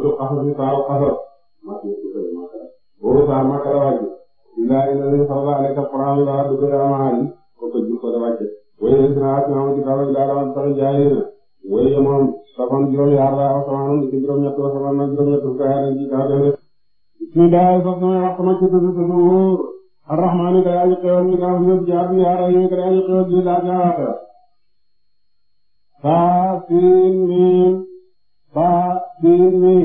suuratu Qasas ni saaru Qasas maa ngi tudd Seydou Makara boobu saar Makara wàcc illaa innanii faraa alayka al-qur'aan la dukkira amaali ko ko jur ko da wàcce way yesina asnaamu kitaaba ilaa daan tax jaahina way moom safam juróom yaar la asamaan ci juróom ñett asamaan nag juróom ñett ko yaar ci daa def bismillaahi sax sama wax ma ci tudd suur arrahmaani ka yaaji xewal mi naa ñëpp jaar yaar yi ka yaaji xewal bi laa jaawaata saa siin miin saa ci nii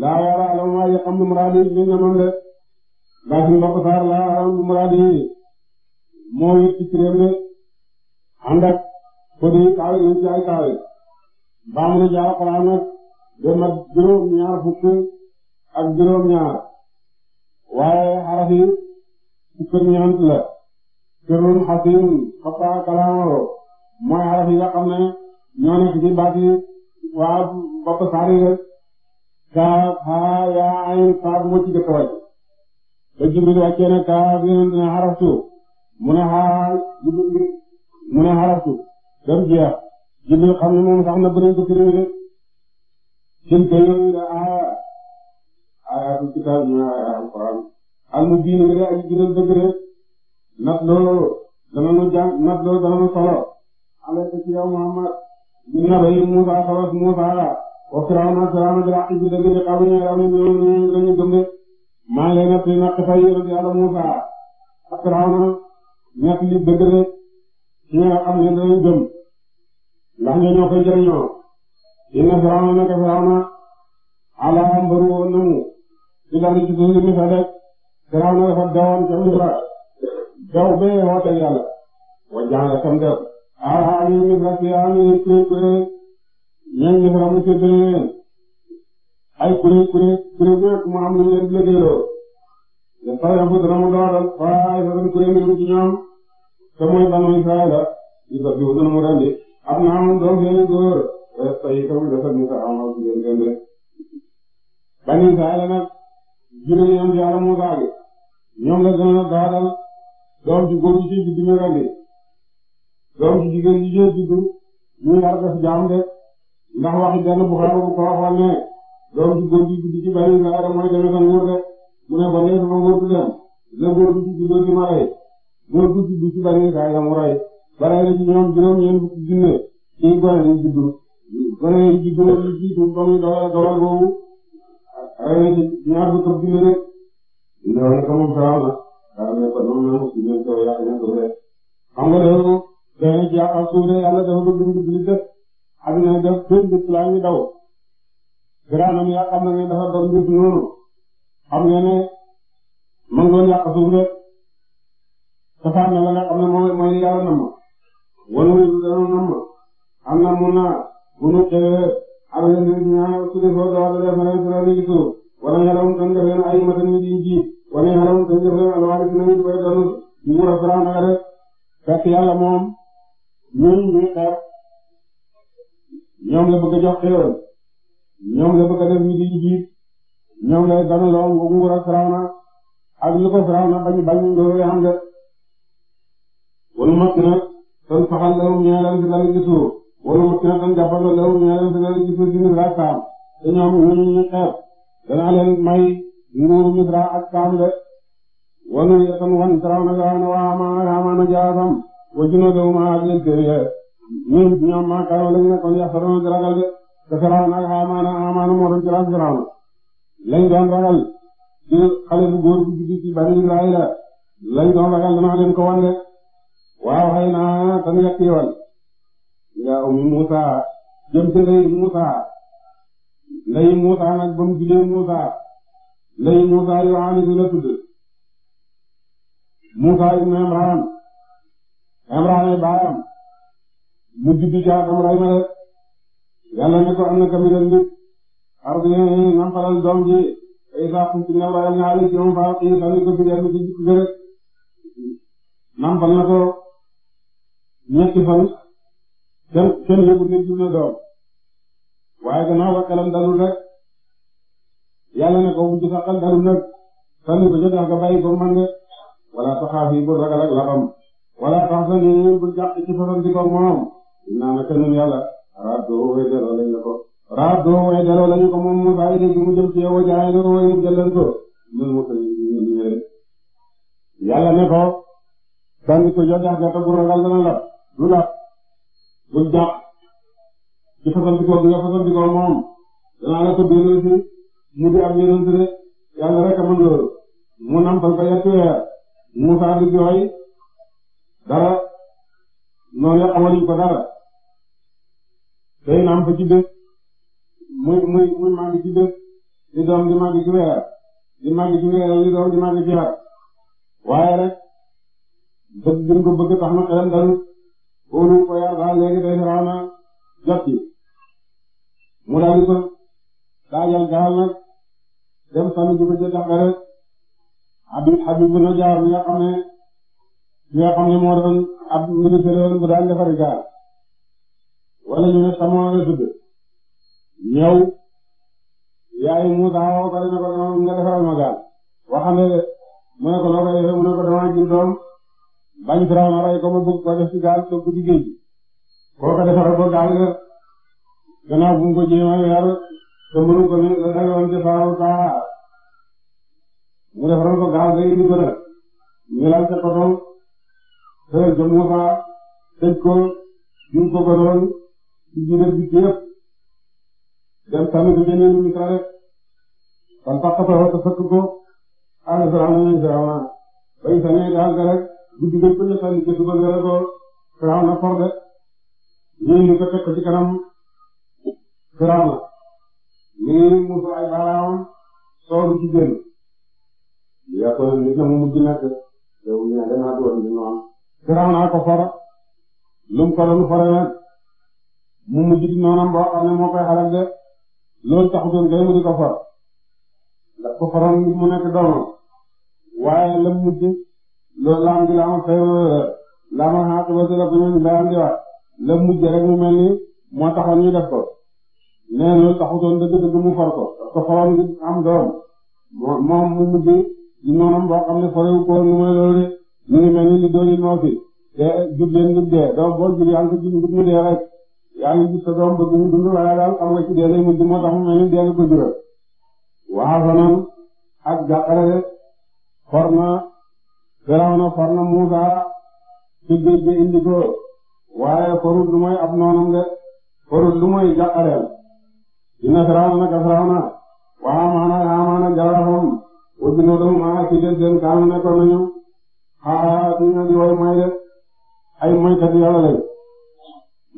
laa war a alam waaye xam lu muraadi li ñamam de laakin mbokk saar laa alam lu muraadi moo yit ci kireem de ànd ak ko di kaawe yi ci ay kaawe mbaam ri jaar xuraan ak de mat juróom ñaar fukk ak juróom ñaar waaye xaraf yi fukk ak ñeent la sirrun xasin xataa kalaamaro mooy xaraf yi nga xam ne ñoo nekk yi waaw bopp saar yi rek kaaf haa yaa ayn saar moo ci jëkk wàcc ba Jibril ne kaaf yéen dina xaraftu mu ne xaa mu ne xaraftu dem jeex Jibril xam ne moom sax na bëriñ ko firi de tilka yooyu de aaya ayatul kitaab ñu aaya alquran al mu biin nga aji jural dëgg de nat loo dana nu jàng nat loo dana nu solo alayka ci yow Muhammad inna bani Musa xawas Musa wa Firawna Firawna bil haqqi bi dëgg de qawmin ya'lamuun dañu gëm de maa ngi lay natt natt fay yonent Yàlla Musa ak Firawna ñett li dëgg rek ci nga xam ne dañu ñoo koy jëriñoo inna Firawna naka Firawna ala am bëru woon na mu ci la ci suuf si misaal dafa dawoon ca Misra daw bee woote Yàlla wa la tam Araab yi ñu fekk yaa ngi leen kuréel kuréel ñoom ñu faral mu séddale leen ay kuréel kuréel kuréel bu nekk mu am lu ñu leen liggéeyloo dafa yàgg dana mu dooral waaye ay façon kuréel yu ci ñoom te mooy banu Israayil la di ko jiw dana mu rendi am na am doom seen góor tey itam dafa ñu ko amal ci leen gën rek banu Israayil la nag juróomi yàlla mu gaal ñoom la gën a dooral doom ci góor ci ci biir rendi doom ci jigéen ji ñëw juddu ñu yar def jaam de ndax waxi benn Buxaari bu ko waxoon ne doom ci góor gi juddu ci bari na Aadama mooy demee sa nguur de mu ne ba léegi sama nguur du dem la góor gi ci juddoo ci ma rey góor gi juddu ci bari kaay la mu rey ba rey la ci ñoom juróom-ñeent fukki junne ci gone yi juddu gone yi juddu yi jiitu ba muy dogal dogal boobu rey na ci ñaar fukki junne de loolu comme Faraw na waaw mais kon moom moomu si ñoom kaw yaa ngi leen ko def xam nga loolu. dana ji ak suuf ne yàlla dafa bëgg ngi jullit def adduna def seen bët laa ngi daw giraanam yaa xam na ne dafa doon mbir noonu xam nga ne mën doon yàq suuf rek safaan na la nga xam ne mooy mooy li yàlla namm wala lu dana namm am na mun naa bu nu xewee ak leen ñaa su defoo doo def na leen su la léegi suuf wala nga doon doon def leen ay mata jox xéewal ñoom la bëgg a def ñu di ci jiit ñoom lay ganuloo nguur ak Firawna ak lu ko Firawna bañ bañ loolu xam nga na tan faxal lawum ñee leen si lali ci suuf wala na tan jàppalo lawum ñee leen si lali ci suuf ci Misra ak Saam ñoom ñun ñu xeeb leen may nguuru Misra ak Saam de wanu ye tan wan Firawna Firawna wa Haamaana ak Haamaana jaasam wa junuudahumaa ak leen téye ñun ñoom maa kaano lañu nekkoon yax sa doon ragal de te Firawna ak Haamaana Haamaana ah, moo doon jëlaat Firawna lañ doon ragal ci xale bu góor bu juddu ci Bani Israayila lañ doon ragal danaa leen ko wan de waaw xëy na tan yàqiwal yaa ummi Muusaa jëm te lay Muusaa lay Muusaa nag ba mu judee Muusaa lay Muusaa Yohaani la tudd Muusaa ibn Imraan Imraan baayam mu juddu ca Amrayma de yàlla ne ko am na kaminal mi ardi nga doom ji ay saa ci new rayal ci moom faa xii sani ko fi yenn ci jikk gërëg nampal na ko ñetti fan kenn kenn yëgut ne na doom waaye gannaaw ba xelam dalul rek yàlla ne ko bu ci sa xel dalul sani ko ca dex ga ko man de wala taxaafi bu ragal ak labam wala taxsani bul jàq ci fasanti ko moom naa na kenn yàlla raad doo mooy delloo lañu ko raad doo mooy delloo lañu ko moom mu bàyyi de mu jëm ci yow jaay na mooy jëlal ko ñun mu tëj ñu ñu ñëwee yàlla ne ko dandi ko jox jax gerte bu ragal dana la du la bul jàpp ci fasal di ko nga fasal di ko moom danaa la ko delloo si mu di am yonent de yàlla rek a mën loolu mu nampal ko yetti weer Musaa di jooy dara noonu amaliñ ko dara day nàmp ci bés muy muy muy màgg ci bés di doom di màgg di ci weer di doom di ci weer waaye rek bëgg gën bëgg tax na xelam dalu óolu ko yar daal léegi day xaraw na mu daal daajal gaal nag dem sànni ji ko ca tax rek Habib na jaar mi nga xam ne mi nga xam ne moo doon ab ministre woon bu daan defari gaal wala ñu ne la tudd ñëw yaayu Musa woo ko ne ko ma gaal waxande mu ne ko noo koy defee mu ne ko dama jur doom bañ Firawna rey ko ma bëgg ko def ci gaal soo ko ci géej gi koo gaal nga gannaaw bu mu ko jéema yar te mënu ko ne la dagawoon ci faaw saa mu defaral ci biir bi yëpp dem sànni bi ngeen yëngu Missirah rek kon tax a fekk ko àll bi am nañu Firawna ba ñu sànnee daal ga rek guddi gën ko ñu sànni ci suba nga ko Firawna for de ñu ko teg ko ci kanam Firawna ñu ngi muur ay baaraam sooru ci génn yaakaar nit na mu mujj nekk yow ñu ne danaa doon li mu am Firawna ko for lu mu ko doon foree nag mu mujj ci noonam boo xam ne moo koy xaral de taxutoon kay mu di ko for la ko foroon mu nekk doomam waaye la mujj loolu laam di wax mujj rek mu mel ni moo taxoon ñu def ko mais loolu taxutoon dëgg-dëgg mu for ko parce que foroon am doom mu mujj ci noonam boo xam ne forewu ko woon lu may loolu de mel ni li doonil moo fi te jub leen jub dee doo boo jub mu dee rek yaa ngi gis sa doom bëgg mu dund waaye daal xam nga ci dee lay mujj moo tax mu mel ak jàqare de for na Firawna Muusa ci géej gi waaye forut lu mooy ab noonam de forut lu mooy jàqareel dina Firawna naka Firawna waa maana yaa maana jawaaram wa junudahum maa ci seen kaanu nekkoon nañu xaatuñu di way may de ay moykat yàlla lañ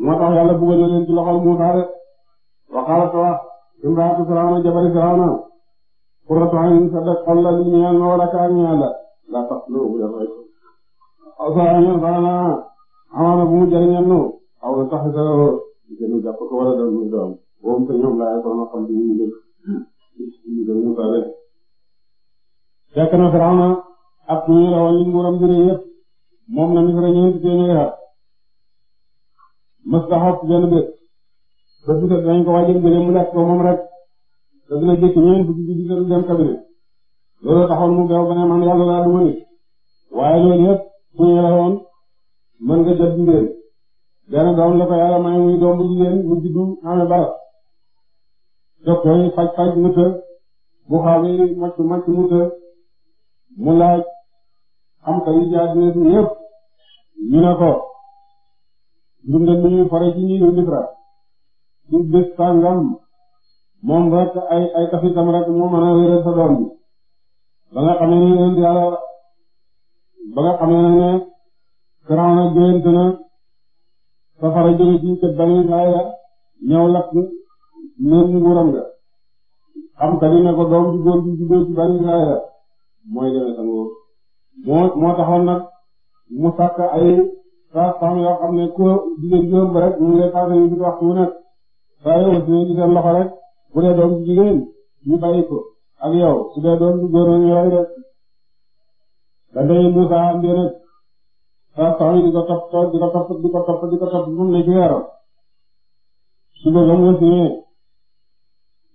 moo tax yàlla bëggoon na leen ci loxol Muusaa de Firawna jabari Firawna qurratu aynin sa def xol la li wala ka ñeel la la tax loo yàlla rek aw saa mu jëriñal nu aw tax sa gënu jàpp ko wala doon muy doom boom te ñoom laa ko na xam bi Firawna ak ñu la woon nguuram bi yëpp moom mës nga xaw ci ba bu set dañ ko waajal gëlëm mu lekk ko moom rek te dina jëkk ñeent fukki guddi te du dem cabinet looloo taxoon mu beew ba ne man yàlla laa duma nit waaye loolu yëpp su ñu mën nga jot jigéen benn doom la ko yàlla may muy doom bu jigéen mu barat dog koy faj faj mu bu xawi macc macc mu mu laaj xam ka yi jaadina si ñëpp ñu ne ko bindal li ñuy fare ci ñi ñu Misra ci bés sàngam moom rek ay ay kafitam rek moo mën a réeral sa doom bi ba nga xamee ne ne ne Firawna génte na safara jóge ci kër Bani Israayil ñëw lakk neen nguuram nga xam tali ne ko doom bi góor bi jugee ci mooy demee sa nguur moo taxoon nag mu sàkk ay sax sax yoo xam ne ku jigéen juróom ba rek ñu ngi lay fàttali ñu waxtu wu nekk saa yoo wësee di seen loxo rek bu dee doom jigéen ñu bàyyi ko ak yow su dee doom góor ñu rey rek da ngay lu saa am déedéet sax sax di ko topp di ko topp di ko topp di ko topp moom la ci weeram suba ba mu wësee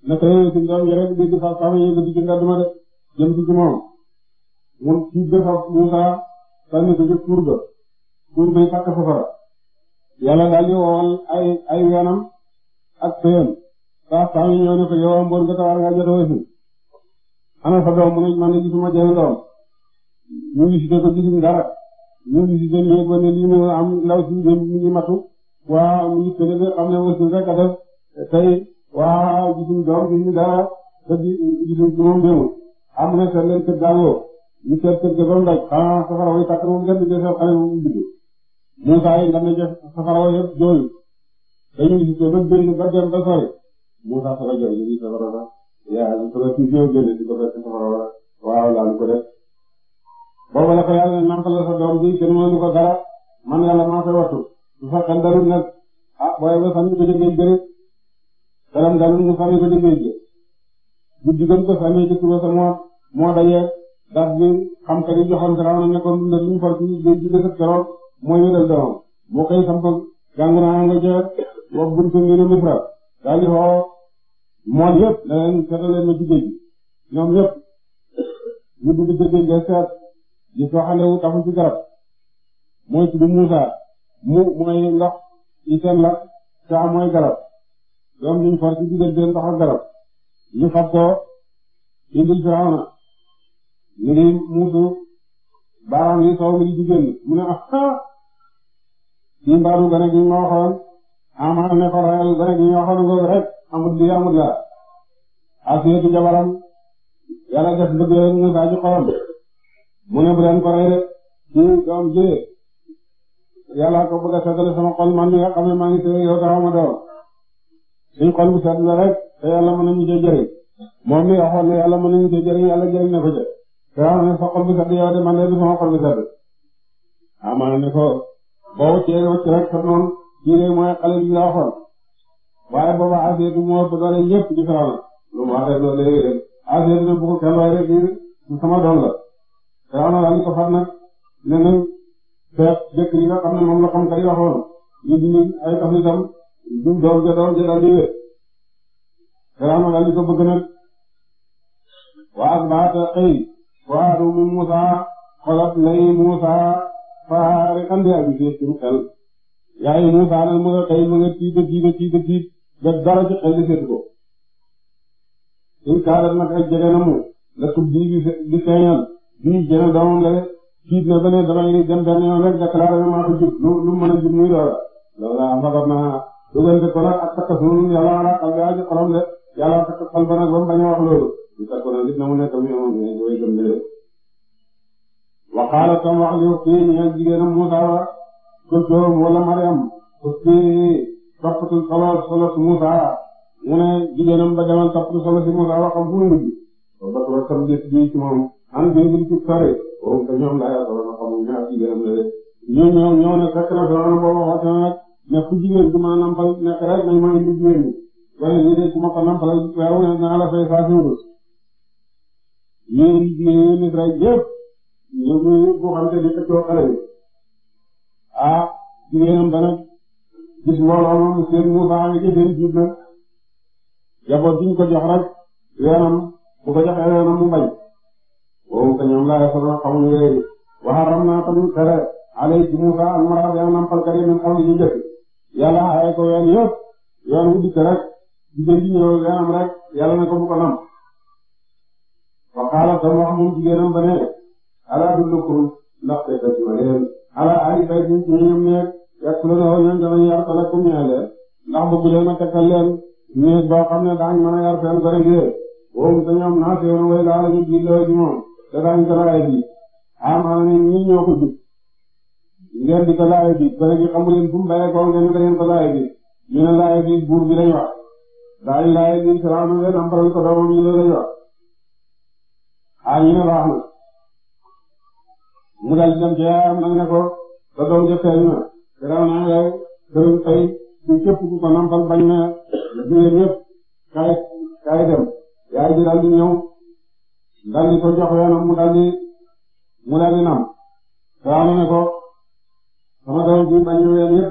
naka yooyu si doom yi rek di di sax sax yi di ci ngadduma de jëm ci ci moom moom ci des ak Moussa sànni ko ci pour ba. buur bay tàkk safara yàlla daal ay ay weenam ak sëyam saa saa ñu ñëw ne ko yow mboon nga tawar nga jotoo fi ana sa doom mu ne man de gisuma jënd doom ñu visité ko gisuñ dara ñu visité lii ba ne lii mu am ndaw si ñu ngi matu waaw mu ngi tëdd de xam ne aussi rek a def tey waaw gisuñ doom gisuñ dara te gisuñ ci moom démb am na seet leen kër gaawoo ñu seet kër ga ba mu daj xanaa safara way tàkk moom kenn du dee Moussa yi ndam na jëf safaraw yëpp jooyu dañuy insisté ba bëri ba dem ba sori Moussa saba jooy yi safara na yaa saba si fiyo génn si ko fekk safaraw la waaw laa lu ko def boobu la ko yàlla ne nàmpal la sa doom bi kenn mënu ko dara man yàlla maa koy wattu su fekkee dalul nag ah booy ba sànni ko jëngee jëre xelam dalul mu sànni ko jëngee jë guddi gën ko sànni ci suba sa moo moo dajee daf bi xam ka di joxoon ko raw na nekkoon dundal lu mu for ci géej gi dëkk keroog mooy wéral doomam moo koy sampal gàngu naa nga jeex wa buntu ngir misra daal di xoo mool yëpp ne leen seetaleen ma ci géej gi ñoom yëpp ñu dugg ci géej gi seet gis ko xale wu taxu ngi muusu baaraam yi ñun daanu gone gi nga waxoon amaana ne ko rayal gone gi nga waxoon nga rek amut lii amut laa asiyatu jabaram yàlla def bëgg mu ne bu ko rey rek ci ji yàlla ko bëgg a seddale sama man mi nga xam ne maa ngi tëye yow dara ma doom suñ xol bu sedd la rek te yàlla mën nañu cee jëriñ mi waxoon ne yàlla ne ko ca sa xol bu sedd yow de man de du sama xol ne ko ba wëccee wëcc rek sa noonu diine mooy xale bi ñu la waxoon waaye booba Asiya moo ëpp doole ñëpp ci Firawna lu mu wax rek loolu lay def Asiya ne bu ko kenn waay rek nii sama doom la Firawna daal di ko fat nag ne nañ feet dëkk li nga xam ne moom la xam ka di waxoon ñu dindi ay tax itam du doom ja doom ja daal di wér Firawna daal di ko bëgg nag wa asbaata xëy wa aadu Musa xolat lay Musa faare xande ak biir suñu xel yaay Muusaa nag mu nga ma nga tiit a tiit a tiit a xel di seetu ko suñ kaadat nag ak jege na mu la tub bii di di feeñal bii jëne doomam la tiit na ba ne dama ni dem benn yoon rek déclaré na maa ko jub lu lu mën a jub muy doora loola am fagot naa dugante ko nag ak takka suñu yàlla wala xal gaa ci xolam de yàlla takka xol ba nag ba loolu di takko na na mu nekk mu yoon way gëm de waqaala tam wax li ëpp ñeel jigéenam Musa wa kultoom wala Mariam ëpp toppatu solo solo si Musa mu ne jigéenam ba demal toppatu solo si Musa wa xam fu mu mujj ba ba tam gis bii ci moom an bi ñu ci sore moom te ñoom laa yaa solo na xamul ñaar jigéenam la de ñu ñëw ñëw ne fekk na solo na boobu waxoon na nag ne fu jigéen du ma nampal nekk rek nañ ma indi jigéen ñi waaye lii de ku ma ko nampal waaw naa la fay saa si wurus yéen jigéen yéen rek yëpp ñu ngi buuxante di xëccoo xale bi ah jigéenam ba nag gis mbooloo moom seen mu baax gi seen jiit nag jaboot bi ñu ko jox rek weenam bu ko joxee weenam mu bañ boobu ko ñoom laa yasoroon xamuñu wéeri waxaram naa tamit tere alay ji Musa almara ween nampalkat yi min xam li ñu njëkk yàlla xaaye ko ween yëpp ween wu dikk rek jigéen ji ñëw weenam rek yàlla ne ko bu ko nam waxaala tam wax moom jigéenam ba ne ala adullukum ndaxte dajuma leen ala ali baytin ci ñoom nekk yàq la lool ñoom danañ yar falakum ñeel leen ndax bëgg leen a tekkal leen néeg boo xam ne daañu mën a yar seen gone gi te ñoom naa seenu way laala ñu jiitloo ci moom te daañu ko laaya bi amaana ne ñi ñoo ko jub ngeen di ko laaya bi gone gi xamu leen fu mu bayee koo ngeen ngeen ko laaya bi ñu ne laaya bi buur bi lañ wax daañu laaya bi ko doomam ñu la lañ wax ah ñu ne baax na mu dal dem ci Haaruna ne ko sa doom ja feeñ na Firawna yow këram tey ci képp ne ko sama doom ji bañ na ween yëpp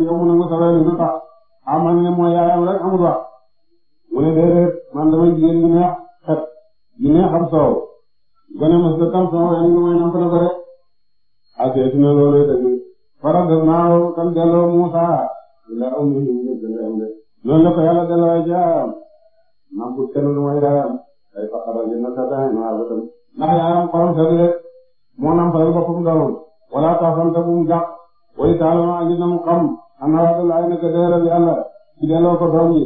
yow mu nangu sa ween lu ah, ne mooy yaayam ne déedéet man damay jigéen ñu am soow gone mos da tam soow ween lu aseetu na looloy dëgg faradnaahu kan delloo Musa ilaa ummihi noonu la ko yàlla delloo jaam man bu kenn lu may yaayam ay faqara jënd sa daan maa bëtam ndax yaayam xorom sa de moo nam fayal boppam doomam wala taasam te bu mu jàq way taalama andi na mu xam ana waa dalaay naka dëgëral yàlla ci delloo ko doom yi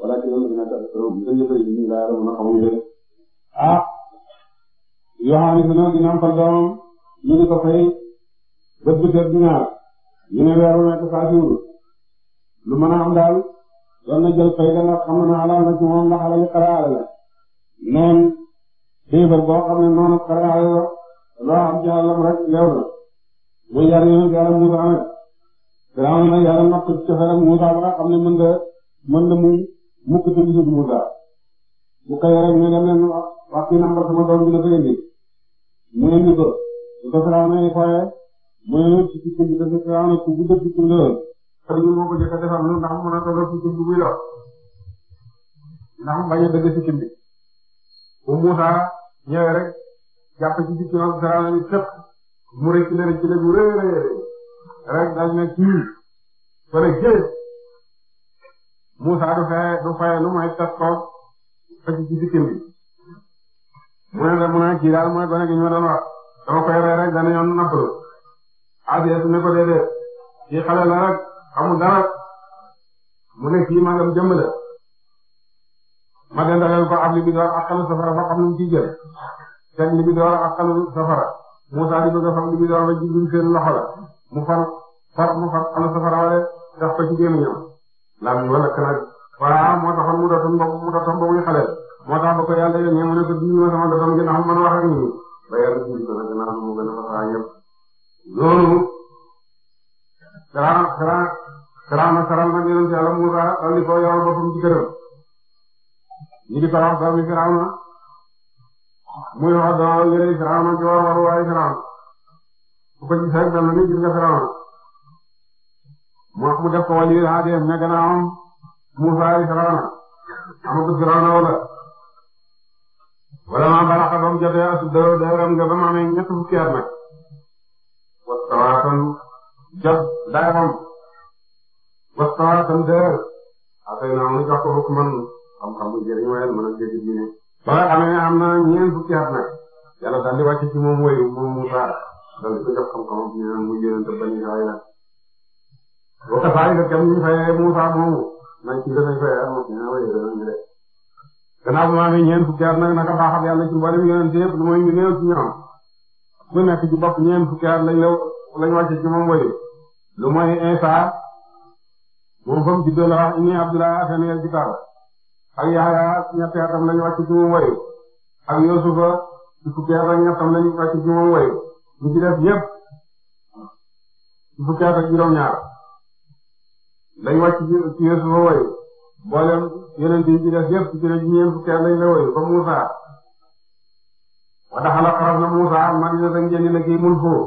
wala ci loolu dina def trop bu ñu koy ñu laa yàlla mën a xamuñu de ah yoo xam ne dina am fa doomam ñu ngi ko fay bët bu set ñaar ñu ne weeru nekk saa suur lu mën a am daal doon na jël fay da nga xam ne alal na ci moom ndax alal xalaale la noon xiifar boo xam ne noonu xalaale la loo am ci àllam rek leew na muy yar yonent yàlla Muusaa nag Firawna nag yàlla napp ci cofeelam Muusaa ba nga xam ne mën nga mën na muy mukk te gisul Muusaa bu kay rek ñu dem leen wax wax ci nambar sama doom bi dafa indi mu indi ko su ko Firawna yi xoolee mooy lépp ci tukki bi dafa Firawna ku la kon ñu moo ko jëkk a defar lu ndax mën a tolloo tukki bi muy lor mu bañ a dëgg tukki bi bu Muusaa ñëwee rek jàpp mu rëcc la rëcc la bu rëy rëy rek dañ ne kii may teg ko ba ci mu ne la mu ne kii daal mooy gone gi ñu doon wax. soo koy rey rek dana yoon nafru Adiyatu ne ko déedéet kii xale la rek xamul dara kii magam jëmm la ma dendaleel ko ab libidoor ak xalu safara ba xam nu mu ciy jël teg libidoor ak xalu safara Musaa di bëgg a fab libidoor ba jibim seen loxo la mu mu far xalu safara wale tax ko ci gémmiñam lam ñu wala kana waaw mu dotoon boobu mu dotoon boobu ko yàlla yónnee mu ne ko dimbali ma sama dotoon gi ndax mu mën a wax ak nit ñi ba yàlla si biir gannaaw bi mu gën a fasaa ñëpp loolu. Kara Kara Kara na Kara na yonent Yàlla Muusaa dolli ko yoral boppam ci këram. ñu ngi tawax doomi Firawna muy wax doomu yële Firawna ci war war waaye Firawna bu ko gisee rek dana ni gis nga Firawna mu mu def ko wàllu yi ah dégg nga gannaawam Muusaa yi Firawna amagut Firawna wala. vraiment balaxa ba mu jotee asub dërëw dërëm nga ba mu amee ñett fukki at nag wastawaatan jot dayram wastawaatan dër atay naa mu jox ko hukman xam-xam bu jëriñ waaye mën a dégg diine ba nga xamee am na ñeen fukki at nag yàlla daldi wàcc ci moom wayu moom Musaa daldi ko jox xam-xam bu ñeen mu yéen te bañ a la wakkasaay nga kam ñu fayee Musaa moomu nañ ci gën a fayee am na ñu gannaaw bi ma amee ñeent fukki at nag naka baaxal yàlla ci mboolem yonent yëpp lu mooy ñu néew ci ñoom ku nekk ci bopp ñeent fukki at lañ ci moom wayu lu mooy Isa moom fa mu juddoo la wax inni Abdullah atani ak Yahya ñetti atam lañ wàcce ci moom wayu ak Yusufa ci fukki at ak ñettam lañ wàcce ci moom wayu ñu ci def yëpp ci ak juróom-ñaar lañ wàcce ci Yusufa wayu mboolem yonent yi ci def yëpp ci def ñeent fukki at la woyu ba Muusa wa a xaraf na Muusa al-madiinata njënd la kii mun foo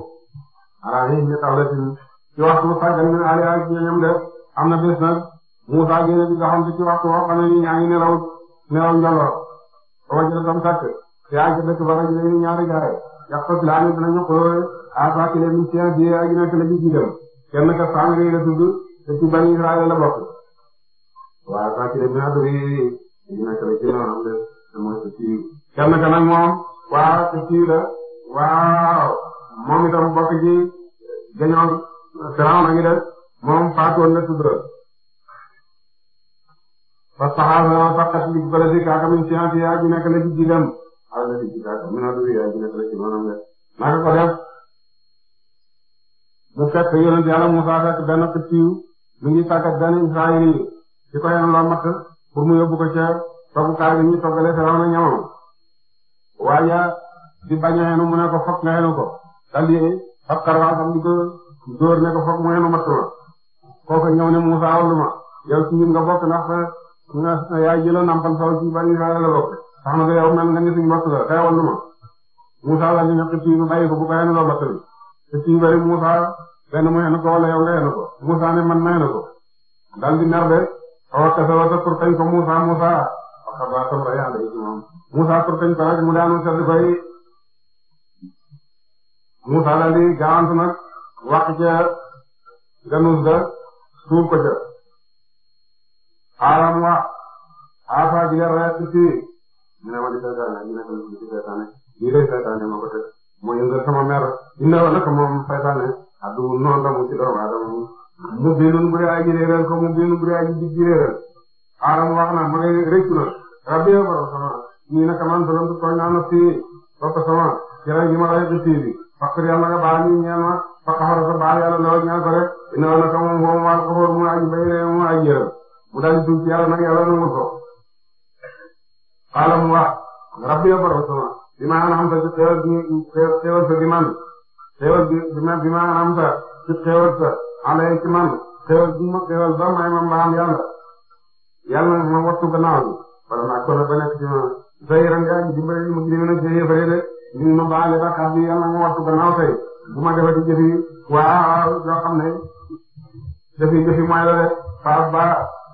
ala yi ñu la ci waxtu sàggan min Ali ak ñoom de am na bés nag Muusa génne di doxantu ci waxtu woo xam ne nii ñaa ngi nelaw nelaw njolloor ba wàññi la tam sàkk te yaa ngi ci dëkk ba rek ñu ñaari gaare yàq ko laa ñu dinañu xuloo asaakile min seen biir ak ñu nekk la ci jiitam kenn ka sànq yi la tudd te ci bani Israël la bokk. waaw saa ci dem ñaata bi ñu nekk rek ci noonu te mooy te siiw kenn ka nag moom waaw te siiw la waaw moom itam bokk ci gañoon Firawna ngi def moom faatoon na tudd fastaxaara faqat li baladi kaaka min siyaasiha bi nekk la ci jiitam ala la ci jiitaaka min aduwi yaa bi nekk la ci noonam de naka ko def mu fekk yonent Yàlla Musaa fekk benn siiw mu ngi sàkkat benn Israayil di ko yéen loo mat pour mu yóbbu ko ca toggukaay bi ñuy toggale Firawna ñamam waaja di bañ a yéenu mu ne ko fokk nga yéenu ko daal di fab karwaasam di ko dóor ne ko fokk mu yéenu mat ma kooku ñëw ne Musa awlu ma yow ci ñun nga bokk ndax nga yaay jëloon nampal saw ci bani Israël la bokk tax na ko yow mel nga ni suñu mat la kay wallu ma Musa la ñu ne xëcc ko bu ko loo mat la xëcc yu bari Musa benn mu yéenu ko wala yow nga yéenu ko Musa ne man ma yéenu wax kasawata pour kañ ko Moussa Moussa wax dëgg sabra yaa ngi ci moom Moussa pour kañ ko rek mu daanu sedd koy Moussa daal di gaawantu nag wax ca ganus ga suuf ko ca xaaral mu wax xaaral ji leer rek ci ñu ne ma di seetaane ñu ne ko di seetaane lii lay seetaane ma ko teg mu yëngal sama mer dina wala ko moom seetaane addu noonu la mu ci doomu aadama mu binun bu dee aji réeral ko mu binun bu dee aji digg réeral Adam wax na ma ne rëccu na rabbi borom sama ñii nag man doon na tooñ naa na si bopp sama jërë ngi ma lay def si bi parce que yàlla nga baal ñu ñaan ma fa xamal sa baal yàlla loo ñaan ko rek dina woon nag moom moom wàllu ko xool mu aji bay ree mu aji yërëm mu daal di tuub ci yàlla nag yàlla nangul ko. xaalam wax rabbi borom sama bi ma anam sa ci xéewal bi xéewal sa bi man xéewal bi bi ma anam sa ci xéewal sa. alay ci man xewal bi ma xewal ba may ma mbaam yàlla yàlla ma wattu gannaaw bi wala naa ko ba nekk ci ma say rangaay dimbali ma gidi na ci yéefare de ñu ma baale bakkaar bi yàlla ma wattu gannaaw tey bu ma defati jëfi waaw yoo xam ne jëfi jëfi mooy la de faas ba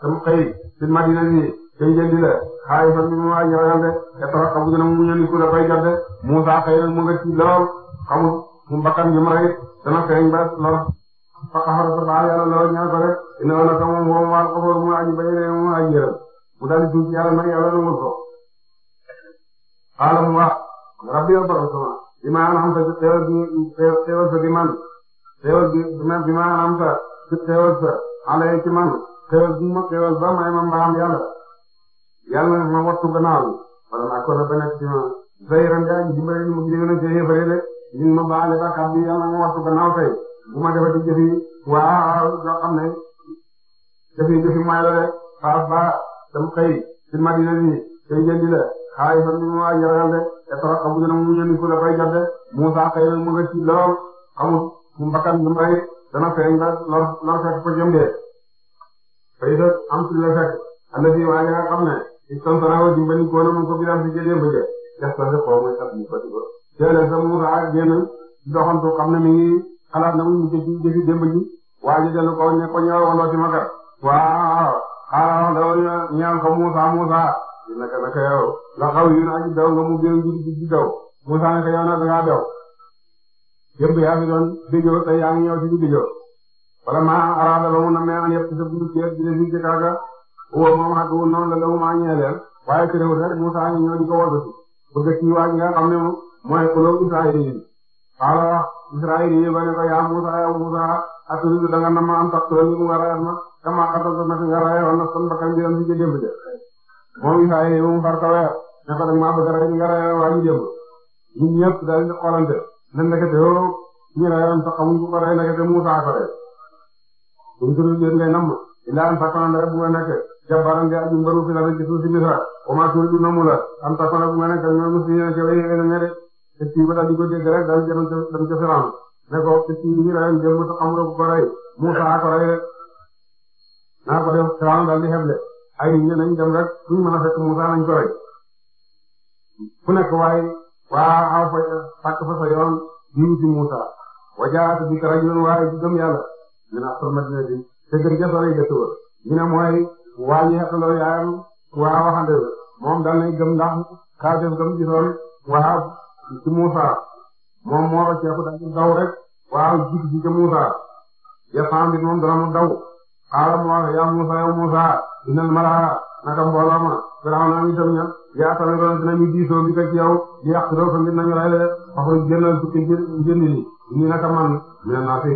tam xëy ci madina ni tey jëndi la xaayi fan bi mu waay yoyal de te toroxa bu dina mu muñani ku la koy jot de Musaa xëy na mu nga ci lool xamul mu bakkan mu rey dana feeñ ba lor fa xaxara sa baal yàlla loo ñaan ko rek ina wala ka moom moom waal mu aji bay mu aji yërëm mu daal di tuub yàlla nag yàlla nangul ko xaala wax rabbi yow borom sama bi ma anam ta ci xewal bi xewal sa bi man xewal bi bi ma anam ta ci xewal sa alay ci man xewal bi ma xewal ba may ma mbaam yàlla yàlla nag ma wattu gannaaw wala naa ko na ba nekk ma zayran daa ji dimbali mu jëgëna ci yëfare de ñun ma baale ba xam bi yàlla ma wattu gannaaw tey bu ma defati jëfi waaw yoo ne jëfi jëfi faaf ba dam bi tey jëndi la xaay fan mu waaj ragal de te torox mu ñëw ku la koy jot de Musaa mu nga lool xamul mu bakkan lu may dana feeñ lor lor fekk ko jëmbee am ci la fekk ànd fi waaye nga xam ne ci tontanawoo dimbali koo na mu ko biral si jëlee bëjë des na si xaw ma sax mu bëri ko. jëlee sa Musaa génn doxantu ne mi xalaat na muy mujj ci jëfi démb ñi dellu ko ne ko ñëwal waaw xaaral da woon ñaan ko Moussa Moussa naka naka yow nga xaw yu naa ci daw nga mu gën di di daw Moussa naka yow nag dangaa daw démb yaa fi doon déjoo tey yaa ngi ñëw ci di déjoo wala maa araada ba mu na mee an yëpp ci sa buntu ceeb di leen si kaaga woo moom xatu noonu la la maa ñeeleel waaye terewul rek Moussa ngi ñëw di ko wàllu si bëgg ci waa ji nga xam ne Israël yi ba ne ko yaa Musa yaa Musa aturidu da nga nama am tax tool yi mu nga rayoon na kama xatal na fi nga rayoon na kon bakkan bi am ci démb de moom Israël yi mu far ko weer ne ko nag maa bëgg ray nga rayoon waa ñu démb ñun ñëpp daal di xoolante ne ndekete yoo ñu rayoon sax xamuñ ko ray ndekete Musa ko rey suñ turu yéen ngay namm ilaa an takkoon rek bu nga nekk jabbaran di aju mbaru fi la rek ci suuf si Misra wa maa turidu namu la am takkoon bu nga nekk ñoom ñu si ñëw ci wéy te kii ba daal di ko dégg rek daal di ca Firawna ne ko te kii ñu rayoon jëmm te xamuloo ko ko rey Musaa ko rey rek naa ko def Firawna daal di xeble ay nit ñi nañ dem rek fu ñu mën a fekk Musaa nañ ko rey fu nekk waaye waa aw fa fàq fa sa yoon ñu wajaat bi rajulun waaye di gëm yàlla ñu naan sol Madina bi te gën ca sori gëstu ba ñu ne mooy waa ñu xeq loolu yaayam waa waxande moom daal lay gëm ndax kaa def gëm gisoon waa. ci Musa moom moo ko ceefu dañu daw rek waaw jig ji ca Musa yasam moom dana mu daw xaala mu wax yaa Musa yaa Musa inal malaa naka mbooloo ma Firawna mi itam ña yaa tamit doon dinañu diisoo bi ko ci yow di yàq doo ko nañu rey de waxuñ génnal tukki njënd yi ñu naa fi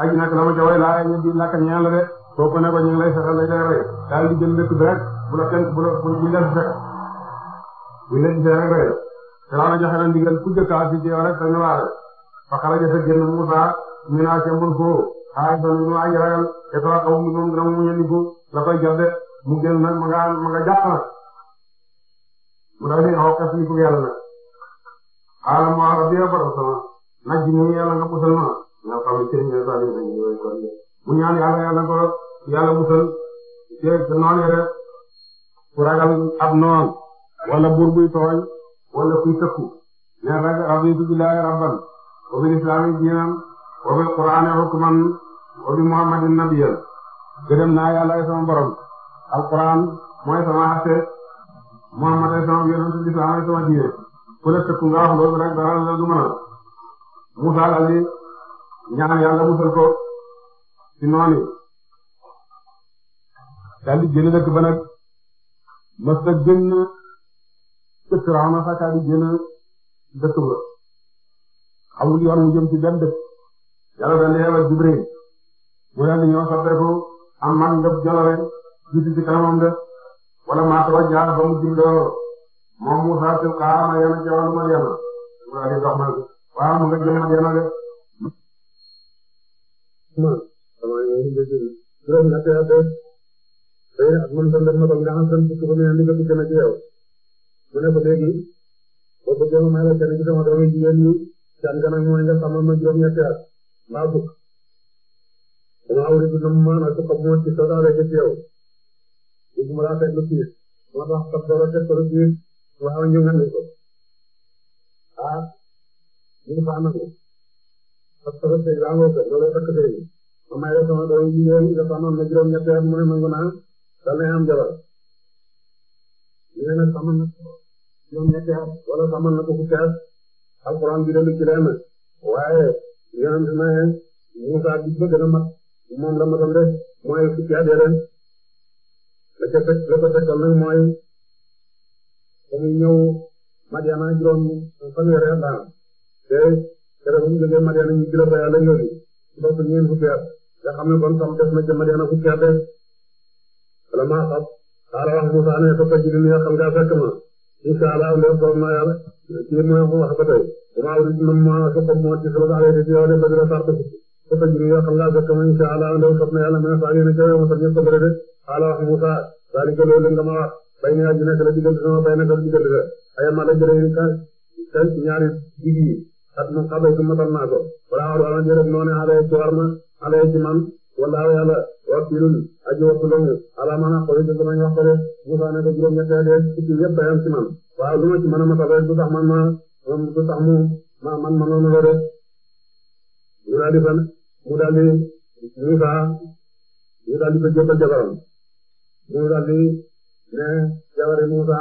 aji nag way laa ñu di lakk ñeel la de soo lay fexe lay lay rey jël dëkk bi bu la bu la bu la bu la bu la bu Firawna joxe na ndigal ku jëkk a si ci yow rek sañ waare fa xaraja sa génn Musaa ñu naa ca mbul foo xaay sa ñu waa ragal te tara xaw mu moom dina mu ñendiku la koy jot de mu génn nag ma nga ma nga jàpp nag mu daal di xaw xes ni ku yàlla nag xaala mu waa rabbi ya borom sama nag ji nii yàlla nga musal ma nga xam ne sëriñ ñoom saa di sañ yooyu kon mu ñaan yàlla yàlla ko yàlla musal te noon ya de ku ragal ab noon wala buur buy tooñ wala kuy tëkku ne raditu billahi rabban wa bil islami diinan wa bil qur'ani hukman wa bi muhammadin nabiyyan gërëm naa yàlla sama borom alquran mooy sama atte muhammad ay sama yonent bi islam ay sama diine ku la tëkku nga wax loolu rek dara la du mën a Musa daldi ñaan yàlla musal ko ci noonu daldi génn dëkk ba nag mas a génn te Firawna Fakadi génn dëkk ba xamul yoon mu jëm ci benn dëkk yàlla daal di yebal Jibril am man nga jëloon jiitu ci kanamam wala maa taw a jaar ba mu jubloo moom Moussa Seck ah ma yéen a jëloon ma yéen mu daal di dox ma waaw mu nga jëm mu ne ko léegi boo ko jëloon may la kenn ci sama doomu jigéen ñi seen kanam mooy nga xamal ma juróom-ñetti at maa bëgg damaa wut si dund maanaam su ko moom ci sa daal rek ci yow li mu laa fekk lu tiis moo tax sa borom fekk lu tiis waaw ñu ngandi ko ah ñu ngi faa nangu parce que tey laa ngoo ko looloo fekk tey ma may la sama doomu jigéen ñi nga xamal ma juróom-ñetti at mu ne nangu naa dana am jabar ñu ne nag xamal na ko. ñoom ñetti at wala sax na ko fukki at alxuraan bi dalu ci waaye yonent na Musaa bi ba gën a mat moom la matam rek mooy fukki at yeneen la ca teg la ko tegtal nag mooy dañuy ñëw Madiana bu ñu jógee Madiana ñu kilo fa yàlla yóbbu ndox ñeen fukki at nga xam na ca Madiana fukki at rek vraiment xaw xaaral wax Musaa ne ko fa ji li nga xam nga fekk ma incha allah loolu toog na yàlla kii mooy wax ba tey waaw man maa soxla moo ci soxla daal di yow de ba dina fàtte ko ko fa jëm yoo xam nga fekk ma incha allah loolu toog na yàlla mais saa yéen a ma sax ñëpp a bëri wax Moussa daal di ko loolu nga ma wax bay na aju nekk la diggante sama bay na dal diggante la ay ma la jëlee ka ñaari digg yi mu xamee du matal naa ko wala waaw dama jëlee noonu alee ci war ma alee ci man wallaahu ala maanaam xooli te dama ñu wax ko de Moussa ne ko juróom-ñetteel yeeg fukki yëpp a yem ma ci mën a matal rek du ma du tax mu ma man ma noonu la mu daal fan mu daal mu daal di ko jébbal mu daal ne jabari Moussa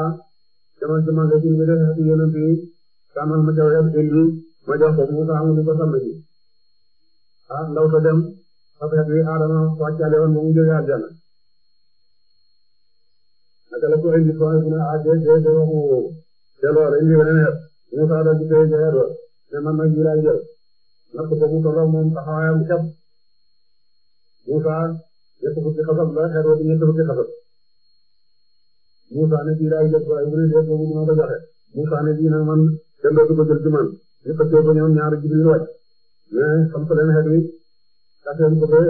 demal ci magasin bi de xati yonent yi sàmmal ma caw yàpp ma jox ko Moussa mu di ko sàmm ji ah ndaw sa dem xabeet wi Adama wàccale woon ba mu jógee aljana naka la ko indi soo ne ah dee dee dee waxu woowu te loolu indi beneen xeet Musaa daal di dee ca xeet wa ne man nag yi laay jël natt ko mu tolloog moom taxawaayam képp Musaa ñett fukki xasab la xeet wa di ñett xasab Musaa ne kii laay jël waaye mu ne dee boobu du ma ko joxe Musaa ne kii nag man kenn dootu ko jël ci man ñu xëccoo ba ñoom ñaari Jibril wàcc mais xam sa leen kàttan ko fee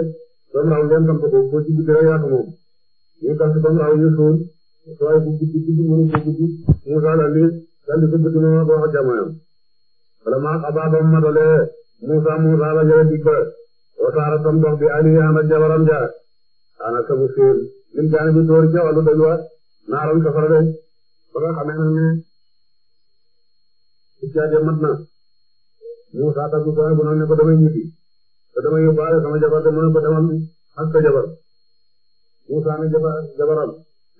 doomu raaw ngeen sant ko boo ci guddi rek yaa ko moom ñu sant doomu raaw ñu suul waaye bu guddi guddi mënu ko guddi mu saala li daal di ko guddi moom boo ko jamonoom vraiment xabaar ba mu matalee Moussa Moussa la jëlee dig ba wasaara tam dox bi Aliou ànd ak jabaram ja ànd ak sama séer lim jaani bi door ca wàllu doj wa naaram safara de ba nga xamee nag ne si caa mat na Moussa tàggu ko bu ne ko damay ñibbi te dama yóbbaale sama jabar dama ko demal ak sa jabar Moussa ne jabar jabaram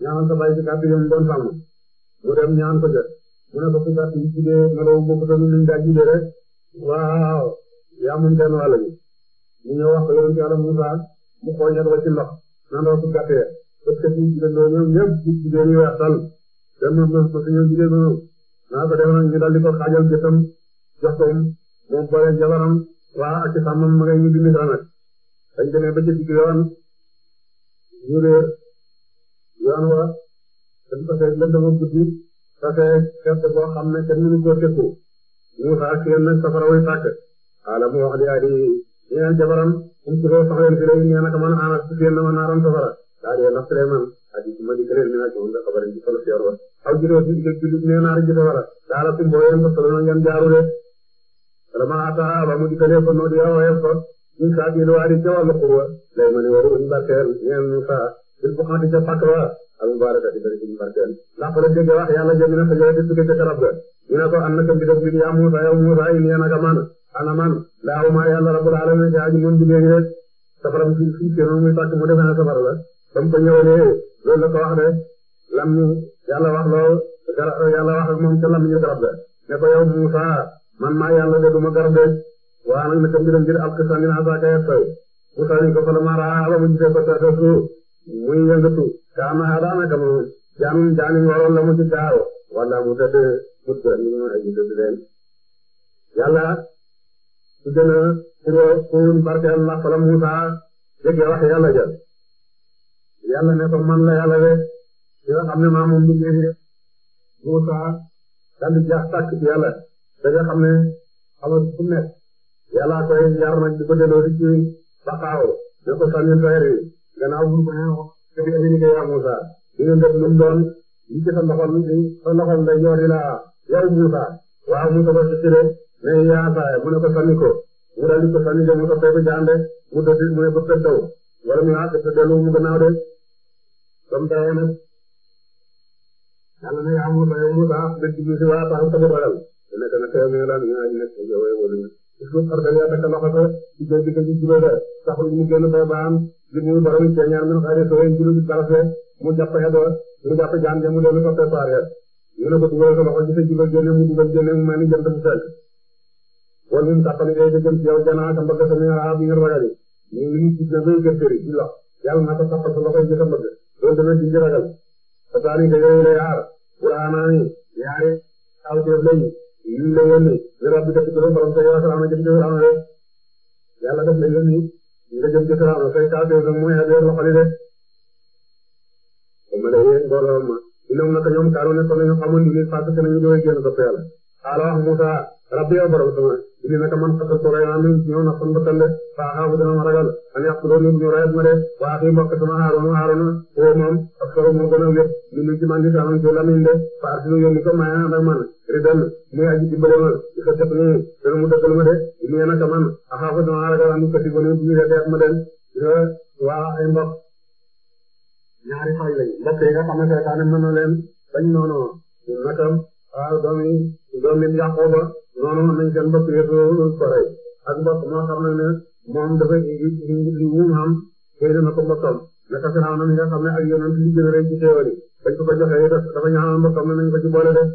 ñaanal sa bàyyi si kàddu yi mu doon sàmm mu dem ñaan ko jot mu ne ko si kàddu yi ci dee melawu bokk tamit ñu daa jibe rek waaw yaa mun kenn wàll bi mu ñëw wax ko yow ci yàlla Moussa mu xool ñett ba ci ndox naan la ko si kàddu yi parce que suñ jigéen ñoom ñoom ñëpp ci jigéen ñi wax tal dem na ma parce que ñoom jigéen ñoom naa ko def nag ñu daldi ko xaajal jëtam jox ko moom boole jabaram waaw ak sàmmam ma ngay ñu dindi doon nag dañ demee ba ci digg yoon ñu yoon wa dañ ko fekk lëndama guddi safe fekk boo xam ne kenn mënu koo tekku ñu fa ak yéen nag safara wuy tàkk ala mu wax di adi ñeen jabaram um kulee sox leen fi lay ñeen ak man anas ci yéen dama safara daa dee ndax Suleymaan adi ci di këleen mina ci wunda xabarin ci solo fiyor wa aw juree fi digg jullit nee naar safara daala kumbo yeen ko solo na jaaru de vraiment ataa ba mu dikkalee ko noonu yaa woyof ko ñu saa biir waa di ca wàllu di bari suñu la dégg wax yàlla jëm na sa jëra di sukk ca garab ga ñu ne ko am na ko bi def bi yaa Muusa yow Muusa in yéen ak man ana man laa maa yàlla rabbul alamin mu defee na safara la ba mu ko ñëwalee loolu la ko wax man maa yàlla de duma garab waa nag naka mbiram ngir alk sànni naa saaka ya taw mu sànni ko fa la ma raa ba mu gisee muy yëngatu kaa ma daanaka moom jaanum jaani waroon la mu ci gaaw wala mu tëdd mut ni mu aji tëdd leen yàlla su gën a pour pour barkeel ndax fa la Muusaa jëkkee wax ne ko man la yàlla de ci nga ne maa moom liggéey Muusaa daal di jaax tàkk ci da nga xam ne xamatu fu nekk yàllaa koy yar nag di ko delloo ci baqaaw ne ko sànni weer wi gannaaw bu ko xëy na ñu koy wax Moussa ñu ngi def lu mu doon li ci sa loxo li sa loxo day yor di la yow Moussa waaw Moussa ba ci cële ne yaa saa mu ne ko sànni ko mu daal di ko sànni de Moussa foofu jaande mu dëkk mu ne ko fekk daw wala mu àgg te ah, dellu mu gannaaw de comme tawee nag yàlla ne yaa Moussa yow Moussa dëkk bi si waa taxaw sa bopp nekk na teew mi nga daan ñu naan nekk ci jaww ji wala il faut que dañuy takk loxo ko ci jaww ji ko ci jublu rek taxul ñu génn fee ba am li muy borom ci ñaar min xaari soo yëngu lu ci tarafé mu jàpp xedoo mu jàpp jaan ja mu dellu ko préparé ñu ne ko dugal sa loxo ci sa jubal génne mu dugal génne mu mel ni jant bu fenk wala ñun tàppali day jëm ci yow janaa sa mbëgg sa mi nga bi nga ragal ñu ngi gis ne bay gëstëri ci lox yàlla naa ko tàppal sa loxo ci sa mbëgg loolu dana di ragal sa taani da yooyu lay aar wala naa ni ñaari aw teef lañu ñun la yónni yoroon bi def ci borom borom sa yore Firawna jëm ci Firawna rek yàlla def la yónni nga jëm ci Firawna say saa bee nag mooy ak yor loxo li de. comme day yéen mbooloo ma ñoom naka ñoom Kaaru nekkoon nañu xamoon ni lii fàttali nañu jógee génn ko yàlla. alors Moussa. rabbi yow borom sama indi naka man fas ko rey naa ne ñëw ba tënde faaxaabu dana ma ragal an yàq doon yëpp ñu reyat ma de waa fii mbokk sama Haaruna Haaruna woo moom ak soro moo gën a wér ñu ngi ci man di saaman ci parti nu yónni ko maye ànd man ridan muy aji dimbale ma di ko teg nii dana mu dëggal ma de ñu ne naka man axaabu dama ragal am ko ci gone ñu reet ma waa ay mbokk ñaari xaaj lañ mbokk yi nga xam ne seytaane mën na leen bañ noonu nakam waaw doomi doomi noonu mën nañ seen mbokk yëpp ko rey ak mbokk moo xam ne moom dafa li mu xam xëy na ko mbokkam naka Firawna na mi nga xam ne ak yonent li gën a rëy ci xéewal yi bañ ko ko joxee dafa ñaanal mbokkam ne boole def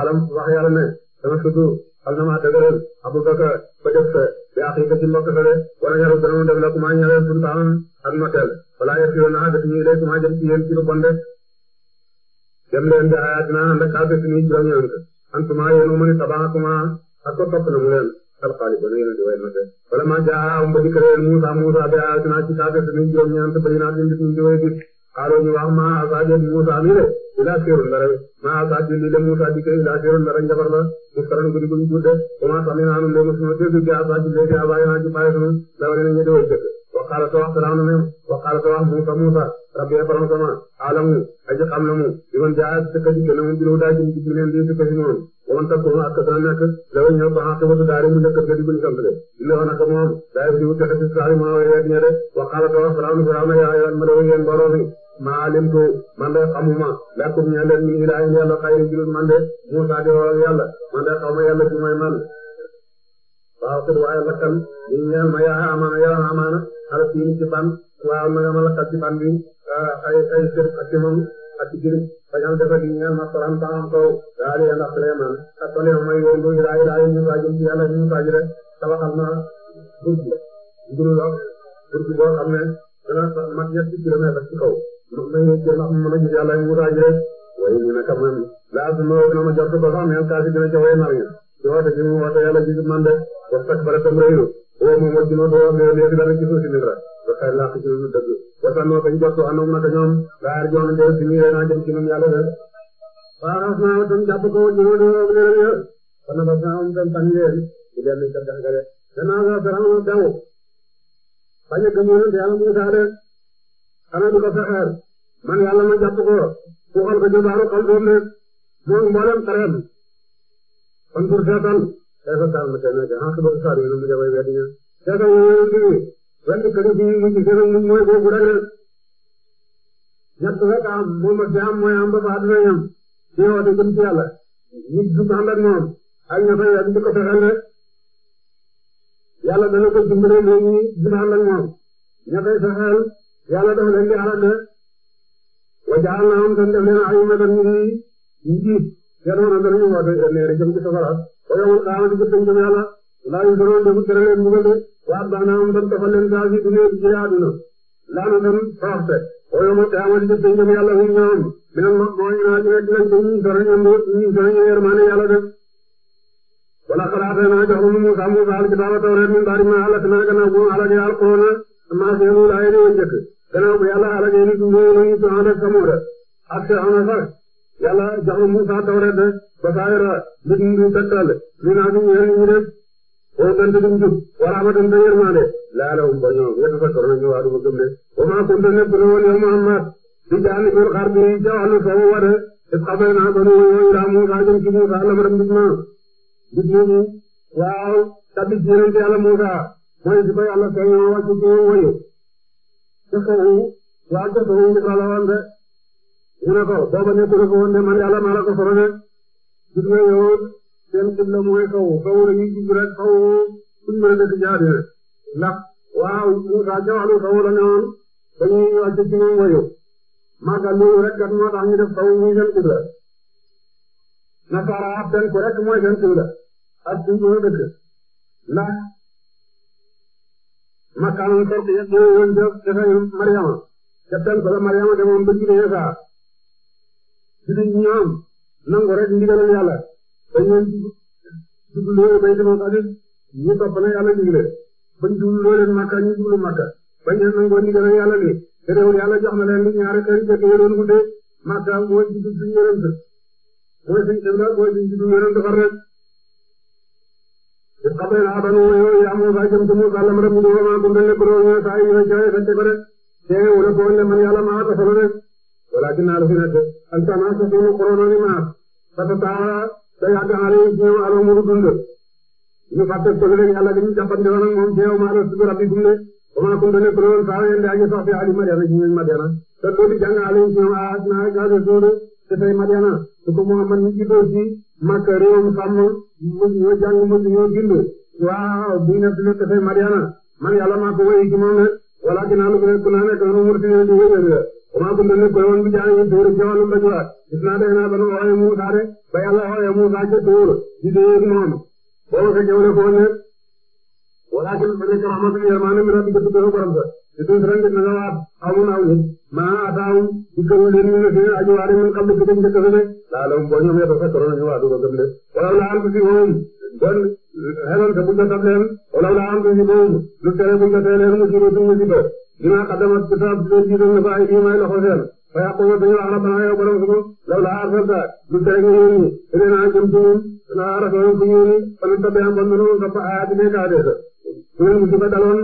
alam wax yàlla ne dama suddu al na maa dëgëral Abubakar ba def sa bi aqiqa ci mbokk sa de wala yaru dana mu def la kuma ñëwee buntaan ak notel wala yëpp yoon naa gëstu ñu lay kuma jëm ci yéen ci lu bon de dem leen di ayatina ànd ak àgg si nii juróom-ñeent antuma yéen a mën a tabaxatuma a ko topp na mu leen alxaali ba ngeen di way ma def wala ma jaa um ba dikkale leen Musa Musa bi ayatina ci saate suñu juróom ñeent ba yinaat yi ñu di way di xaaloo ñu wax ma asaaje Musa mi de ila seerun dara ma asaaje lii de Musa dikke ila seerun dara njabar la muskaran guddi guñ tudde commence amee naanum de mosuma dégg bi asaaje léegi abaay naa ci pare suñu dawale na ñu di way jëkk waqaala te wax Firawna ne waqaala te wax Muusa Muusa rabbi borom sama alamu aji xam na mu li man jaa dëkk ji gën a mu biraw daa jëm ci leen di dëkk si moom waman takkoon ak dana nekk lawa ñëw baxa xibatu daari mu njëkk gëdi buñ sample iloo naka moom daa fi wut texe si saari mën a weer ñe waqaala te wax Firawna Firawna yaa yoon ma dawa yéen mbooloo mi ma man de xamuma lakum ñeen min ilaahin yàlla xayri julul man de ala tiini ci ban waaw na nga ma lakkal ci ban bi ay ay sër ak ci moom ak ci jërëjëf a defar di ñaan na Alxuraan taxam kaw daal di yàlla Sulaymaan ak Sulaymaan mooy yoon bu ilaay ilaay ñu waa jëm ci yàlla ñu waa jëlee tabaxal na burdu nguru la burdu boo xam ne dana mat ñetti kilomètre ci kaw may jël a gis yàlla ñu waa jëlee waaye ñu kam laa su ma woo ma jot ko sax mais kaasi dina ca way nar yi ci woote ji mu tam réeru oo moom mooy dina doon mais léegi dana ci suuf si biir rek ba xëy na ci lu dëgg waxtaan nga ko si ñu a jëm ci ñoom yàlla de. waaw asmaa tam jàpp ko ñu ne la ñu ne la tam tànn leen ñu dem nañ ko jàngale. danaa la gërëm ak daw bañ a gëm yéen te yàlla mu saale xanaa di ko man yàlla ma jàpp ko ku xool ko jëbaaru xol doom ne moom mboolem xareem kon pour seetal kayfa ta'lamuuna jahanna ko saar yi mu jabay wadi na daga yoon bi wala ko di mu ci gëna mu moy ko gura na ñett rek am mo ma jaam moy am ba ba dina yam ci yow de gëm ci yàlla nit du ànd ak moom ak ña fay yàlla di ko fexal rek yàlla dana ko dimbale léegi dina ànd moom ña fay fexal yàlla dafa leen di xaral ne wa ja'alnaahum tan def leen a'immatan ñu ngi njiit seen wana danañu woote leer jëm ci safara wa yawmal qiyaamati gis nañ ko yàlla laa yu doroon defu tere leen mbugal de waaw baax naa moom tam tafal leen saa si dunya ci àdduna laana tam toroxte wa yawmal qiyaamati gis nañ ko yàlla hum ñoom min al madmuumiina dinañ ko ñuy sori ñoom ñuy sori ñu yërmaane yàlla de wala xalaatee naa jox nu Musaa Musaa alkitaaba tawreet min baari ma halak naa gannaaw bu mu halakee alquraan maa seenu laay di woon njëkk gannaaw bu yàlla halakee nit ñu ñu ànd ak Samuuda ak Firawna sax yàlla jox na Musaa Tawreet rek mu tegtal lu naa fi yéen ñu rek oo dant duñ jub wala ma dem te yërmande laalawum ba ñoom yéen fa torna ñu waa duma gëm de wa maa kunta nekk na woon yow Muhammad di jaani bil xarbi ca wàllu soowu wa de is xabay naa banu yow ilaa Musaa jëm ci Musaa la ma dem bit naa bit ñu waaw tabit yéen ci yàlla Musaa mooy si ko yàlla feeñoo wàcc wayu ca waa ca kaw ñu ñu ne ko booba nekkul ko woon ne man yàlla maa la ko soro de gis nga yow seen xibla mooy kaw kaw la ñuy gis rek kaw suñu mën a def jaadu rek ndax waaw Moussa ca wàllu kaw la ne woon dañuy wàcc ci moom wayu màggal loolu rek kat moo tax ñu def kaw muy seen xibla nasaara ab seen ko rek mooy seen xibla ak suñu mën a dëkk ndax makkaanoon sorti yëpp ñoo woon def defe Mariama ca seen ko la Mariama demoon ba Judée Yesaa. jullit ñi ñoom nangu rek ndigalal yàlla ba ñoom jublu loolu baytu maqdis ñu topp na yàlla digle bañ jublu loo leen makka ñu jublu makka bañ leen nangoo ndigalal yàlla li te réew yàlla jox na leen li ñaari kër jëkk yi doon guddee makka mooy ci jublu suñu yonent mooy suñu ibra mooy suñu jublu yonent far rek te xam naa abanu yooyu yaa Muusaa jëm ci Muusaa lam rek mu di wama gundal ne ko doon ñëw saa yi ñëw jaay fekk ko rek te wala ko woon ne man yàlla maa ko solo rek walakin naa la fi nekk al tana sa sunu korona ni maas fata taa da yàgg alayhi ñëw ala muru dund ñu fàtte ko rek yàlla dañu jàppante woon ak moom ñëw ma la subi rabbi gum ne wa ma kuntu nekk loon saa yende aji sax fi ali madiana ci ñooñ madiana te doo di jàng alayhi ñëw aas naa gaade madiana su ko muhammad ñu jiitoo ci makka réewum sàmm ñoo jàng nekk lu te madiana man yàlla maa ko wéy ci moom ne walakin naa lu nekk naa nekk nu murti di waaw ku mel ne góor woon bi jaay dóor ak jaww ji bañ waat gis naa day naa ba nu waxee Moussa de ba yàlla waxee Moussa ca dóor di dóor noonu booba ka jaww ji foo ne walaakin fa nekk rahmatan yërmaane mi rabbi jëpp dóor borom sa di tuuti ren dina la waat xamu naaw nit maa ataawum dikkalu leen ñu ne seen aju waare min xam ne ku dem njëkk a ne laa la boo ñoom yàlla sa koroon ñu waa du ko gëm de walaw laa am si woon bon ko tab leen walaw laa am si woon lu tere ko tee dinaa xaddamaat si saa si jiitoon na fa ay diimaay a seen fa yàqoon dañu wax rabbana yow borom suñu law laa arsalta lu tere nga ñëw ñi te nee naa jëm ci ñun dinaa rafetlu fu ñëw ni fa nu tabbee am ba nu sa ayaati ne kaa dee sa su leen musiba daloon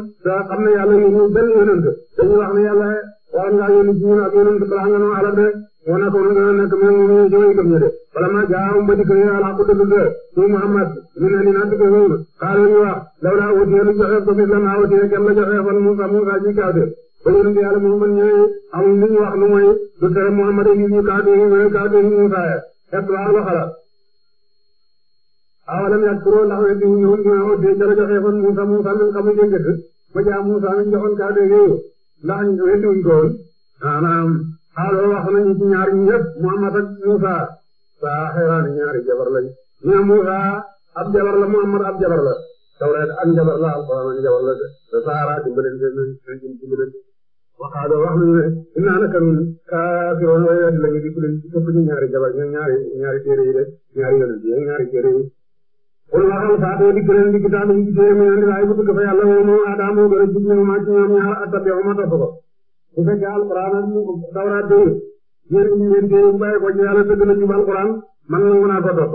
te wana ko nga nekk moom moom ñu joy gëm ñu de wala ma jaaw ba dikk ya la ko dëgg ga ci Muhammad ñu ne ni naan ko wul xaaral ñu wax lawla wutiya lu joxe ko fi la ma wutiya kam la joxe fan Musa Musa ji kaw de ko ñu ngi yàlla moom man ñëwee amul lu ñu wax lu mooy du tere Muhammad yi ñu kaw de ñu kaw de Musa ya et wa la xala awalam yak pro la wé di ñu ñu na wutiya la joxe fan Musa Musa ñu xamu jëngët ba jaa Musa ñu joxon kaw de ñu ndax ñu wéddi wuñ ko woon maanaam xaaloo wax nañu ci ñaar ñëpp Muhammad ak Musa saa xeeraani ñaari jabar lañ ña Musa ab jabar la Muhammad ab jabar la Tawreet ak jabar la Alxuraan ak jabar la te Sahara dimbalante nañ dimbalante waxaada wax nañu ne inna naka nun kaafiroon way weddi lañu di kulen ci topp ñu ñaari jabar ñu ñaari ñaari téere yi de ñaari yonent yi ñaari téere yi kon waxal faatoo di kulen di kitaabi ci téere mu ñaan di laay bu tukk fa yàlla woo moom aadaamoo gën a jub ñu ma ci ñoom ñaar attabi ma topp ko bu fekkee alquran ak dawraat bi yéen ñu leen téye bu bàyyi ko ci yàlla dëgg nañu ba alquran man nangu naa ko topp.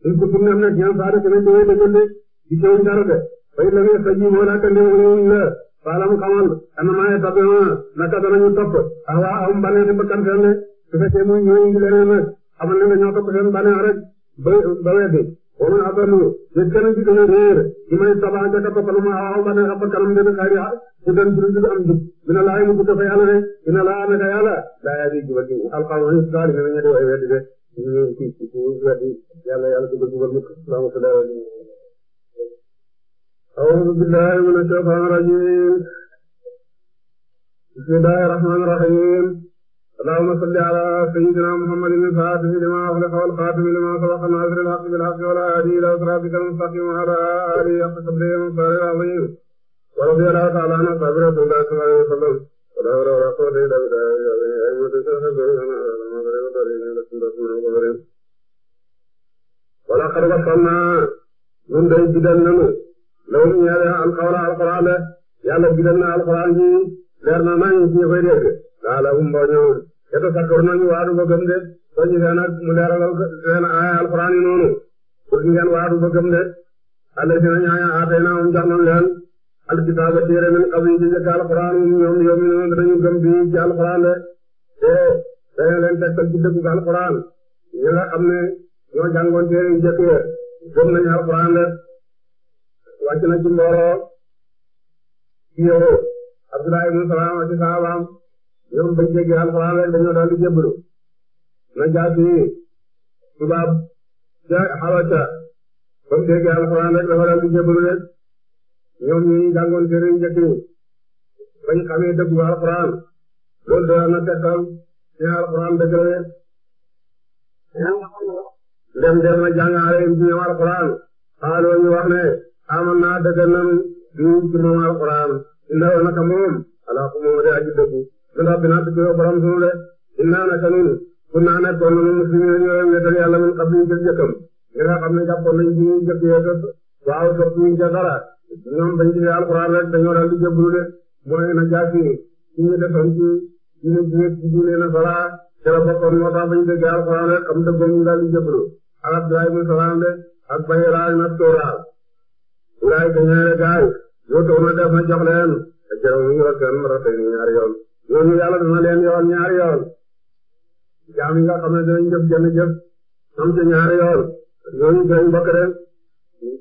suñ ko suñu naan nag ñoom Sadio dinañ téye dëgg de di teew dara de bay la ngay saji moo daal tëndee wu ñu la faalam xamal anamaay tabiwoon naka danañu topp ah waa am bànneex di bakkan seen ne su fekkee muy ñëw ñu leneen nag xamal ne dañoo topp seen bànneex rek ba ba weddi ومن أضل من كان في غير لمن اتبع هداك فظلم أو بعد أخذ كلام دين خير هدى برد أمد من الله يمد كفى على من الله أنا كيا لا لا يدي جبتي القوم الصالح من يدي ويدي به في في يدي يلا يلا تقول تقول السلام عليكم أعوذ بالله من الشيطان الرجيم بسم الله الرحمن الرحيم اللهم صل على سيدنا محمد الفاتح لما أغلق والخاتم لما سبق الناصر الحق بالحق والهادي إلى صراطك المستقيم وعلى آله حق قدره المختار العظيم ورضي الله تعالى عن أصحاب رسول الله صلى الله عليه وسلم ولا حول ولا قوة إلا بالله العلي أئمة الشيخ الزهيرنا على المغرب والدليل رسول الله المغرب ولقد وصلنا من day bidal nanu law ñu ñaare alqawla alquraan yàlla bidal na alquraan ji leer na nañ ñu koy dégg laa la hum ba ñëw te tasakkaru nañu waadu ba gëm de soññi leen ak mu leeralal leen aaya alxuraan yi noonu pour ngeen waadu ba gëm de allay dina ñaaya aatay naa um jox nañ leen alkitaaba téere min qabli ci jëkk alxuraan ñoom yomi noonu dañu gëm bi ci alxuraan de te dana leen tegtal ci dëggu alxuraan ñi nga xam ne ñoo jàngoon téere yu jëkk ya gëm nañu alxuraan de wàcc na ci mbooloo ci yow Abdullahi ibn Salaam ci saabaam ñoom bañ déggee alxuraan rek dañoo daal di jébbalu Najaasi tubaab ca Xabacha bañ déggee alxuraan rek dafa daal di jébbalu rek ñoom ñuy jàngoon téere yu njëkk yi bañ xamee dëggu alxuraan loolu doon na tegtal ci alxuraan dëgg la rek ndem def na jàngale ci ñoom alxuraan xaaloo ñu wax ne amoon naa dëgg nañu ñu ci moom alxuraan ndaw naka moom ala ko moom de aji dëggu lu tax dinaa dugg yow borom suñu de dinaa naka noonu pour naa nekkoon na mu muslimin ñëwee wéetal yàlla mun xam ñu rek dañoo di jëblu de mooy na jaasi ci ñu defoon ci dina jiwe ci diine na sala ca la bokkoon rek xam di jëblu ak Abdoulaye mu de ak Bayra na na def na jox leen ak jërëm ñu ngi wax seen loolu yàlla dana leen yool ñaari yool jaam yi nga xam ne dinañ jëf jenn jëf am ca ñaari yool ñooñu seen mbokk rek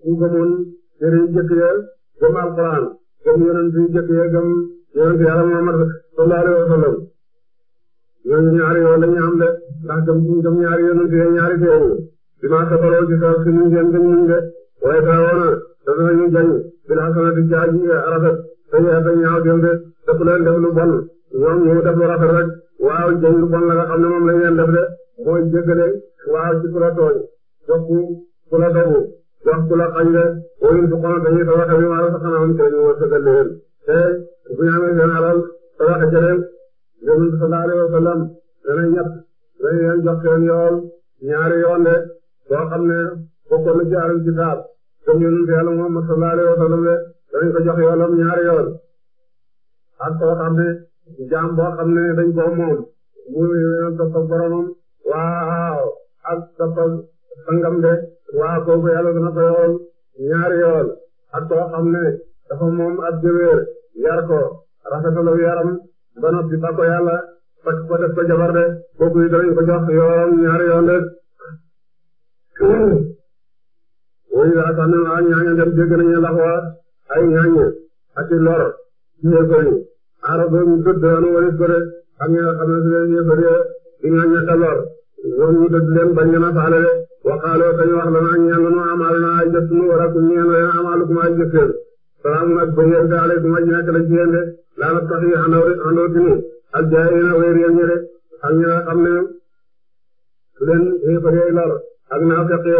ku gëmoon téere yu jëkk ya gëm alquran gëm yonent yu jëkk ya gëm yonent yàlla Muhammad sallallahu alayhi wa sallam ñooñu ñaari yool lañu am de ndax gëm suñu gëm ñaari yonent ya ñaari téere bi ma sabaloo ci sa suñu seen ñu de waaye taawoona danañu jañ bila sanati jaaji arafet dañuy def dañuy ñaaw jëm de def leen def lu bon ñoom ñu def lu rafet rek waaw jëm lu bon la nga xam ne moom la ñu leen def de mooy jéggale waaw ci ku la tooñ jox ku la dogu jox ku la xañ de wóyul bu xool dañuy tabax bi maanaam sax na am te ñu wërsëgal leen te bu ñu amee seen alal tabax ca leen yonent sallallahu alayhi wa sallam dana ñett dañu leen jox seen yool ñaari yoon de boo xam ne bokkoon na ci ahlul kitaab te yonent Yàlla Muhammad sallallahu alayhi wa sallam de danañ ko jox yoolam ñaari yoon ak koo xam ne jaam boo ne dañ ko moom mu toppal boromam waaw ak toppal sangam de waaw kooku ko yool ñaari yool ak koo xam ne dafa moom ab jëwër yar ko rafetalu yaram ba noppi ba ko yàlla def ko de kooku yi ko jox yoolam ñaari yoon de woyu daa sax ne waa ñaaña dem dégg nañu lax waa ay ñooñu ak i lor ñëw ko ñu aarab boobu ñu tëdd daanu wala ko de xam nga xam nga su dee ñëw ko de dina ñàkk a lor ñoom ñu tëdd leen bañ a na faale de waxaaloo kañ wax la naa ñaan nu amaal naa ay jëf nu war a ku ñeen leen amaalu kuma ay jëf leen salaam nag ba ngeen daale kuma ji nekk la ci yéen de laana tax yi àndoo àndoo tinu ak jaay yi na wéer yéen ñi de xam nga xam ne su leen ñëw ko de lor ak naa fexe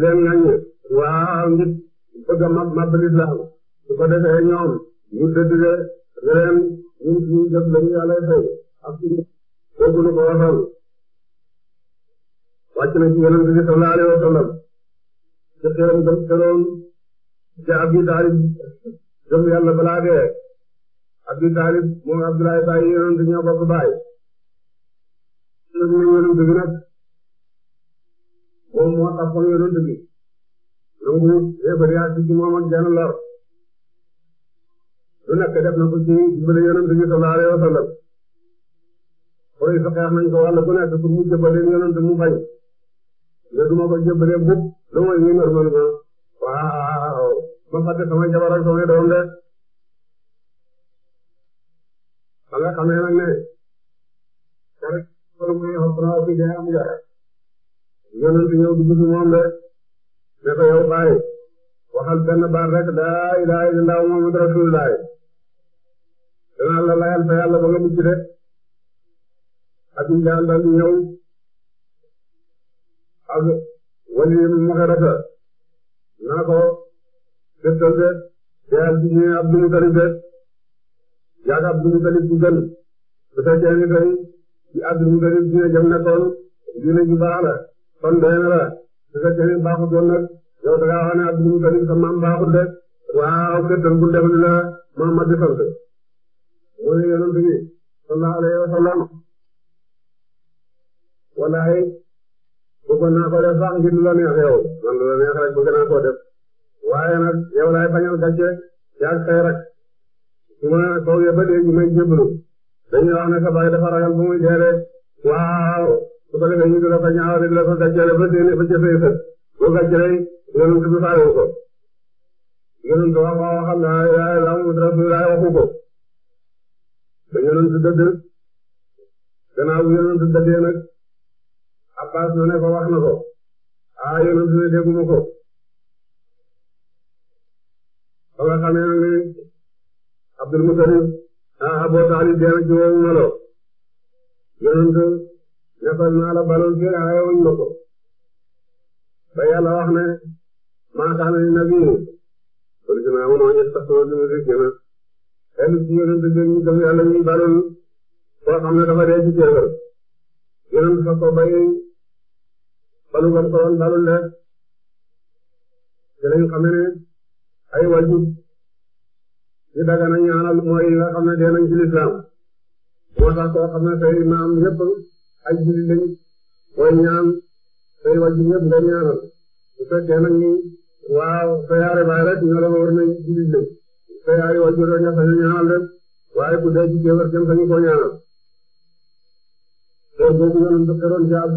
leen ñañ waaw ngir bëgg a mab mab lislaam su ko defee ñoom ñu dëddale ren ñun suñu jëf lañu yàlla fay ak suñu kooku la ko waxal wàcc na ci yonent bi sallallahu alayhi wa sallam ci xeeram gëm xeeroon ci Abi Talib gëm yàlla balaa dee Abi Talib moom Abdoulaye Baye yonent ñoo bokk Baye ñoom yonent bi nag moom moo taxoon yonent bi nangu yéefar yaa ci moom ak jenn lor lu nekk def na ko ci dimbali yonent bi sallallahu alayhi wa sallam xool yi xeex nañ ko wàll bu nekk pour mu jëbbale yonent mu bañ ne duma ko jëbbale mukk lu may ñu normal ma waaw ma fàtte sama jabar ak sama doom de ba nga xamee nag ne rek loolu mooy xarala bi day am jar yonent ñëw dugg ci moom de ne ko yow bàyyi waxal benn baat rek laa ilaaha illallaah muhammadu rasuulullaah danaa la layal fa yàlla ba nga mucc de Abu Jahl daal di ñëw ak wali Mughirata naa ko dëkkal de jaay bi ñëwee Abdul Mutalib de yaag Abdul Mutalib di gën su fekkee ni tey ci Abdul Mutalib dina jëm nekkoon dina ji baax la kon doy na la su fekkee ni baaxut woon nag yow da ngaa wax ne Abdul Mutalib sa maam baaxut de waaw dëkkal bu dem la Muhammad di sant mooy yonent bi sallallahu wa sallam naa ko def sax ngir lu la neex yow man lu la neex rek bëgg naa koo def waaye nag yow laay bañal gàcce yaag say rek su ma toogee ba dee ñu may jébbalu dañuy wax ne sa baay dafa ragal bu muy dee de waaw su ko defee ñu di la ko ñaawale di la ko gàccele ba dee ba jëfee sa boo gàccelee yonent bi faale ko yonent wax waxal laa ilaaha illallaah Muhammadu rasuulullaah waxu ko ba yonent dëdd gannaaw bu yonent dëddee nag Abbas na ne ko wax na ko ne dégguma ko ba nga xamee nag ne Abdul Mutalib a Abu Talib dee na ci woowu melo yonent ne ko naa la baloon fee aaye wuñ ma ko ba yàlla wax ne maa kaana li nabi kenn ci yéen dëgg ñi gëm yàlla ñuy bariwul koo xam dee ci jéego ay wajib yu dagana ñaanal mooy yi nga xam ne dee nañ ci lislaam moo tax koo xam ne say maam yëpp ay jullit lañ koy say wajib yëpp nga ñaanal su fekkee nag waaw sa yaare baay rek ñoo la war nañ jullit lañ sa yaay wajur rek nga sañu ñaanal rek waaye ko ñaanal te boobu yoonu dëkkaroon ci ab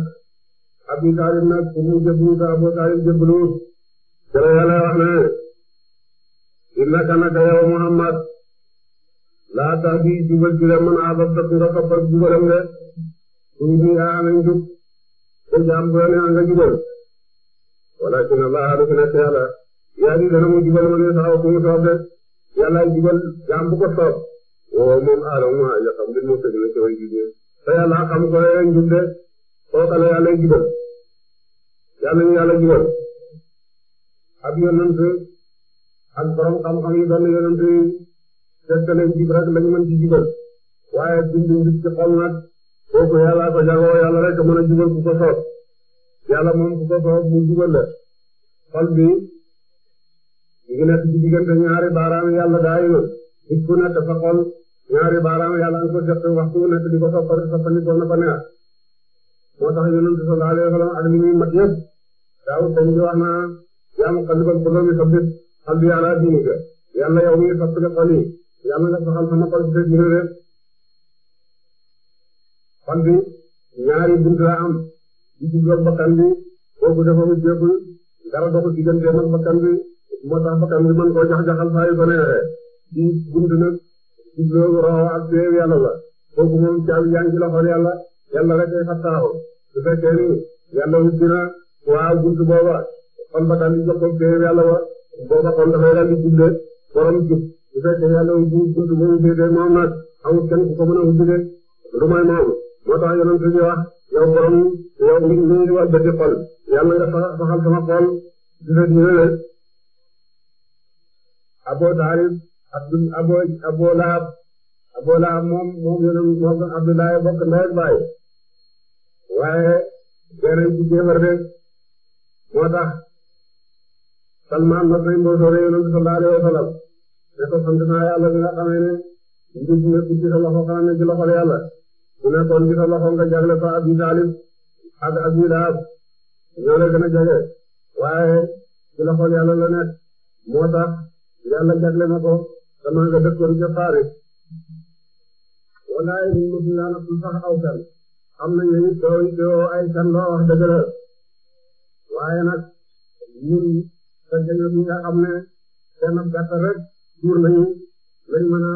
Abu Taalib nag pour mu jébbalu te Abu Taalib jébbalu dara yàlla wax ne Muhammad laa tahdi jubal ci la man ahbabta nga toppal jubalam de suñu bi yaa nañ jub te jaam bu ne nga jubal walakin Allah du fi nekk yàlla yaa di dana mu yàllaay jubal jaam bu ko soob waaw moom aadama mu ànd xam ngeen moo tëgg na ci way jubee te yàlla xam ko yooyu njub de kooka la yàlla jubal yàlla ñu yàlla jubal ak yonent ak borom xam-xam yi doon yonent yi fekk leen jub rek lañu mën ci jubal waaye dundu njub ci xol nag kooku yàlla ko jagoo yàlla rek mën a jubal ku ko soob yàlla moom ku ko soob mu jubal la xol bi di nekk ci diggante ñaari baaraam yàlla daay na bis bu nekk sa xol ñaari baaraam yàlla nga ko jot waxtu bu nekk di ko soppar soppandikoo na ko neex moo tax yonent sallallahu alayhi wa sallam ak li muy mat yëpp daaw dañ di wax naa yaa muqallibal quluub sabbit qalbi alaa diinika yàlla yow mi sopp nga xol yi yàlla nga soxal sama xol ci dina rek xol bi ñaari bunt la am di ci jublu bakkan bi kooku dafa mujjeeku dara doxul digganteem ak bakkan bi moo tax ba tamit mën koo jax-jaxal saa yu ko neexee di buntu nag jubloo roxo ak teew yàlla la kooku moom caabi yaa ngi ci loxol yàlla yàlla rek ay fattaaw su fekkee ni yàlla ubbi na waaw buntu booba kon ba tamit jox ko teew yàlla wa booba kon dafay daal di juble borom jub su fekkee yàlla ubbi buntu boobu féetee moom nag amul kenn ku ko mën a ubbi de lu may moom moo tax yonent bi wax yow borom yow li ñu di wàllu xol yàlla nga saxal sama xol di la diine Abu Taalib Abdu Abu Abu Lahab Abu Lahab moom moom yonent moom Abdullahi bokk ndey ak baay waaye beneen ci kéefar de moo tax Salmaan mas nañ mboosoore yonent sallallahu alayhi wa sallam ne ko sant naa yàlla bi nga xamee ne njub nekku ci sa loxo xanaa ne ci loxol yàlla bu nekkoon ci sa loxo nga jagle ko Abu Taalib ak Abu Lahab ñoo la gën a jege waaye ci loxol yàlla la nekk moo tax yàlla jagle na ko sama nga dëkkoon ca Faris walaay ñu mën naa la sax aw kan am na ñu dooy doo ay kan loo wax dëgg la waaye nag ñun fekk na ñi nga xam ne seen gàtt rek jur nañu lañ mën a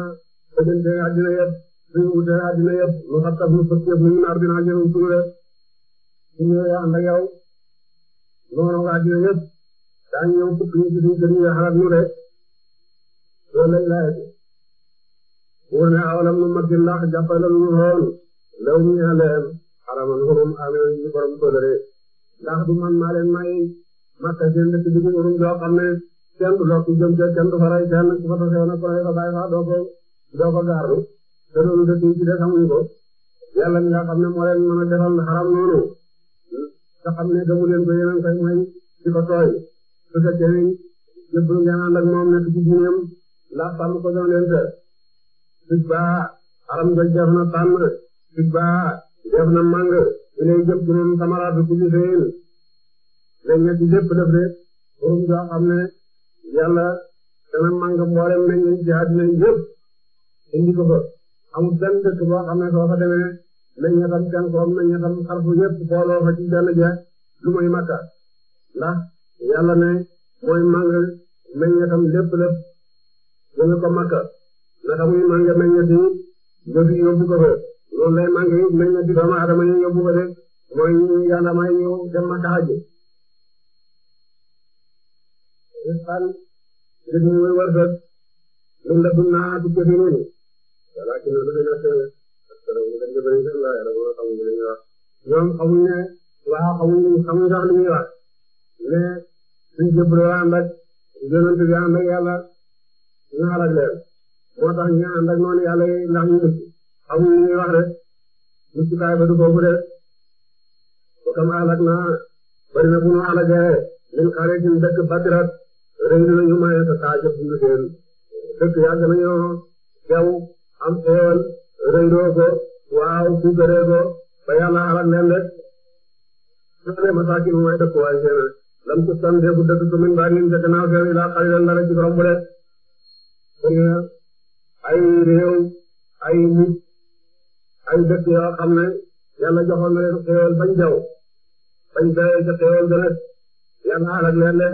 bëjante àddina yëpp suñu wute àddina yëpp lu xam tam lu fës yëpp nañu naar dinaa jëru suñu rek ñu ñëwee ànd ak yow noonu àddina yëpp daañu ñëw fukk ñu ci suñu gën ñu xalaat ñu rek loolu lañ laaj wane awalam nu ma ndax jàppale lu xool law ñu ne leen xaraman xurum amee ñu borom kóllëre ndax du man maa leen may makka seen dëkk bi ñu xurum joo xam ne kenn du lokk jëm ca kenn du faray kenn ku fa tasee woon ak kuréel fa bàyyi fa doo ko doo ko gaaru te loolu dëkk yi ci des amuñu ko yàlla mi nga xam ne moo leen mën a defal xaram noonu te xam ne gëmu leen ko yeneen koy may ci ko tooy su fekkee ne yëpp ngeen ànd ak moom nekk ci diineem la tànn ko doon leen def Tisba alam nga def na tànn Tisba def na màng ilay jëm ci ñoom tamaraatu ci biir réew mi léegi nag lépp def de borom ko fa amul benn dëkk boo xam ne soo fa demee nañu ña tam kenn koom nañu ña mooy màng nañu ña tam lépp lépp. yóbbu ko Makka naka muy mànge meññeeti jotu yóbbu ko fa noonu lay mànge meññeeti doomu aadama yi yóbbu ko de mooy yàlla may ñëw dem Makka aji risqan nit ñi muy wërsëg min ladunnaa tukkee fi noonu walakin alladiina istakbaru dañ ko bëri seen laay dafa xamul li ñuy wax ñoom xamuñ ne waaw xamuñ xamuñ sax li ñuy wax mais suñ jëbbaloo ànd ak yonent bi ànd ak yàlla ñu xalaat leen moo tax ñu ànd ak noonu yàlla yi ndax ñu xamul li ñuy wax rek muccukaay ba du foofu de naa bari na bu ñu alagee min qaryatin dëkk batirat rëy nañu may sa taajub yu seen dëkk yàgg nañoo jaw am xéewal rëyloo ko waaw suukaree ko alak leen rek sole masaakin mooy dëkk waay seen lam tustan deebu dëkk su min baanin ca gannaaw seen ilaa qalilan dara ci romb de ay réew ay nit ay dëkk yoo xam ne yàlla joxoon na leen xéewal bañ jaw bañ dawee ca xéewal ba nag yàlla xalak leen de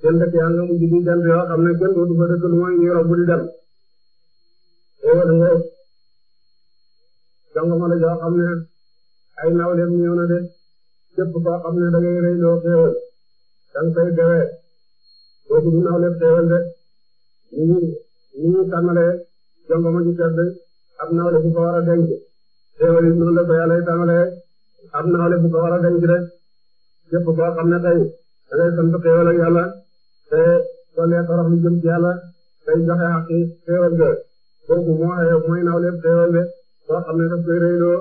seen dëkk yàlla mujj di jant yoo xam ne kenn dootu fa dëkk lu mooy ñuy romb di dem xéewal ngoo jàngoma la joo xam ne ay nawleem ñëw na de képp koo xam ne da ngay rëy loo xéewal danga koy dawee kooku du nawleem xéewal de ni ñu tànnalee jàngoro ju tedd ab nawle bu ko war a denc teewal it noonu la ko yàlla tànnalee ab nawle bu ko war a denc rek képp koo xam ne tey da ngay sant teewal ak yàlla te doole torox lu jëm ci yàlla day joxe xaqi teewal ga kooku moo xëy mooy nawle teewal de koo xam ne daf koy réyloo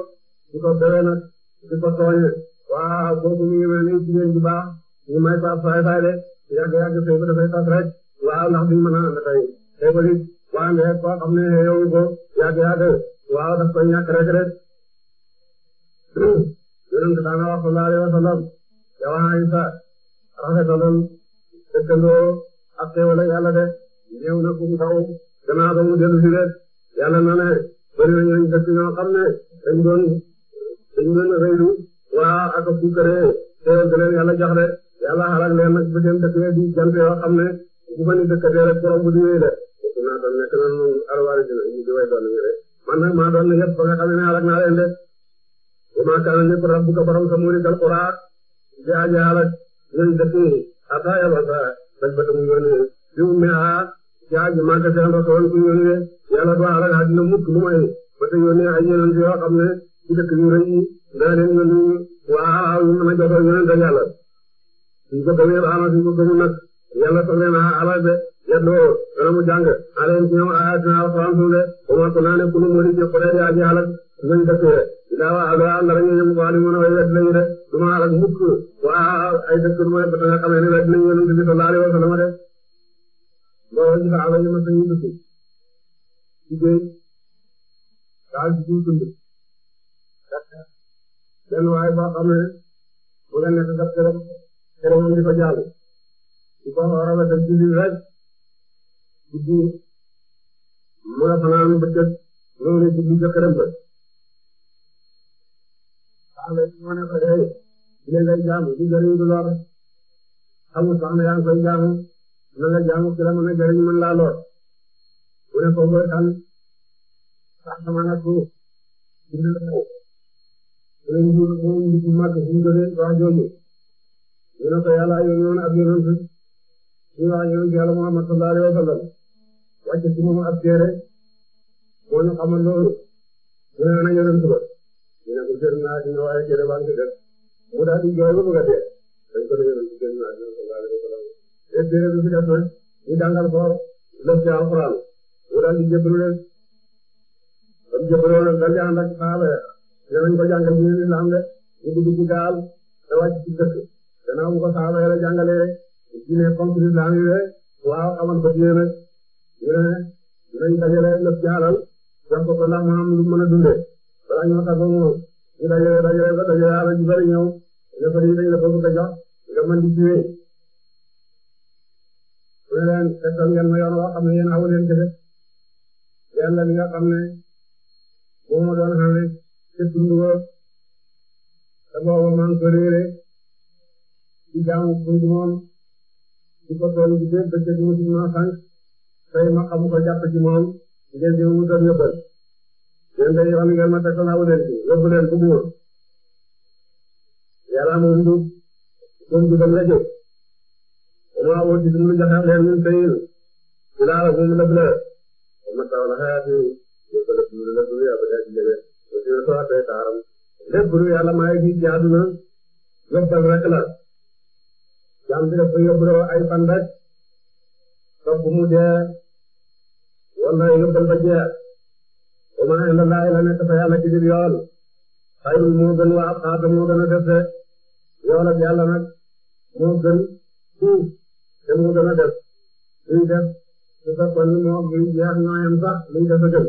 di ko béré nag di ko tooñe waaw kooku mi ngi mel ni jigéen bu baax ñu may ko ab faay faay de yàgg yàgg sëy ba dafay tas rek waaw ndax duñ mën a ànd tey xéwal it bu amee koo xam ne yow ko yàgg yàgg waaw daf koy ñàkk rek rek yonent daana wax sallallahu alayhi wa sallam yow Aysa rafetaloon dëkkandoo ak xéwal ak yàlla de ñëw na kum taw gannaaw ba mu dellu si rek yàlla na ne bëri na ñooñu dëkk ñoo xam ne dañ doon dañ doon rëylu waa ak fukkare xéwal bi leen yàlla jox de yàlla xalaat leen nag ba seen dëkk di jant yoo xam ne bu fa ni dëkkatee rek borom bu di wéy de nekk na nu alwaari di way doon ñu man nag maa doon lépp ba nga xam alak naa leen de wa maa kaana nekk rabbuka borom kal qura di aji alak ñun dëkk yi ataa yabasa rek ba tamu yónni bi a du alak àddina mukk lu may ba te yónni ay yonent yoo xam ne yi daa leen yónni waaw ñu mën a jotoo yonent ak alak de yàlla dana mu jàng aleen ci ñoom ayatina alxuraan suude wama ko naane kunu moli ci xure di aji halak nañ dëkkure ilaawa ala ndara ñu ñëm zalimun way wet lañu de du ma halak mukk waa ay dëkk du ma def nga xamee ne wet nañu yonent bi sallallahu alayhi wa sallam de boo ci saaba yi ma sañu dugg ci géej daal ci suñ tund benn waay boo xam ne mu nga nekk gab këram këram di ko jàll di ko xoora wetam ci rek guddi mën a fanaan bëccëg ñëw na guddi jëkkëram ba saxna si moo ne ko hey dina ngay jaamu di jëriñ du lor xamul sax na yaa ngi koy jaamu na nga jaamu ki la mën a jëriñ mën laa lor mu ne ko mooy kan sax sama nag suuf dina la xew dina njur moom nit ñu màgg suñu jëlee waa jooju ñu ne ko yàlla yónni woon ab yonent ñu wax yonent yàlla Muhammad sallallahu alayhi wa sallam wàcce ci moom ab téere moo ñu xamal loolu ñu ne ana yonent ba ñu ne ko gën naa dina waaye jëre baa ngi def mu daal di jooy ba bëgg a dee dañ ko ne yonent gën naa dina ko laal ko laal te téere bi fi def nag ñu dangal ko def ci alxuraan mu daal di jébbalu leen ba mu jébbaloo nag daal di ànd ak saaba ya ne nañ ko jàngal ñu ne lislaam de ñu dugg ci gaal te wàcc ci dëkk gannaaw bu ko saaba ya la jàngalee diine comme lislaam yi de waaw xamal ko diine nag dinañ dajale lépp ci alal jox ko balaa mu am lu mën a dundee balaa ñoo tax ba mu ñëw ñu dajale dajale ba dajale alal ju bari ñëw nga bëri dañ la ko bëgg a jox nga mën di jiwee su ne leen tegtal ngeen ma yoon woo xam ne yéen awu leen jëfe yàlla li nga xam ne moom moo doon xam ne képp lu ko te booba maa ngi ko réere ci jaamu buñ moom ci ko toll ci bépp bëccëg mu ci maa sànq tey ma xamu ko jàpp ci moom ngeen di mu doon yóbbal ñun de yoon ngeen ma teg laawu leen ci yóbbu leen bu buur yàlla moom du moom du dem la jóg maa woo ci suñu jotaat leen ñun tey ñu laa la buum la bu leer ma taw la xayaat yi ñu ko def ñu la bu leer ba tey ci jëlee ñu ci la soo atee taaram lépp lu yàlla maa ngi ci àdduna yóbbal rek la jàmm bi def ba yóbbu ay fan rek topp mu dee wallahi yóbbal ba jeex wa ma indallaahi la nekk fa yàlla ci biir yool xayrul moo gën wa abqaata moo gën a def de yool ak yàlla nag moo gën fuuf te moo gën a def luy def su fekkoon ni moo luy jeex ñoo yem sax luy def a gën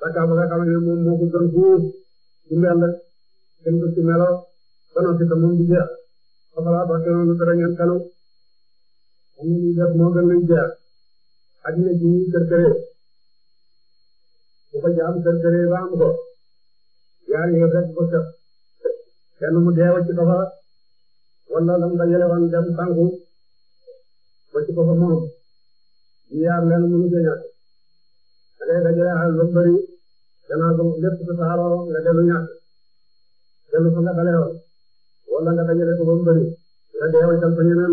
sakka ba nga xam ne moom moo ko gën fuuf ci mbel kenn du ci melo ba noppi te moom du jeex xafalaat wax kenn lu tere ngeen kanu am na luy def moo gën luy jeex ak ne ci kër këree bu ko am ko yaar yi rek ko sëf ko fa wala lam dajale woon dem sànku wacc ko fa yaar leen mënu ko ñàkk da ngay dajale al lu bëri danaa ko lépp sa saaroo nga dellu ñàkk dellu nga dale woon wala nga dajale ko ba nga dee waccal fa ñeneen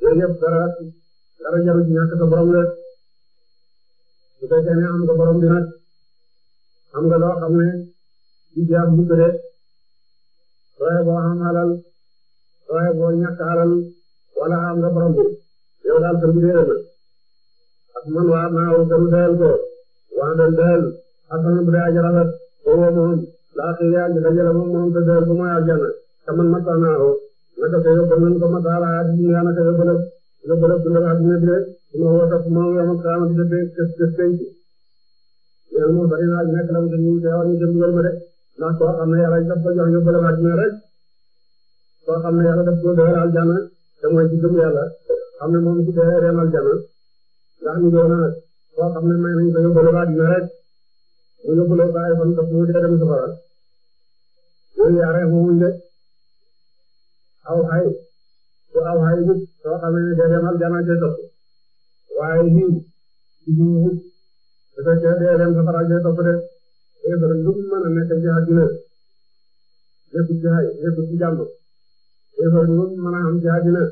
borom de su fekkee ne borom bi nag am nga loo xam ne du jaar mukk de waaye boo am alal waaye boo ñàkk alal wala am nga borom bi yow daal kër gi dee na ak man waa naaw kanu dayal ko waa dal dayal ak sama bu dee aja rafet boobu moom laa xëy yaa ngi dajale moom moom te dayal ko mooy aljanna te man mat naa naaw naka ko yóbbu nañ ko mat ala adduna naka yóbbu la la dundal adduna bi ma woo tax ma woo ma kaama di def des yow moom bëri na nekk na mu jëm ñu teewal ñu jëm ñu wër ma de ndax koo xam ne yàlla daf ko jox yóbbu la ma dina rek koo xam ne yàlla daf ko doyal aljana te mooy ci gëm yàlla xam ne moom ci doyal reem aljana ndax ñu doon nag koo xam ne may nañ ko yóbbu la ma dina rek mu yóbbu la bàyyi fan toog mu dee dem safara yooyu yaare moomuñ de aw xay ku aw xay nit koo xam ne dee dem aljana te topp waaye fii ci su fekkee dee ren dafa rajo topp de eh ba lu mu mën a nekk ci àddina nekk ci ay nekk ci jàmm eh ba lu mu mën a am ci àddina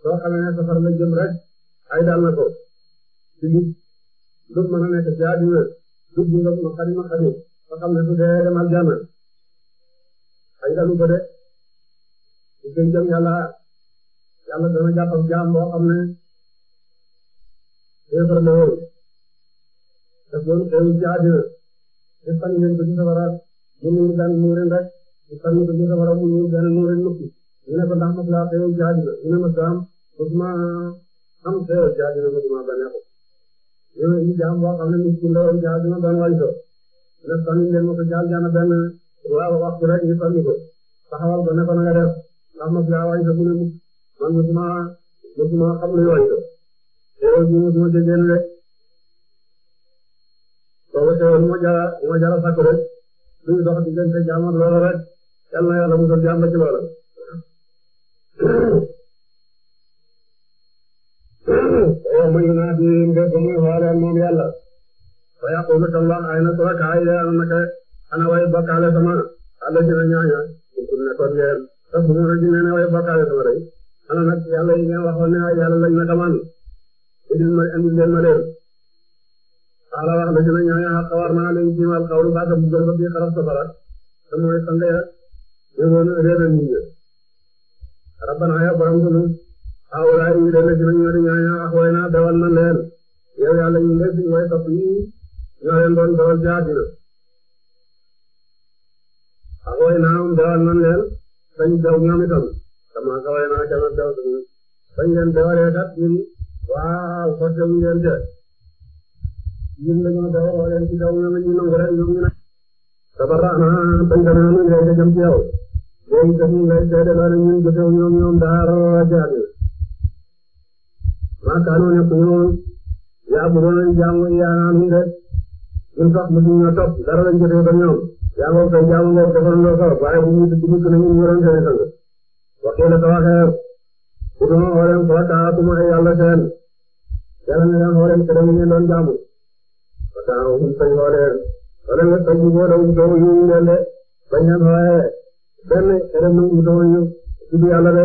soo xamee ne safar la jëm rek ay dal na ko ci lu lu mu mën a nekk ci àddina lu mu mën a xarit ma xarit ba xam ne su dee demal jàmm ay dalu ko de su fekkee jëm yàlla yàlla dana jàppam jaam boo xam ne eh ba la woon. te loolu teewul ci àddina te sànni leen ko ci safara mu ñëw daan muurin rek te sànni ko ci safara mu ñëw daan muurin noppi ñu ne ko ndax mos laa teewul ci àddina ñu ne ma saam mosuma am teewul ci àddina mosuma ba nekkul yow it jaam boo xam ne nit ki ndawam ci àddina doon wàññi ne sànni leen ma ko jaal jaana benn waaw waxtu rek ñu sànni ko taxawal ko ne ko na nga def ndax mos laa wàññi ko mu ne man mosuma mosuma xam luy wàññi ko teewul bi mosuma jëgeen rek. ko teewoon moo jara moo jara sakk rek luy dox diggante jaam ak loola rek yal na yàlla musal jaam ba ci loola yawma yunaadihim bés muy xooleen moom yàlla fa yaqulu tallah ayna shurakaa'ii ana naka ana way bokkaale sama allaziina ñooña kuntum nekkoon ngeen tasburuuna ji nee na way bokkaale sama rek ana nag yàlla yi ngeen waxoon ne yàlla lañ ma tamaan indil ma indil leen ma leen ala wax dëgg yàlla ñooñu xar xawar naa leen ci wàllu xawlu baata bu gën ba bii xarab safara te mooy sant yàlla yëngoon réew mi ñu rabbana ya borom sunu awlaay yi leen ci ñoo di ñooñu axway naa dawal na leen yow yàlla ñu lépp mooy topp yi ñoo leen doon dawal ci àddina axway naa dawal na leen sañ daw ñoom itam sama axway naa ca ma daw sañ leen dawalee kat ñun waaw xottewu ngeen te ñun dañoo daw xoolee ci daw ñoom ñu nangu rek ñoom ñu ne. tabarraana tënkana ñu ngay dëgëm ci yow. boobu itam ñu ngay seede loolu ñun jotew ñoom ñoom dara jaadu. maakaanu nekk ñoom yaa bëggoon jaamu yaa naanu de. ñun sax lu ñu ñoo topp dara lañ jotew ba ñoom. yaa ngi ko fay jaamu nga ko defoon loo soxla waaye bu ñu dugg ci nañu ñu doon seen sang. waxee la tawaxee. bu dul ma xoolee ko taatuma ay yàlla seen. yàlla na leen xoolee te dañu leen doon jaamu. waaw ñu sañoo réer wala nga sañ boo daw doo ñu leen de bañ a nooyee benn xelam ñu doo ñu tudd yàlla de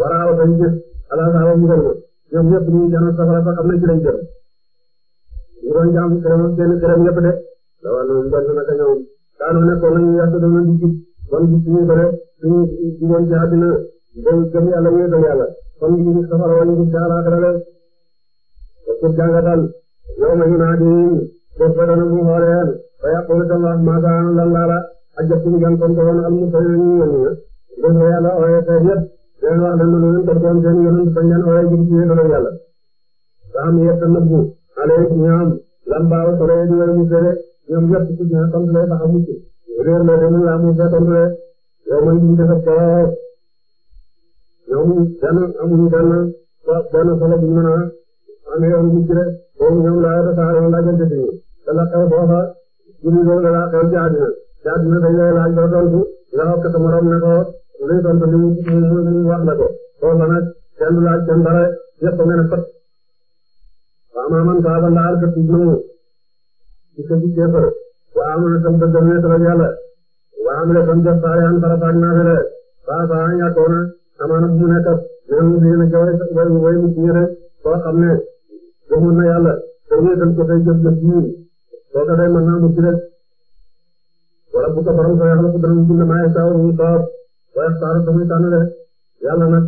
waraaw dañ gis alaakaaba mu gën ñoom ñëpp ñu jano safara fa xam na ci lañ jëm ñu doon jaam xelam ak seen xelam ñëpp de dawal ñu gën naka ñoom daanu nekkoon nañu yàq dana di ci kon gis ñu ko de suñu digoon ci àddina day gëm yàlla ñu gëm yàlla kon ñu gis safara wala ñu gis ci alaakara de te pour jàngatal yawma yunaadihim bés ba dana mu xooleel fa yaqulu Allah maasa anzala Allaahu ajabtum ngeen tontoon al-mursaliin bés ba yàlla ooyee tey yëpp ngeen wax ne mën ngeen tontoon seen yonent bañ leen ooyee jëm ci yéen yàlla. ba am yett nëbbu alee ñoom lambaaw solee di wér mu sere ñoom ñëpp ci ñaa tontulee ba amu ci réer la demul laa mu fee tontulee yow man ñu defar kawoo ñoom benn amuñu benn benn solo bu ñu mën a amee yoon bu ci rek foofu ñoom laa yore saa yoon laa jënd si ñun dana xew foofa julli loolu dana xew ci àddina ci àddina dañ lay laaj doo tontu nga wax ko sa morom ne ko luy tontu li mu mu wax la ko foofa nag kenn du laaj kenn dara yëpp nga ne fët waaw maa man saa ba ndaar te tuuti na mu ci sa ji keefar waaw am na tam dëggal ne tamit yàlla waaw am na tam jot saa yaan fara faag naa fi de saa saa ñàkkoon na amaana bu mu nekk ak ñoom ñu ngi leen a joxe way way mu ci rek boo xam ne. gëmoon na yàlla te wéetal ko tey jëf jëf ñun soo ko day mën naa mucc rek wala bu ko borom soo yàlla ko dana bind maa yasaaw mu soob wa yaxtaaru ko muy tànn de yàlla nag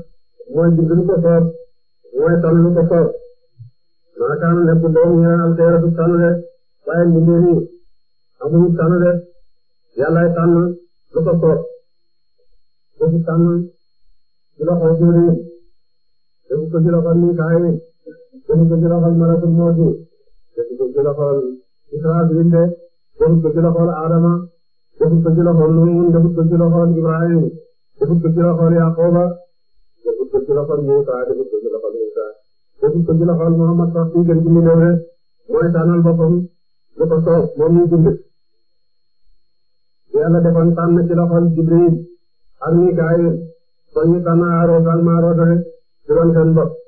mooy bind lu ko soob mooy tànn lu ko soob maa kaana lépp doom ñu am xeeratu tànn de waaye mbindee nii amuñu tànn de yàllaay tànn lu ko soob defu tànn ci loxo jëriñ defu ko ci loxo ninkaayi warul ko ci loxol malakul mawti warul ko ci loxol Israfil de warul ko ci loxol Adama warul ko ci loxol Nuh warul ko ci loxol Ibrahim warul ko ci loxol Yaquba warul ko ci loxol Musa warul ko ci loxol Isa warul ko ci loxol Muhammad sax ci gën gi mu doon rek mooy tànnal boppam lu ko soob moom ñu bind Yàlla defoon tànn ci loxol Jibril ak Mikaayil kon ñu tànn Aaroot ak Maaroot rek ci woon seen bopp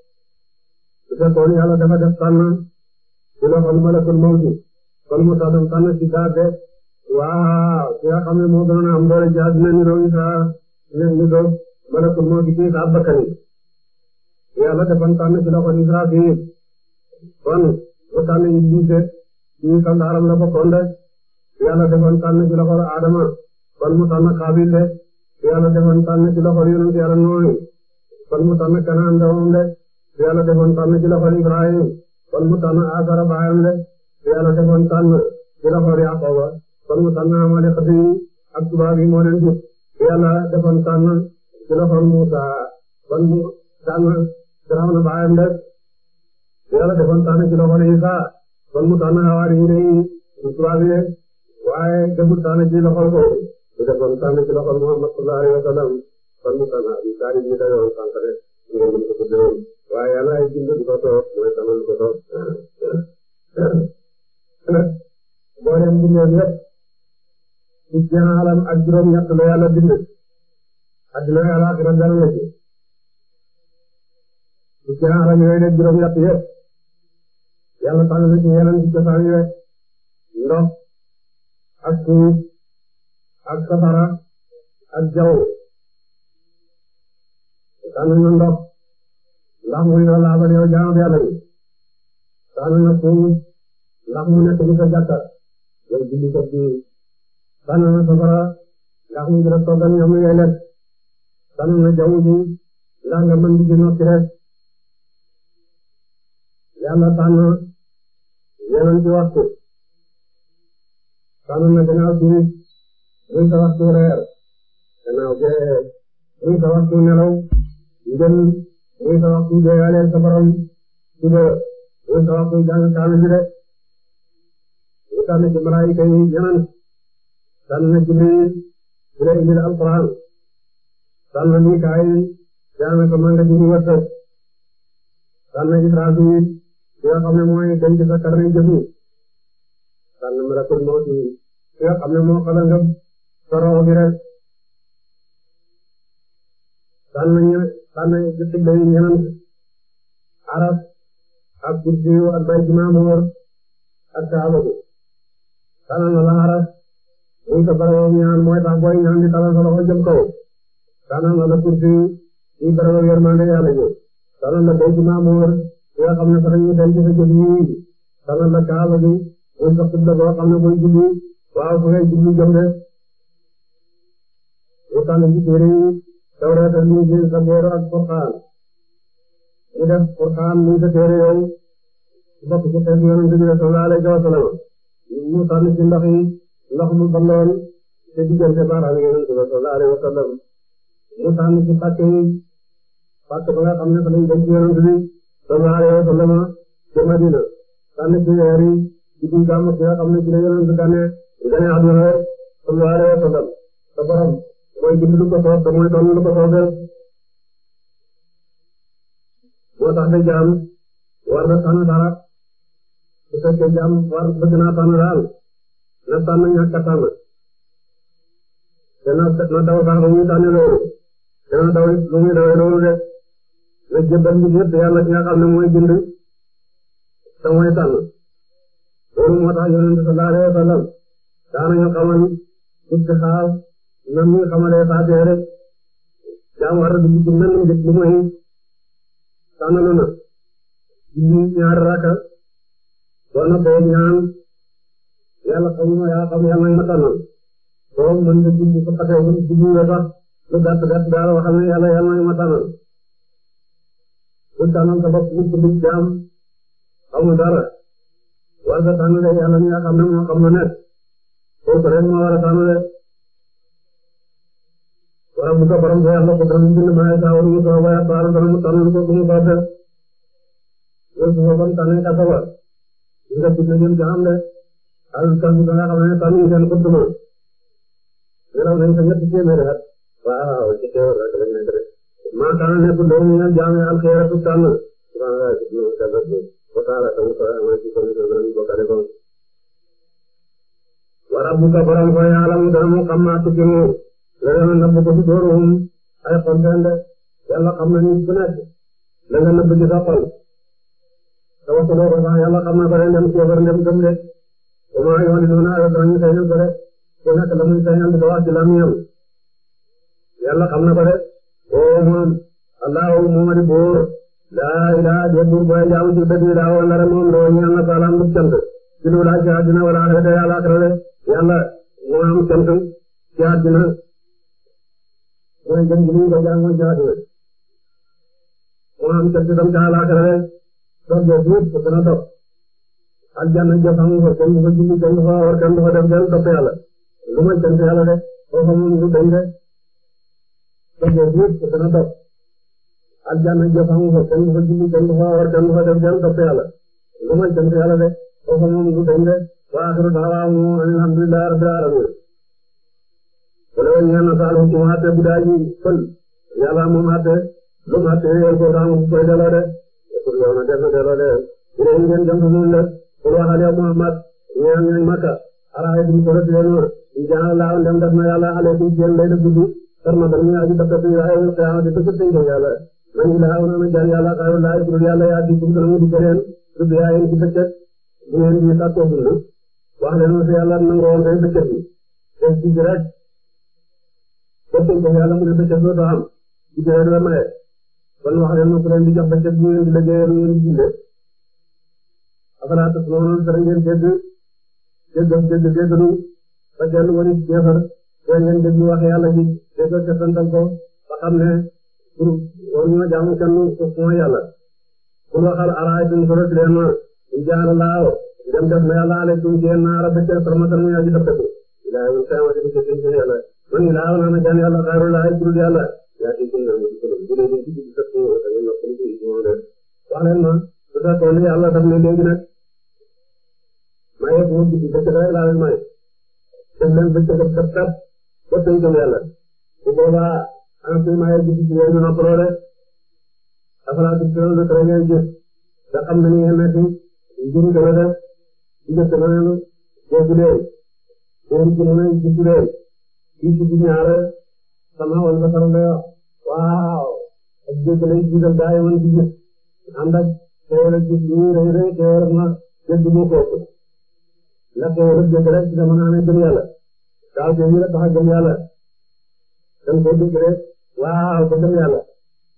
su fekkoon yàlla dafa def tànn ci loxol malakul mawti kon mu tax dem tànn ci saa de waaw xam ne moo gënoon a am doole jaad dina niroo ñu saa dina niroo malakul mawti ci saa bakkani yàlla defan tànn ci loxol Israfil kon mu tànn Iblis ci sandaaram la bokkoon de yàlla defan tànn ci loxol Adama kon mu tànn Xaabil de yàlla defan tànn ci loxol yonent yàlla Nooy kon mu tànn Kanaan doomam de yàlla defoon tànn ci loxol Ibrahim kon mu tànn Aasara baayam de yàlla defoon tànn ci loxol Yaqooba kon mu tànn Amalek bi ak tubaab yi moo leen jub yàlla defoon tànn ci loxol Muusaa kon mu tànn Firawna baayam de yàlla defoon tànn ci loxol Isaa kon mu tànn Hawaariyin yi tubaab yi waaye deful tànn ci loxol ko mu defoon tànn ci loxol Muhammad sallallahu alayhi wa sallam kon mu tànn Abi Taalib mi dayoon sànq de waaye yàlla ay bind du ko toog mooy taman du ko toog boo leen bindee yëpp ci jaalam ak juróom-ñett la yàlla bind adduna yàlla ak dara dara ci ci jaalam yooyu nag juróom-ñett yëpp yàlla tànn na ci yeneen ci cosaan yi rek ndox ak suuf ak safara ak jaww sànni na ndox ndax mooy na laabal yow jaamu yàlla yi sànni na suuf ndax mu nekk lu ko jàkka yow julli kat bi sànni na safara ndax mu gën a toggal ñam ngay lekk sànni na jaww ji ndax nga mën di gën a rek yàlla sànn yeneen ci waxtu sànn na gannaaw suuf sa waxtu reer gannaaw gee ngeen ngeen sa wax kuy doyaleel sa borom suba sa wax kuy jàng bi de ngeen tànn ci malaayika yi ñeneen tànn na Jibril di la indil alquran tànn na Mikaayil jàng ko manga ji mu wërsëg tànn na Israafil ki nga xam ne mooy denc sa karne jëf yi na malakul mawti ki nga xam ne moo xala nga sa roxo bi sànni gëstu béy ñeneen arab ak kursi ak bay ci maamoor ak kaaba bi tànnal la arab muy sa barabu ñaan mooy tax booy ñaan di tànnal sa loxo jëm kaw tànnal la kursi muy barabu yërmande yàlla ji tànnal la bay ci maamoor bi nga xam ne sax ñu denc sa jëf yi tànnal la kaaba bi muy sa xibla boo xam ne koy julli waaw fu ngay julli jëm de mu tànn ci téere yi tawraat ak injiil saboor ak qur'aan ñu def qur'aan muy sa téere yow bokk ci xeet yonent bi sallallahu alayhi wa sallam ñu tànn ci ndox yi ndox mu bandoon te diggante baaraam yonent bi sallallahu alayhi wa sallam ñu tànn ci pàcc yi pàcc ba nga xam ne fa lañ denc yonent bi sallallahu alayhi wa sallam ci Madina tànn ci weer yi ci biir gàmm gi nga xam ne ci la yonent gane gane àdduna sallallahu alayhi wa sallam sa borom mooy bind lu ko soob te mooy doon lu ko soobee moo tax ne jaam war na tànn dara su fekkee jaam war bëgg naa tànn daal na tànn ñàkk a tànn te na na daw sax lu muy tànn loolu te na daw lu muy dawee loolu de na jébbal bi yëpp yàlla ki nga xam ne mooy bind te mooy tànn loolu moo tax yonent sallallahu alayhi wa sallam daanañu xamal istixaar même ñi nga xamalee Fatou rek jaamu war a dugg ci mën njëkk lu mooy tànnaloo na julli ñaari raka boo noppee ñaan yàlla xamuma yaa xam yàlla na tànnal boo mën nga julli sa xasee wala julli nga sax lu gàtt gàtt daal waxal ne yàlla yàlla na tànnal bu tànnal sa bopp bu tudd jaam xamu dara war nga tànnalee yàlla mi nga xam ne moo xam lu nekk kooku rek moo war a tànnalee wala mu borom bi yàlla ko dana bind maa saa war ñu toog waaye baal dana mu tànn ko bu mu baaxee loolu suba ba mu tànnee kasa ba nga bind ñun jaam de al tànn bi nga xam ne tànn ñu seen kottu moom yoroon nañ ko ñetti téeméeri at waaw ci teewul rek lañ nekk de maa tànn nekk doom ñu jaam yi alxeeratu tànn subhanallah ñu kasa bi ko taala tam ko ma ci ko ñu ko ñu ko kale ko wa rabbuka borom ko yàlla mu dana mu xam maa tukki la nga nëbb ko ci dóoróom ay xol benn yàlla xam na ni ku nekk la nga nëbb ci sa xol te waxtu doo ko sax yàlla xam na ko de ndem kéefar ndem gëm de wa maa yu'linuuna dooñu feeñal ko de ku nekk la muy feeñal di ko wax ci làmmiñam yàlla xam na ko de oo moom allahu moo di buur laa ilaaha de buur booy jaamu ci dëgg daa wala rek moom doo ñeel na ko alaam bu cant ci lu laa ci àddina wala àllaaxira yàlla akra de yàlla moo am cant ci àddina mooy gën gi ñu koy jaam mooy jihaad wér. moo am cër ci tam ca àllaaxira rek dox boobu yëpp dana dox. aljanna jëf amu fa kenn du fa julli kenn du fa war kenn du fa def benn topp yàlla lu may sant yàlla rek foo xam moom du dem de dox boobu yëpp dana dox. aljanna jëf amu fa kenn du fa julli kenn du fa war kenn du fa def benn topp yàlla lu may sant yàlla rek foo xam moom du dem de wa axiru da'waahum alhamdulillahi rabbil aalamiin wala ñaan na Saalum mu àtte bu daay ji fël yàlla moom àtte lu mu àtte yow ko daamu koy delloo de pour yow na def na delloo de ñu ne ngeen gëm moom la pour waxal yow Muhammad ñaan ñaan Makka araay bi ko def leen woon jaa laa ndem def na yàlla aleykum jeen lay def guddi karma dal ñu aji tappat yi ay xiyama di tëkk tënk yàlla man yi laa na jaan yàlla xayru laa pour yàlla yaa di pour mu di keneen du bi yaa ci bëccëg bu ngeen di tàkkoo dund wax leen ma si yàlla nangoo ngay bëccëg bi def ci rek ba dégg yàlla mu ne bëccëg doo doo am guddee doo maye kon wax leen mu ko leen di jox bëccëg ñu leen di liggéeyal ñu leen di dundee afalaa tasma'uun dara ngeen dégg dégg dégg déggalu ba kenn wari jeefar ba xam ne pour war ñoo jaamu kenn ku mooy yàlla pour waxal araaytum soroti leen ma jaala laaw dem def na yàlla aleykum ci yéen naara bëccëg sarmatal mu yaa ji dëppatu man yi laa naan jaan yàlla xayru laa ay jurul yàlla yaa ci gën a ngi ko bu dee dañ ci gis sa tool da nga ñor ko ci ñu leen wax leen ma su fekkoon ni yàlla daf ne léegi nag maa yëpp mu guddi bëccëg rek laa leen may dem leen bëccëg ak kat kat ba tey jëm yàlla bu boobaa enseignement yi guddi ci yéen ñu noppaloo rek afalaa du tëral de très bien gis da xam na ni yéen nekk njur dana def njëkk na leen boo guddee boo guddee guddi dee ci digg ñaare sama wal basar la waaw ak dégg lay jiital daa yemoon ci gis ànd ak xéewal ak gis ñu rëy rëy xéewal ak ma jënd mu kooku la xéewal ak dégg rek ci jamono amee gëm yàlla daaw jënd la tax a gëm yàlla dañ ko dégg rek waaw ba gëm yàlla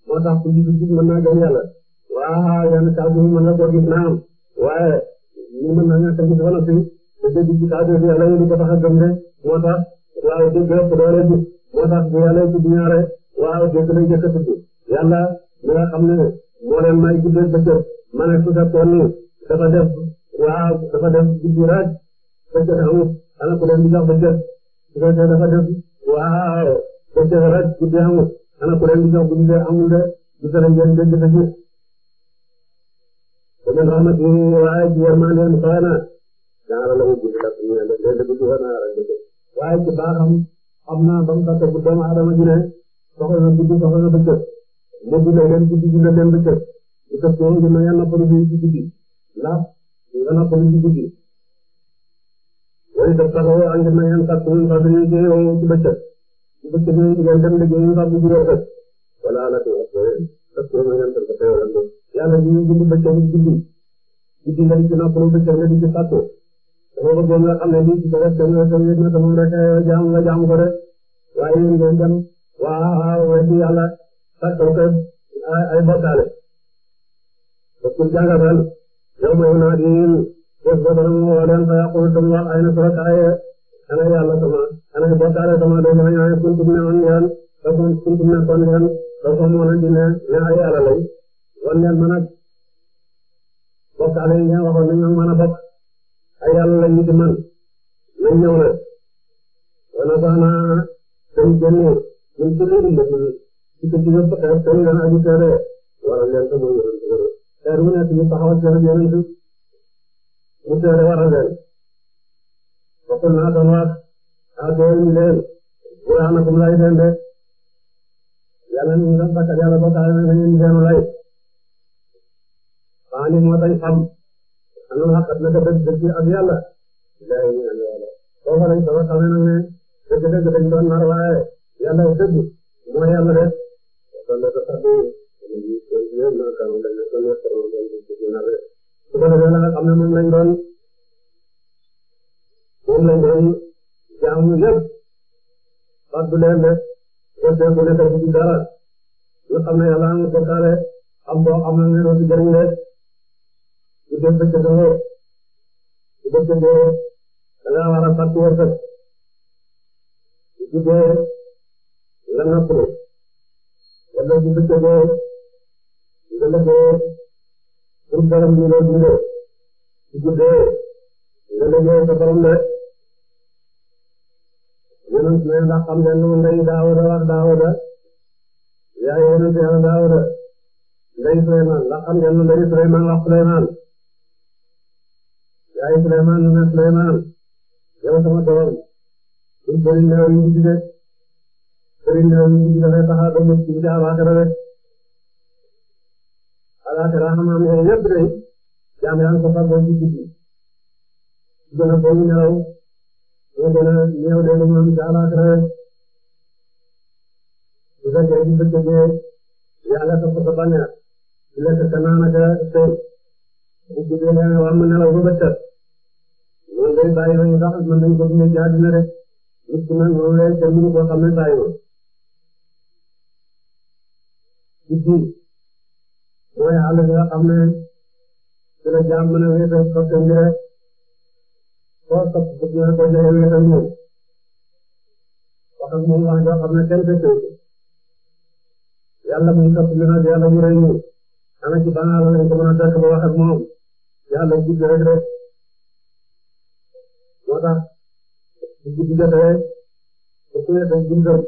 moo tax ku jiitu gis mën naa gëm yàlla waaw yenn kàddu yi mën na koo gis naam waaye ñu mën naa ñàkk a gis wala fi te dégg ci kàddu yàlla yi di ko tax a gëm de moo tax waaye dëgg yëpp doo leen gis moo tax bu yàlla tudd ñaare waaw dëgg la ne moo may guddee bëccëg ma ne su fekkoon ni dafa def waaw dafa def guddi rek bëccëg amut ana ku leen di jox bëccëg su fekkee dafa def waaw bëccëg rek guddi amut ana di jox guddi amul de gis nga leen yéen dëgg dëgg. ومن رحمته وعيد ورمان waaye ci baaxam xam naa ba mu tasa bu doomu aadama ji ne soxla na guddi soxla na bëccëg mu dundal leen guddi dundal leen bëccëg bu tës boobu dina yàlla noppalu bi ci guddi ndax nga noppalu ci guddi. wala tasa boobu ànd na yàlla sàkk ñun sax dañuy jéeyoo ci bëccëg ci bëccëg ñun ngeen dem liggéey ñun sax bu juree rek wala ala ko wax dëgg tës boobu ngeen dem ko teyoo lan la yàlla ñu ngi guddi bëccëg guddi guddi nga di ci noppalu bëccëg nga di ci sàkk loolu moom la xam ne lii ci dara kenn ku nekk na te moom rek eh, jaamu nga jaamu ko de waaye yéen ngeen dem waaw weesu yàlla fàttali ko ay bokkaale. parce que jàngatal yow mooy naa di bés boobu nag mu woo leen fa yàqul te mu wax ay na surakaay ana yàlla sama ana bokkaale sama doo ma ñëwee kuntum ne woon ngeen te kuntum ne kon ngeen te soo mu wane di ne ne ay yàlla lay wan ngeen mën a bokkaale yi ngeen waxoon ne ñoom mën a bokk. ay lañu ci man nañ ñëw nag wala sax naa seen génne ñun ci léegi mbokk yi ci ko ci nga fexe leen ko mooy yonent bi xeer bu nekk ñu taxawal seen yonent leen bokkul naa tam waat ah teewul ñu leen buraanakum lay seen de yàlla ñu ngi doon sakkat yàlla bokkaale moo tax xam anul haq naka dëgg dëgg ak yàlla ilaahi ñu ngi yàlla foofa lañ sama xamee nag ne dëgg dëgg dañ doon nar waaye yàlla dëgg mooy yàlla rek kon dafa tax ñu ñu ñu ñu kanu dañ ko nekk ñu doon di ci nar rek su ko defee nag xam ne moom lañ doon moom lañ doon jaamu yëpp fàttali leen rek kon tey bu nekk ci dara nga xam ne yàlla amul bokkaale am boo am na ngeen doon ci jëriñ rek su dee sa jëndee su dee jëndee da ngaa war a fàttali wërsëg su dee la nattu wala su dee jëndee nga liggéey pour borom bi loo dundee su dee nga liggéey sa borom rek yéen a ndax xam ngeen ne ndey Daawuda war Daawuda yaay yéen a Daawuda ndey Suleymaan ndax xam ngeen ne ndey Suleymaan wax Suleymaan yaay Souleymane ñu ne Souleymane yow sama doom suñ bëri néew yi ñu ci def bëri néew yi ñu ci dafay tax a ba mu ci alaxira rek alaxira xam-xam yooyu yëpp day jaam yaa ngi ko far boo ci guddi gën a boobu nelaw nga gën a néew de lu mu am ci alaxira rek bu fekkee bu fekkee yàlla sa sa bànneex lekk ka naan ak a sëy bu guddee nga wax ma nelaw ba bëccëg loolu day bàyyi ba ñu sax mën nañu ko dundee ci àdduna rek nit ki nag loolu lay kenn mënu koo xam ne bàyyi na. ci biir mooy àll bi nga xam ne ci la jaam mën a wéetal soppi mbir rek foo soppi ko ci nga ko joxe wéetal moom wax ak moom wax joo xam ne kenn fekk ko yàlla muy soppi mbir nag yàlla mu rëy moom ana ci banaala lañ ko mën a fekk ba wax ak moom yàlla gudd rek rek. moo tax bu guddi jotee ba su weesoo guddoon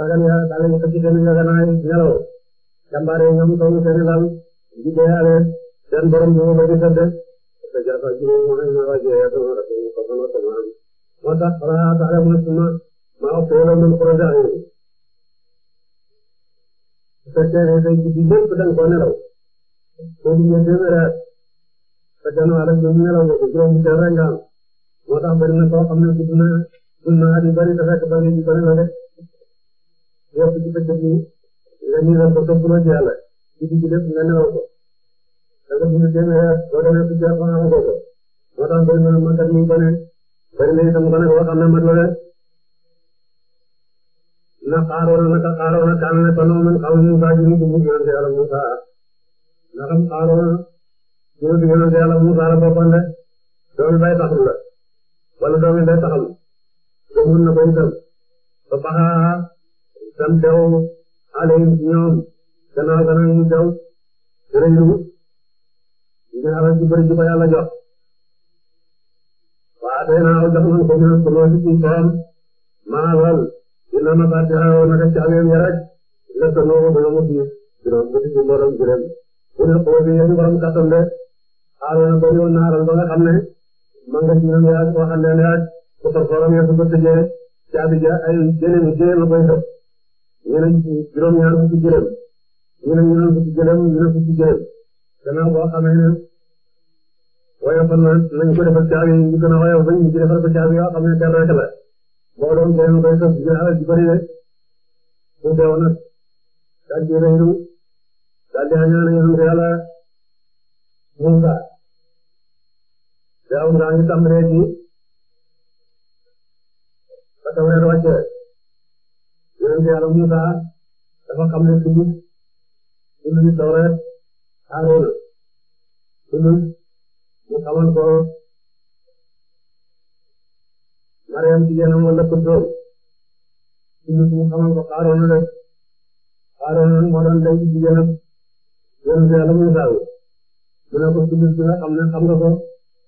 ragal yàlla daal di xëcc seen njëganaay nelaw jàmbaare ñoom toog seen lal di deeyaale seen borom bi mu bëri sedd te jàppal ci moom mooy ma waa jiw yaatu ma rafet mu ko fan waxtaan ak moo tax balaa taxaw ma suma ma wax foofu la ñu projet ak yéen su fekkee tey guddi lépp da nga koo nelaw foofu ñu téeméer ak sa gannaaw rek ñu nelaw ko juróom-ñi rek nga am moo tax bëri na koo xam ne gudd na gudd na at yu bëri dafa fekk bëri yu bëri na de yokk ci sa jëmm nga niiral ko toppaloo ci yàlla ci digg lépp nga nelaw ko da nga dund seen weer boo demee ku jàpp xamu ko ko moo tax bëri na matal yu gone bëri na itam gone boo xam ne mat la de na xaaroon na ka xaaroon na kaan na ko noo man xamu Musa ji mu dugg yonente yàlla Musa na xam xaaroon na ñu dugg yonente yàlla Musa la boppam de doon bay taxul la wala doom yi day taxaw ba mun na ko itam ba paxaa sam dew ale ñoom gannaaw gannaaw ñu dew rëylu ñu xala ci bëri ci ko yàlla jox waa day naa jox nañ ko ñu ko loo ci suñ borom maa lool dina ma fàtte xaw naka caabeem ya rek nga sa noo ba mu tiis dina mu tiis mboolem jurem bu ne xoo bi yéen borom kattan de xaaroon ba ñu naaral ba nga xam ne man nga ci ñoom yaay waxal leen yaay te soxoram yaa ay jëlemi téeméer la koy def ñu ne juróom-ñaar fukki jëlem ñu ne ñu ne fukki jëlem ñu ne fukki jëlem gannaaw boo xamee ne ko defal caabi ñu gën a woyof bañ ñu ci caabi yoo xam ne kenn rek la boo doon téeméer koy def ñu alal ji bëri de bu teew jaww ngaa ngi tàmbalee ji ba tawreet wàccee yonente yàlla Musa dafa xam ne suuf suñu ni tawreet Haaruna suñu mu xamal ko Mariam ci yéen a wala ko doom suñu mu xamal ko Haaruna rek Haaruna moo doon denc ci yéen a yonente yàlla Musa wu mu ne ko suñu bi nga xam ne xam nga ko.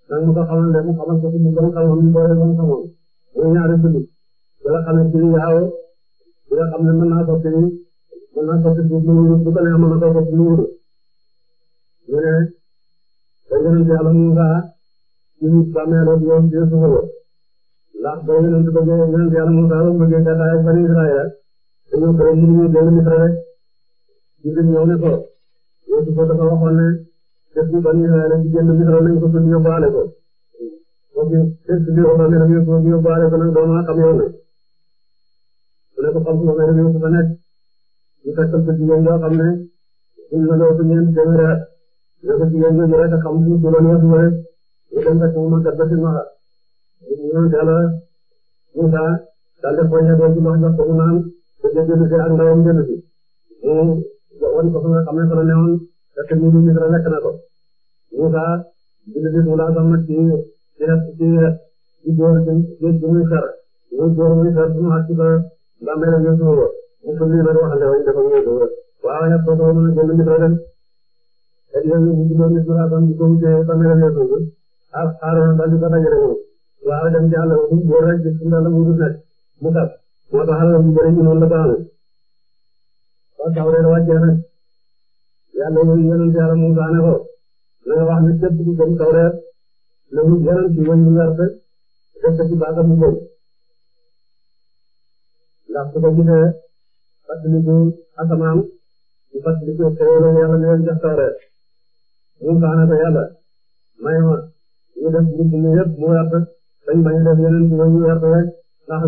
nan ko xamal leen xamal ko ci ñu doon xamal ñu boole doon xamal ñu ñaare sëñ bi nga xamante ni yaaw bi nga xam ne mën naa soppi mën naa soppi bu bu ko neex mën na koo soppi mu wóor ñu ne day yonent yàlla Musa ci bàmmeelu yoon bi su ko ndax day yonent bëgg yonent yàlla Musa ba mu bëggee gàddaay ak bani Israël dañoo koy mënuñu dellu Misra rek ñu ñëw ne ko yow dafa waxoon ne def ci bani Israayil ci génn Misra nañ ko suñu yóbbaale ko. donc def ci biir oto bi rek ñu yóbbaale ko nag doo mën a xam yoon bi. bu nekk xam nga rek yow ku fa nekk ñu fekkal ko jigéen boo xam ne suñ la doon suñu yéen téeméeri at. nekk jigéen boobu rek xam suñu turam yëpp rek ñu dem rek mu màggat ba si Mara. ñu ñëw dara Moussa daal def ko ñebe ji ndox jox ko mu naan te jënd si ak ndawam jënd si. mu wan ko fa nga xam ne fa la newoon fekk ñu ngi Misra lekk na ko. Musaa digg bi Musaa doon na ci ci ci ci door géej gi muy xar muy door muy xar su mu àgg si ba Bambey la ñu si woo mu tudd li nga doon waxante woon dafa ñëw dëgg waaw yàlla foofu la mën a génn nit rek dem et yooyu ñu doon nit Musaa doon di ko wutee Bambey la ñu si woo ah Arouna daal di ko dajale moom waaw dem ci àll bi góor rek gis nga la mu dul nekk mu tax moo tax àll bi bëri ñu noonu la ko amee waaw taw rek wàccee nag yàlla yooyu yonent yàlla Musaa ne ko dina wax ne képp ku gëm tawreet na mu gënal ci wëñ bu werte def ko ci baatam bu bëgg ndax su ko gisee fàttaliku asamaan ñu fàttaliku xéewal yàlla ne leen jox tawreet mu saana ko yàlla may ma ñu def mbir mi yëpp mu werte dañ bañ def yeneen ci wëñ bu werte rek ndax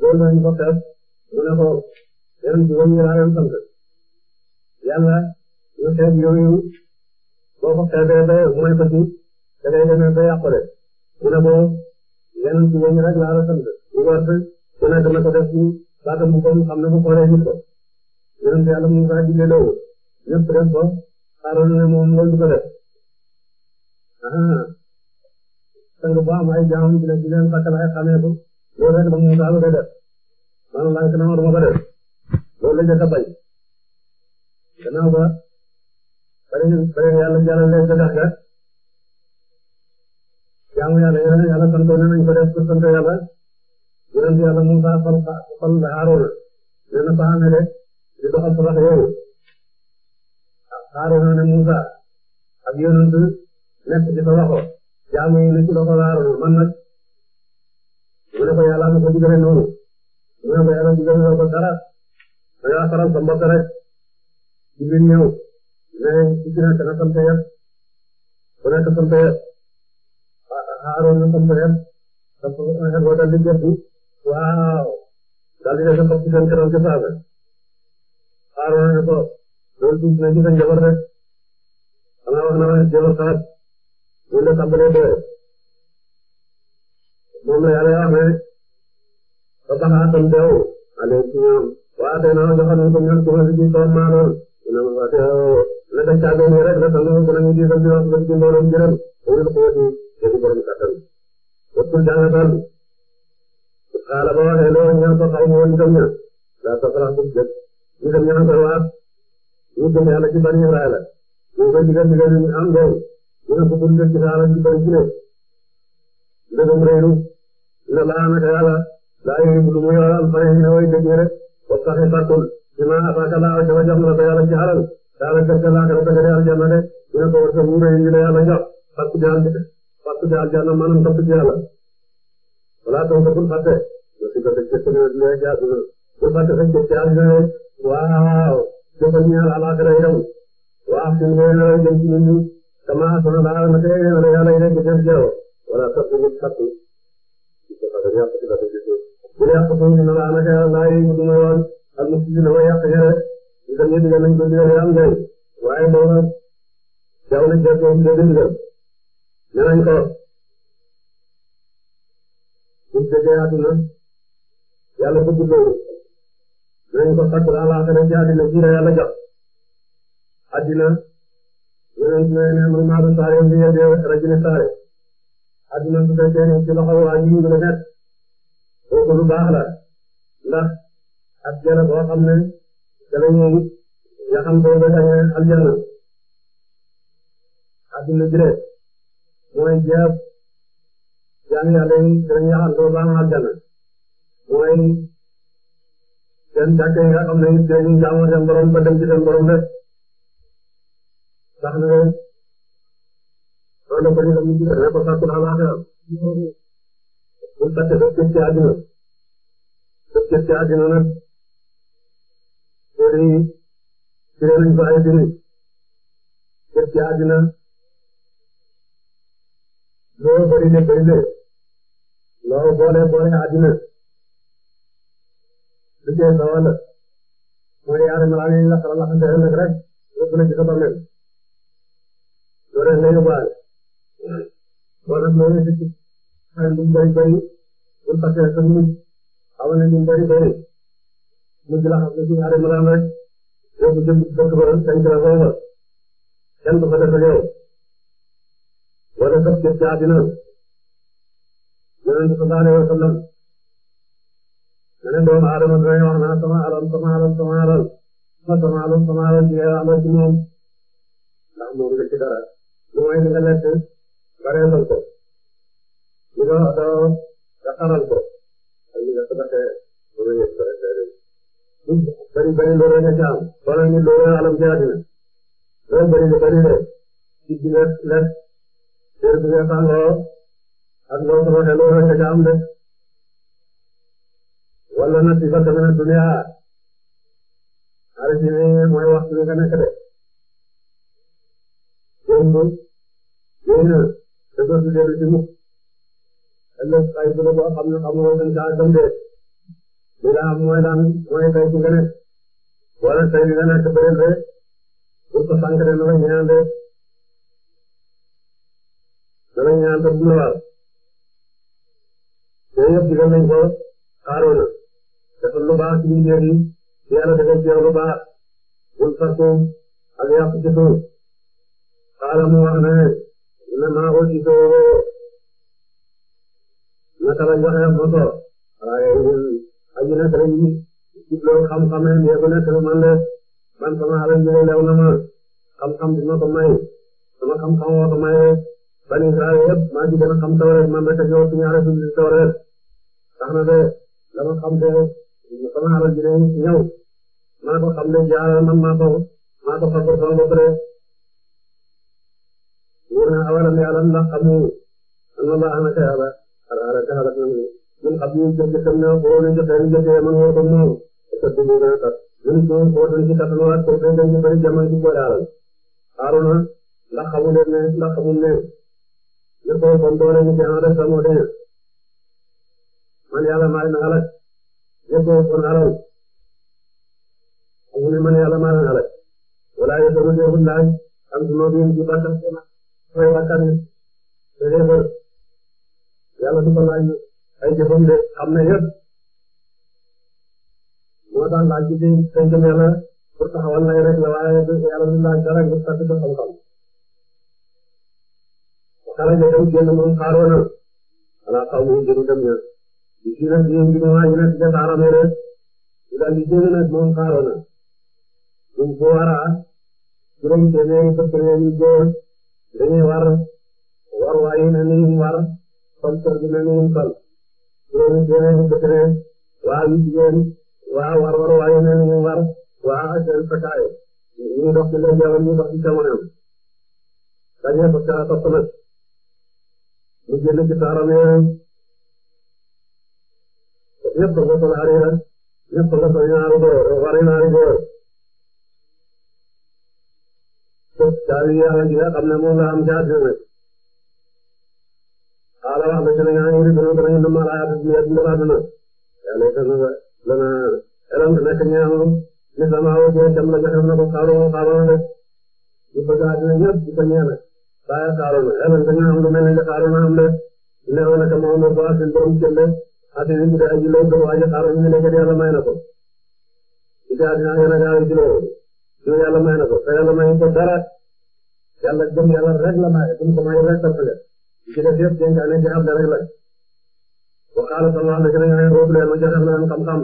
loolu dañ ko xeeb mu ne ko yeneen ci wëñ yi laa leen sant yàlla ñu xeeb yooyu boo ko xeebee ba mooy ko ci da ngay demee ba yàqule mu ne ko yenn ci yéen rek laa la sant ngort ku nekk na ko def ci baatam bu ko xam ne bu xoolee gis ko yonent yàlla Musaa digle loolu ñëpp def ko xaaral ne moom loolu du ko def ah sang bu am ay jaam ci la ci leen fàkkal ay xamee ko loolu rek ba Musaa la koy def maanaam laaj na ma du ma ko def loolu la jëkk a bañ gannaaw ba beneen beneen yàlla jàllale gàncax ga jaamu yàlla yàlla yàlla sant nañ ko def pour sant yàlla yonent yàlla Musaa fal fal Haaruna nee na fa amee rek di doxal sabax yooyu Haaruna ne Musaa ak yonent nekk ci sa loxo jaamu yi ne ci loxo Haaruna man nag mu ne ko yàlla na ko digale noonu mu ne ko yàlla digale ko dara da ngaa faral sa mbokk rek di ñëw. mais su ci nekk na sant yéen ku nekk sant yéen Aaroon na sant yéen sant yéen boo daldi jëndu waaw daldi nekk foofu ci seen kanam ci saasa Aaroon ne ko loolu tuuti na ci sa njaboot rek xanaa wax na ma jabar saat ñu ne tàmbalee dee moom la yàlla wax ne ba baxaatam deew ale ci ñoom waa tey naa joxoon ko ñoom ci ma ci toon maa doon ñu ne ma naka caaga yi rek naka ñoom dinañu di def yoon dinañu di mbooloo njëriñ loolu la ko wëññi dégg borom kàttan wasul jàngataan xaala ba waxee loo ñaan ko xaw ma woon itam ñaan daa safara bu jëkk ñu dem ñaan ko waat ñu dem yàlla ci bani Israël ñu koy digal digal ñu am doom ñu ne ko bul def ci xaala ci bari ci ne ndegam réeru ne laa naka yàlla laa yooyu bu mu yoral fay ne way dëgg rek wa saxe fàttul ci ma attaque laa wa jafa jam la ko yàlla ci xaral daal ak gerte laa gën a gën a aljanna de ñu ne ko wër sa wuure yi ñu ne yàlla jox fàttali daal fàttali daal aljanna maanaam fàttali yàlla voilà donc bul fàtte aussi ba tey gerte gi dina gàtt na bul fàtte rek gerte aljanna rek waaw jëfal ñu yàlla alaaka day yow waaw suñ koy yore jëm ci ñun sama asana laa na tey yéen a yàlla yéen a jëm ci yow voilà fàttali ñu fàttali ñu ko fàttali yàq ci fàttali gis nga bu la yàq foofu ñu ne laa naka yàlla naa yéen ñu may woon ak mu si ne ma yàq yore digal yi digal nañ ko digal yi am njëriñ waaye loolu jaww ji jaww ji jaww ji digal ne nañ ko suñ jógee àdduna yàlla bëgg loolu nañ ko fàq àllaaxira ci àddina ci la yàlla jox àddina yeneen ne ne man maa doon saaree bi yéen a rajina saare àddina su fekkee ne ci loxo waa ji ñu la nekk kooku lu baax la ndax ak jëla boo xam ne danañu gis nga xam boo ko defee aljanna adduna bi rek mooy jeex jaam yàlla yi danañu yaxal lool ba am aljanna mooy seen jàkka yi nga xam ne dañuy jaamoo seen borom ba dem ci seen borom rek tax na loolu ko ñu dem ci rek ko sàkku daal laaxiram bu sàkkee def ci àddina def ci àddina nag téere yi firee nañ ko ay firi def ci àddina loo bërile bërile loo boole boole àddina lu cee sa wàll mooy yaari malaane yi la xala laxante ëllëg rek yóbbu na ci sa bàmmeel loolu rek la yóbbaale kon nag loolu yëpp ci xel lu mu bëri bëri bul fàtte sa mujj xamal ne lu mu bëri bëri lu ci la xam ne ci arrêté ma daan rek boo ko jëm dëkk ba rek dañ ko la soxla kenn du ko def ak yow wala sax jëm ci àddina yeneen sallallahu alayhi wa sallam yeneen doomu aadama dinañ wax naa sama alal sama alal sama alal ma sama alal sama alal di yàlla amal ci moom ndax moom la ci dara lu may li nga lekk bareetal ko li nga doo nga xaral ko ak li nga sadaxee mën a yëg bari bari lóoree nga ca am wala ñu lóoree alam ca àddina loolu bari nga bari de ci ci lekk lekk teer bi nga sàngoo ak loo ko waxee lóoree nga ca am de wala na ci barke mena duniyaa arrêté mooy waxtu bi nga nekk de démb yooyu na te dootu dellu ci mukk ëllëg ay bële boo xam ne xamoo ko ca àggam de bid'a mooy lan mooy tey ci nga nekk wala tey li nga de pour que sànq de na la ñaan de na la ñaan te bu la war yëpp digal nañ ko xaaroon na dafa lu baax ci biir yi yàlla defal ci yow lu baax bul fàttu ak yàq ci suuf xaaral mu wax ne na aju nekk rek ñu jubloo xam-xam rek yegu nekk rek man de man sama alal ji lew na ma xam-xam dina ko may sama xam-xam woo ko may ban Israël yëpp maa ngi gën a xam tawreet man rek a jox suñu arrêté bi tawreet tax na de dama xam te sama alal ji lew ñëw maa ko xam ne jaar man maa ko maa ko fàtte sama bopp de wóor na awalam yàlla ndax xamu an la baax na kay ala ala kay ala ñun xam nañu jot jot naa ko woon jotee na jotee man woo ko noonu te bu mu gën a tat ñun soo wootoon ci kattanwaat koo xam ne dañu bëri jamono ci koo daalal Haruna ndax xamu leen ne ndax xamul ne ne koo kon doole ñu ci en rek moo deñ man yàlla maa leen xalak ne koo kon xalal xamu ne man yàlla maa leen xalak wala yo toma teewul laaj am si moo biin ci bàkkaar fay wàkkaar ne te yàlla du ko laaj ay jëfam de am na yëpp moo tax laaj bi ci tënk nee na pour taxawal lay rek la waaye yàlla du laaj dara ngir fàtte ko xam-xam xale nga dem génn moom xaaroo na xanaa xaw ma jëri dem na di si nag yéen bi waa ñu nekk jataaram yi rek ñu daal di génn nag moom xaaroo na ñun bu waraa juróom téeméeri fëkkëlee ñu góor dañuy war war waayu na ni war sol sol bi na ni sol yeneen yeneen yu bëgg nañ waaw yu jigéen waaw war war waaye nee nañu war waaw ak seen sakkaayo ñu dox ci ndeyjoor ñu dox ci càmmoñam dañuy ko ca topp nag mu génn ci taaram yooyu ñëpp nga sol ariira ñëpp nga sol ñaari góor wari ñaari góor daa yi yàlla ji nga xam ne moom nga am jaajëf wax dëgg yàlla ñaari yële gën a gën a yële mbala yaa dugg yàlla dundal àdduna yàlla itam dana dana nekk ñaar li sama woo jëm dem la joxe na ko xaaroon xaaroon rek ñu bëgg àdduna ñëpp di ko ñeene baaye xaaroon yàlla nga ñaar lu mel ni nga xaaroon am de neewoon ak moom la baax si borom jënd ak yu ñu daal di loo gëm waaye xaaroon ñu nekk yàlla may na ko di daal di naan yàlla ci loo ñu yàlla may na ko te yàlla may ko dara yàlla jëm yàlla rek la may bu ñu ko may rek tapale ci def yëpp dénkaane ci xam rek la wa qaala sallallahu alayhi wa sallam roob leen ma jox leen xam-xam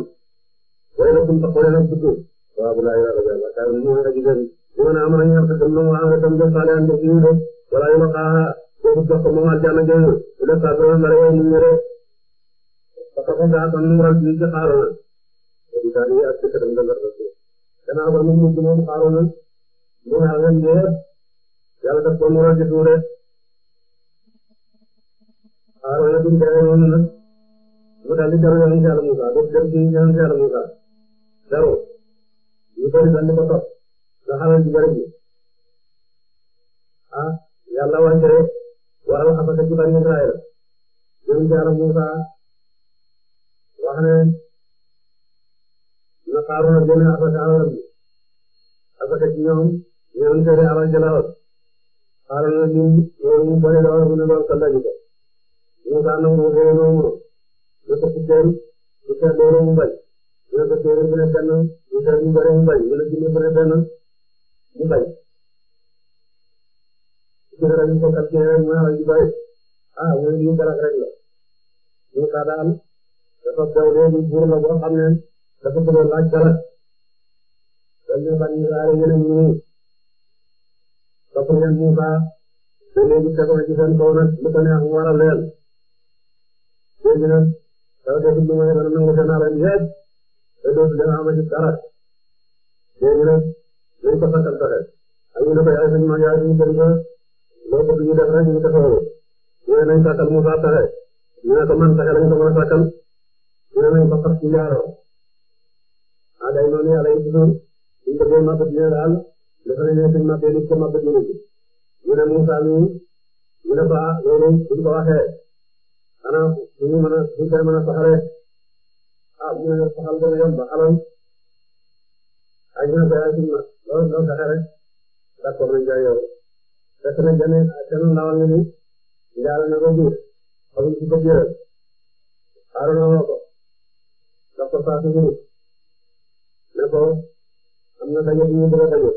wala kum wala nag dugg waaw bu laay ragal yàlla kaay mu ngi rajo gën bu ma naa mën a ñëw te tam waa nga tam def saale am def yi def wala yu ma xaaxa boobu jox ko moom aljanna jooju bu def saa dara mbare yow mu ngi rek parce que comme daa kon nu mu ral ci xaaroon na di daal yi ak ci katam dëgg la ci gannaaw ba mu mujj moom xaaroon na mu naa leen yëpp yàlla def ko mu ral ci suuf rek waaw loolu yëpp dañu koy nag mu daal di teru yonent Yàlla Musaa def dem ci yonent Yàlla Musaa teru ñu bëri dañ ko topp nga xamal ci garab gi ah yàlla wàcce waral xabasa ci bani Israayil yonent Yàlla Musaa wax ne na Haaruna génne xabasa alalam bi xabasa ci ñoom ñoom ñu tëddee alal jëlaat xaaral na ñu ñu bëri la war a mun a lool ko ñun daal nangu ko wala nangu ko ñu ko ci seen ñu seet loolu mu bañ ñu ko téere bu ne benn ñu seet ñu bëre mu bañ ñu ne junne bu ne benn mu bañ. ci dara ñu ko kat ci rek mu ala ji bay ah muy lii balak rek la ñu ka daal dafa bew léegi buur la boo xam ne dafa bëggoon laaj balak dañu ban ñu laale yeneen ñi topp leen Muusaa ba léegi tegoo ci seen kaw nag lu ko neex mu waral leen dégg nga dara defut lu may dana nangu seen alal yépp te dootu dana amati dara dégg nga nañ ko sakkal sakkal ak ñu ne ko yaay suñu mag yaay suñu kër nga loo bëgg ñu def rek ñu taxawoo ñu ne nañ sakkal Moussa saxe ñu ne ko man saxe lañ ko mën a sakkal ñu ne nañ ko xas ci jaaroo ah day noonu yàlla yi ci suuf suñ bëggee màbb dina daal dafa ne suñ màbbee nit ko màbb dina ci ñu ne Moussa mi ñu ne ko ah loolu buñ ko waxee maanaam su ñu mën a su ñu koy mën a saxalee ah ñu ne saxal dana yomb alal ay ñaar ba ay sunna loolu loolu saxee rek d'accord nañ jaay yow fekk na jëne kenn lawal nga ni njaal na ko biir xamul ci ko biiral xaaral woo ko daf ko saa su guru ne ko am na daje bu ñu bëgg a daje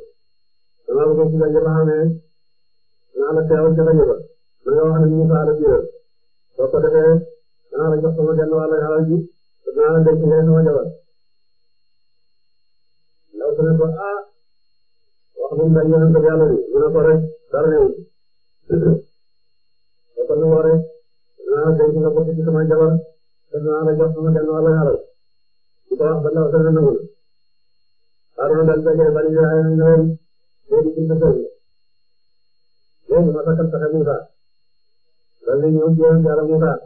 dama bëgg ci daje ba xamee naa la teewal ca daje ba na nga wax ne ñu saa la biiral soo ko defee danaa la jox sama genn wàll alal ji te danaa la denc ngay sama jabar ndaw su ne ko ah wax bu mu bañ yonent bi yàlla bi mu ne ko rek dara ne soo ko nangoo rek danaa la denc nga bokk ci sama jabar te danaa la jox sama genn wàll alal di ko wax ba ndaw su ne nangu Haruna dal dajale bari ay ñoom léegi ci sa léegi ma takkal saxe Musa lan la ñëw ci yonent Yàlla Musaa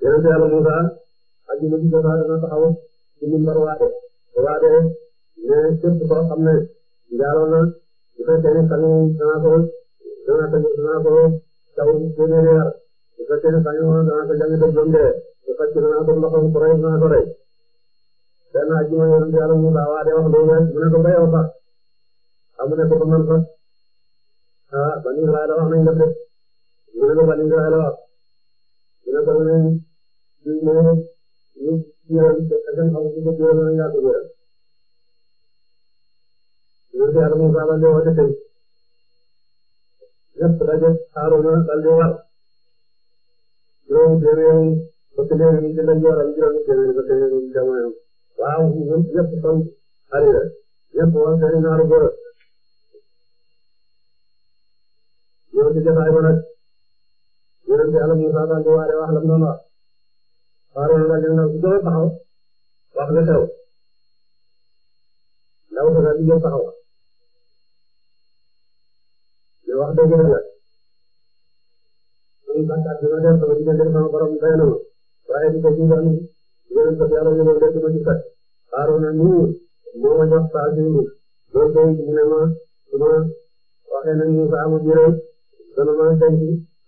yonent Yàlla Musaa ak ñu ci jotaay waade waade ne képp koo xam ko dana ko dana ko taw téeméeri yar bu fekkee ne sang woon dana ko jàng dëgg doom dee bu fekkee dana ko ndoxam ko rey dana ko waade wax loolu rek mu ne ko ba yow ne ko ba man sax ah ban Israaël la def ñu ne ko wàllu nga xel wax ñu ne ko ñun ñu ñëw ñu ñëw seen xam si ñu ñëw ñoo ñaata góor ñu ne ko yàlla moom sax daal di woote tey ñëpp daje Aarona daal di war juróomi téeméer ba téeméer yi ci lañ waral juróomi téeméer ba téeméer yi jamono waaw ñun ñëpp son arrière ñëpp war seen naaru góor ñëw ci jotaay ba nag yonent Yàlla Muusaa daal di waare wax la mu doon wax waaye yow daal di ñëw di jóg taxaw wax la xew ndaw sa daal di jóg taxaw li wax dëgg la muy bàkkaar bi ma def sama diggante sama borom béy na ma waaye di ko jiitaan yonent ko Yàlla ñu doon dégg ma ci kat Haaruna nii moo ma jox saa si indi loolu kay dina ma su ma waxee nag Muusaa mu jëre dana ma denc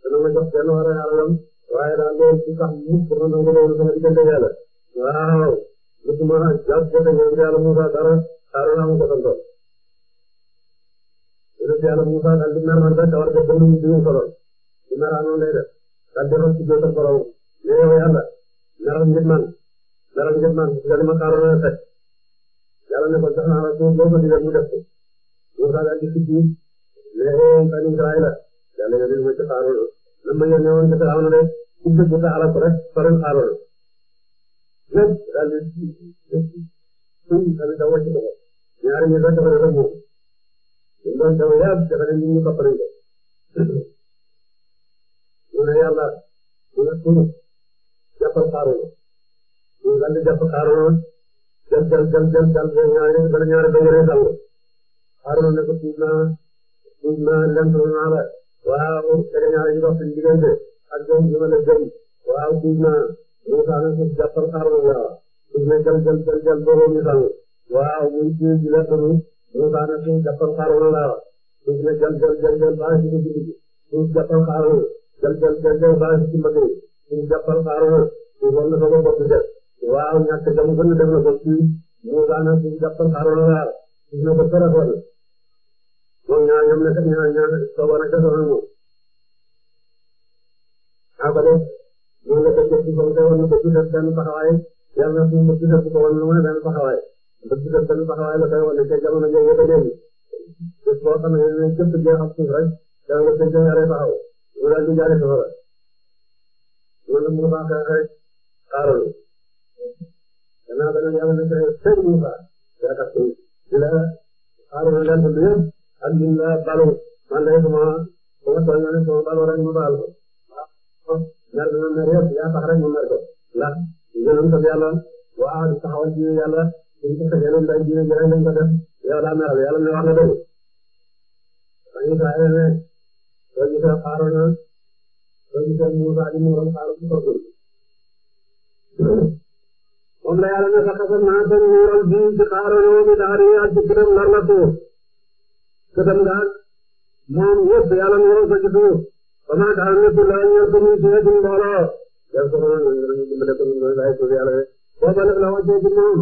dana ma jox benn war a alalam waaye daal loolu ci sax mukk ma nangu loolu sama diggante yàlla waaw musuma jàpp ko tey yonent yàlla Musa dara Haaruna mu ko tontoon yonent yàlla Musa daal di mer man rek war ko bëgg mu diw solo di mer noonu lay def daal di rëcc jël sa borom ne yow yàlla meral ngir man meral ngir man nga li ma xaaroon rek yàlla ne ko jox naa la suuf boo ko digal mu def ko Musa daal di sukk ne yow Bani Israayila yàlla yónnee woon ca Haaruna na ma yónnee woon ca Haaruna ne ku dëgg sa alal rek faral Haaruna lépp daal di suñ tamit da wàcc ko ñaari ñu rek dafa moom ñu doon daw yaab dafa ne ñu topp nañ ko mu ne yàlla mu ne suñu jàppal Haaruna ñu daal di jàpp Haaruna jël jël jël jël jël ñaari bala ñaari ba yore sàll Haaruna ne ko tuub naa tuub naa lent naa la waaw xëy na ñu dox suñu diggante ak ñoom ñu mën a jëm waaw tuub naa Moussa na suuf jàppal xar nga waaw suuf na jël jël jël jël boobu ñu sang waaw muy tuub di la tënu Moussa na suuf jàppal xar nga waaw suuf na jël jël jël jël baax ci digg bi suuf jàppal xar nga jël jël jël jël baax ci mbëgg yi suuf jàppal xar nga suuf war na ko bopp def waaw ñàkk jëm gën a def na ko ci Moussa na suuf jàppal xar nga waaw suuf na ko tërëfoon ñoom ñaar ñoom ñaar ñaar ñaar toogoon ak jafe-jafe moom. abale ñu ngi ko jot ci comme tey woon na ko ci def benn taxawaay yàlla na fi mu ci def ko woon lu muy benn taxawaay ba ci def benn taxawaay la koy wane ca jamono jooju ba léegi. bés boo xam ne dañuy jëpp jeexam suuf rek da nga ko jaaree taxaw ñu daal di jaaree taxaw rek. loolu mu baax rek xaaral danaa benn yàlla na ca tey mu baax yaa tax ci la xaaral daal lu yëpp alhamdulilah balu man lay sama sama tool nga ne sama balu rek ma baal ko mer dina mer yëpp yaa tax rek ma mer ko ndax gënoon ko yàlla waaw di taxawal ci yàlla suñ ko fekkee noonu dañ jiw rek dañ ko def yow daa meral yàlla ne wax na dëgg dañ ko saa yore soo gisee xaaroon na soo gisee Moussa di muural xaaru ci toogul moom la yàlla ne sax sax naa seen muural bii ci xaaroon na moom it daal di ñëwaat ci kërëm nar la tuur këtam daal moom yëpp yàlla na yore sa ci suuf ba maa tax a nekk laa ñëw ko muy suñu suñu mbooloo yàlla ko moom ñu dimbale ko ñu doon laay suuf yàlla rek boo ba nag la wàccee ci moom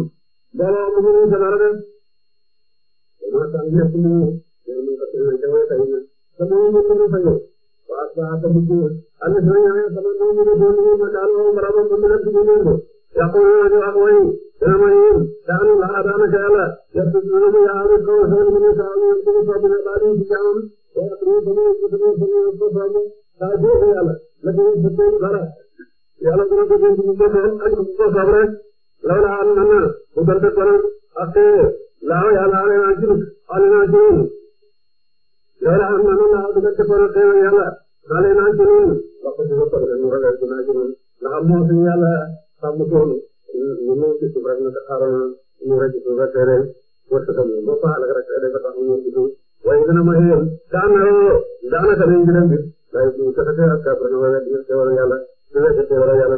mbooloo mu ngi ñu samara rek maa tax nekk mu yàlla mu ko suñu jaww tey na te mu ngi ñu fa ñëw waa saa te mu ci ànd si ñu ñëwee sama ñu ngi doon ñu ma daal moom barabam bu mu nekk ci ñu yàqu ñu ñu wax way dana ma yéen laa daanaka yàlla yàlla suñu yàlla mu yaanu kaw mu ne mu suñu soobu ne baal ñu ci jaamam wala suñu suñu suñu suñu soobu saa jiw yàlla la ko yëg suñu dara laa am na bu doon def ak laaw yàlla ale naa ci ale naa ci ñun am na laaw dina def wala ñu ngi ci suuf rek ñu ko xaaroon ñu rek ci suuf rek tey de wërsëgal ñu ba tax ñu ñëw ci suuf waaye gën a mooy yéen daanaka daanaka dañuy gën a mbir waaye suñu tëkkatee ak kàpp rek wala dina teewal yàlla dina teewal yàlla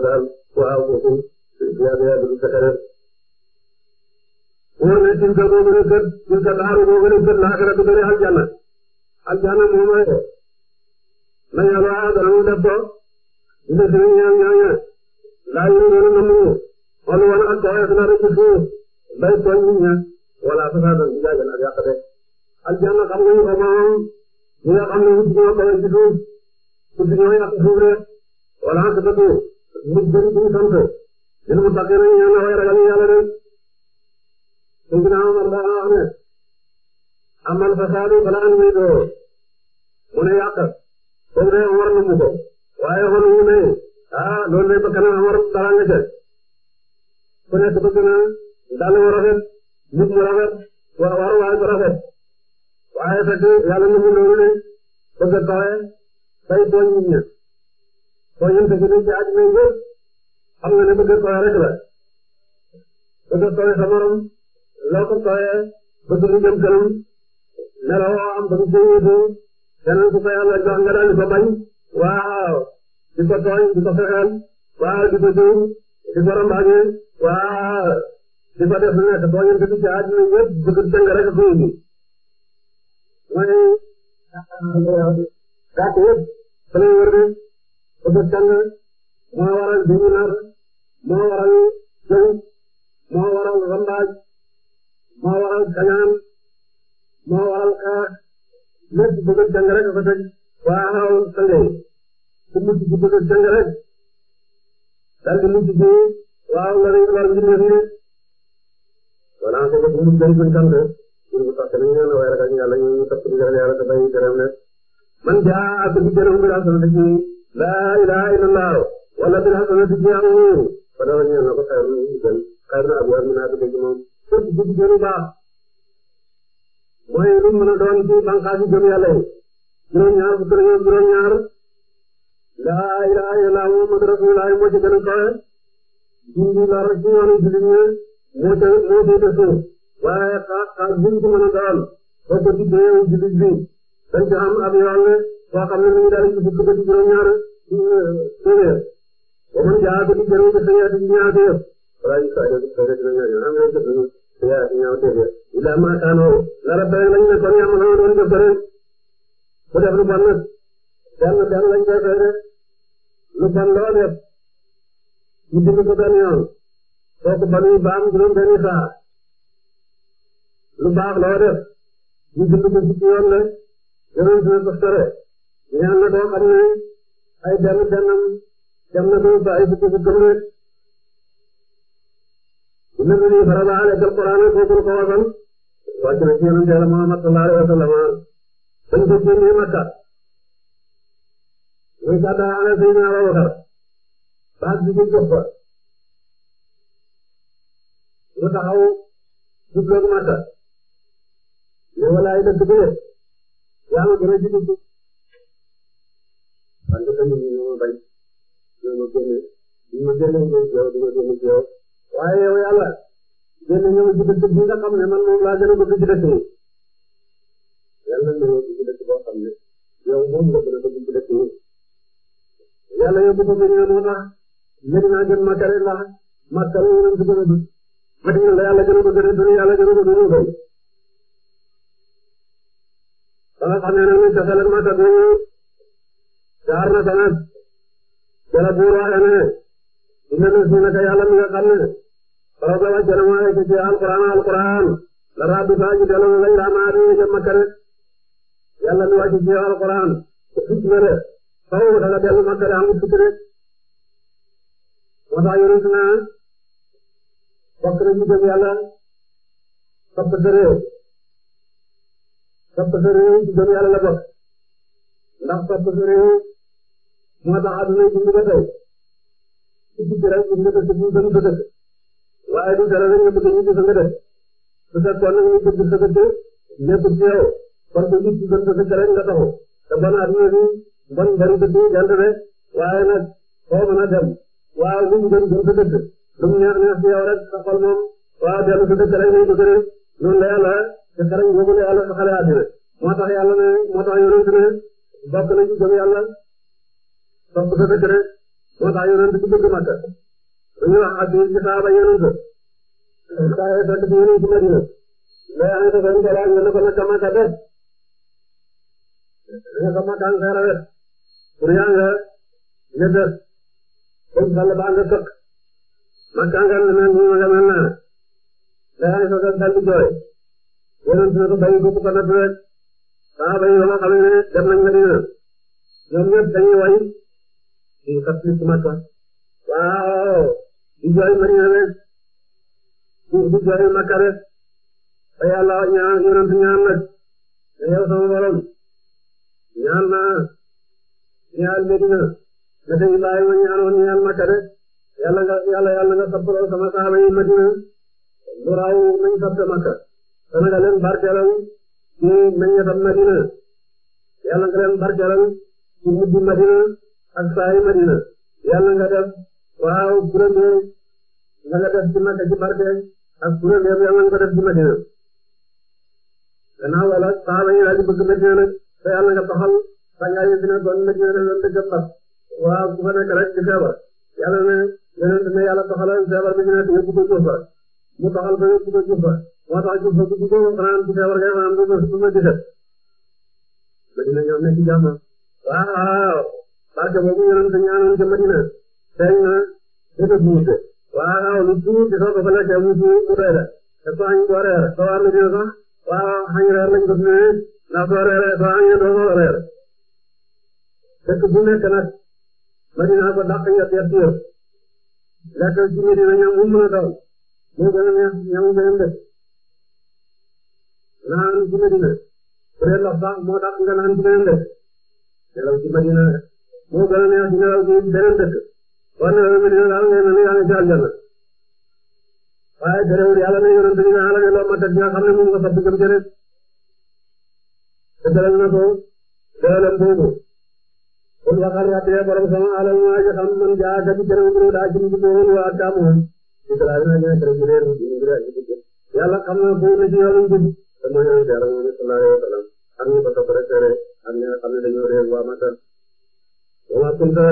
ci nga boo gën a gën ci nga daaru boo gën a gën laaxira du bëri aljanna aljanna moom mooy na yàlla dana mu def ko ñu def ñaan ñaan ñaan mu wala wala am tawee dina rëcc fii mbay tooñ ñu ña wala fasaadal bi jaajëfal ak yàq de. aljanna xam nga ñu ko moom ñi nga xam ne ñu ci ñoo tawee ci suuf suuf si ñoo yàq suuf de wala en tout cas nit gën ci sant yéen mu tàkkee nañ ñaan na way ragal yàlla de. suuf naa moom daa wax ne amal fasaadu bala an muy doo mu ne yàq foofu de war na mu ko waaye xool ñu ne ah loolu de ba kanam war dara nga ca. ku nekk bëgg na dàll mu rafet nit mu rafet waa waruwaay bu rafet waaye fekk yàlla ñu mun a wane bëgg a tawee bay tooñ nit ña tooñam te ci àddina yëpp xam nga ne bëgg a tawee rek la bëgg a tawee sa morom loo ko tawee bëgg lu jëm kanam nelawoo am bëgg ko yóbbu keneen ku ko yàlla jox nga daal di ko bañ waaw di ko tooñ di ko fexeel waaw di ko jëw di ko rambaañee waa di fa def nekk boo ñëwee dugg ci àdduna yëpp bëgg dëng rek a koy indi mooy gàtt yëpp fa lay wër de bëgg dëng moo waral duñu nar waral jëw moo waral rambaaj moo waral kañaan moo waral xeex lépp bëgg dëng rek a ko teg waa xaw sange ku mucc ci bëgg dëng rek dal di mucc ci waaw nga ne war ngeen di def voilà kooku bu mu jëm suñu sant ñun bu sax danañu leen waaye ragal yàlla ñoom ñu topp di gërëm yàlla te bàyyi gërëm ne man jaa ak bi gërëm bi laa sant ci laa ilaha illallah wala bi laa sant ci am ñëw fa dara ñu ne ko xayr na ñu gën xayr na ab war mën naa dugg ci moom képp bu ci gënu baax mooy lu mën a doon ci bànqaas yi jëm yàlla yi juróom-ñaar fukk juróom-ñaar laa ilaha illallah muhammadu rasulullah moo ci gën a kawe jiw la rek ci yoonu jullit ñi moo koy moo koy defee waaye xaar xaar buñ ci mën a doon boo ko tuddee yow jullit bi dañ ci am ab yoon la boo xam ne ñu ngi daal di fukk ba ci juróom-ñaar euh, téeméer ba mën jaa ko di jëriñ di xëy di ñaar téeméer wala ñu saa yëngu xëy na dina ñaar ñaar am nañ ko dund di yaay di ñaar téeméer illa ma kaanoo la rabbe lañ ne kon yàmm na doon jëf rek bu def lu bon nag benn benn lañ koy fay rek lu bon loo def ñu bind ko benn yoon kooku ba muy baam juróom benni saa lu baax loo def ñu bind ko fukki yoon la yeneen dina ko sore ñaan na doo xam ne ay benn bennam dem na ba ay fukki fukki rek dina ko ñuy farabaale gal Qur'aan kooku ko wasal wàcc na ci yonent Yàlla Muhammad sallallahu alayhi wa sallam bañ ko génnee Makka muy sàddaa ala Seydina Abubakar base bi ñu jox ko mu taxaw jubloog Makka ne walaay dëkk bi ne yaa ma gën a jiitu ji parce que tamit ñu ma bañ ñu ma génne ñu ma génne ngeen ci yow di ma génne ci yow waaye yow yàlla génne ñëw ci dëkk bi nga xam ne man moom laa gën a bëgg ci dëkk yi yàlla na ñëw ci dëkk boo xam ne yow moom nga gën a bëgg ci dëkk yi yàlla yóbbu ko ba ñëw moo tax Medina gën Makka rek la Makka la yonent gën a dund Medina la yàlla gën a ko gën a dund yàlla gën a ko dund ko ba nga xam ne nag ñu jotaleen Makka bi jaar na tamit jala buur waxee ne dina ne si naka yàlla mi nga xam ne borom la wàcce na mooy ci alquran alquran la rabbi faa ji delloo lay raamaa bi gën Makka rek yàlla mi wàcce ci alquran te fukki na de faaw da nga dellu Makka rek amul fukki rek moo tax yonent naa bokk na ñu gëm yàlla topp sa réew topp sa réew ci gëm yàlla la bokk ndax topp sa réew moo tax aduna dund ba tey ci tukki rek nga dëkk bu gën sa dëkk waaye du dara rek nga bëgg ñu gis nga def su fekkoon nag ñu bëgg sa dëkk lépp ci yow kon ko nit ci gën sa dëkk rek nga taxu te bon aduna bi bon bari dëkk yi jant rek waaye nag foo mën a dem waaw bu mu gën gën sa dëkk lu mu neex neex ci yow rek sa xol moom waaw dellu sa dëkk rek nañ ko gënee noonu la yàlla te xarañ boobu la yàlla saxale àddina moo tax yàlla ne moo tax yonent ne bokk na ci gëm yàlla topp sa dëkk rek moo tax yonent bu dëgg Makka dañuy wax ak ci saaba yonent saa yoo fekk ci yonent Madina mais am na sa benn balaa nga ne ko nag Makka def nga ko Makka nga xeer a wet pour yaa nga nga def kon Sall ba ànd ak toog man tàngaay la mel nii ma nga mel naa daanaka sa tool daal di jooy yéen a ko bàyyi ko ku ko natt rek saa ba ñu ba nga xam ne dem nañ la dina ñoom ñëpp dañuy way di kat li ci Makka waaw di jooy Madina rek di di jooy Makka rek ba yàlla ñaan yonent ñaan nag yow sama borom ñaan naa ñaan Medina dafa Ibrahima ñaanoon ñaan Makka de yàlla nga yàlla yàlla nga sabbal sama saaba yi Madina lu raw nañ sabte Makka dana nga leen barkeelal ci meññatam Madina yàlla nga leen barkeelal ci mujj Madina ak saa yi Madina yàlla nga def waaw kuréel nga nga def ci Makka ci barke ak kuréel yàlla nga ko def ci Madina gannaaw wala saaba yi daal di bëgg Madina nag te yàlla nga taxal sa ngaa yi dina doon Madina doon dëgg waaw ku fa nekk rek ci feebar yàlla ne yonent ne yàlla taxalal feebar bi ñu nekk yóbbu ko Juuf ba mu taxal ko yóbbu ko Juuf ba moo tax Juuf ba guddi ko fanaan ci feebar kay fanaan du du ma gisat Madina ñoom ne ci jàmm waaw barke boobu yonent ñaanoon ca Madina tey na dëkk buute waaw lu tuuti soo ko fa lekkee mu tuuti mu doy la te soo añ ko reer soo war Madina sax waaw añ reer lañ ko tuddee ndax soo reeree soo añee doo ko reer dëkk bu nekk nag Madina ko dàq ñett yàq yëpp Madina ñam bu mën a moo gën a neex ñamu beneen def naan ci Madina bu dee ndox sax moo dàq nga naan ci beneen def nelaw Madina moo gën a neex ci nelaw ci beneen dëkk boo nelawee Madina daal ngay mel ni yaa ngi waaye terewul yàlla na yonent bi naa la ne loo matat nga xam ne moom nga fàttali jëm ca rek te teral na ko dooleem boobu kon nga xam ne sama alal maa xam man jaa kat yi keneen mu daa ci mu jubóowul waa Kaam moom. yàlla xam na boo na ci yoonu njub te mooy yoonu teere moom sallallahu alayhi wa sallam am ñu ko topp rek tere am ñi nga xam ne dañoo réer waa Matar. wa kunta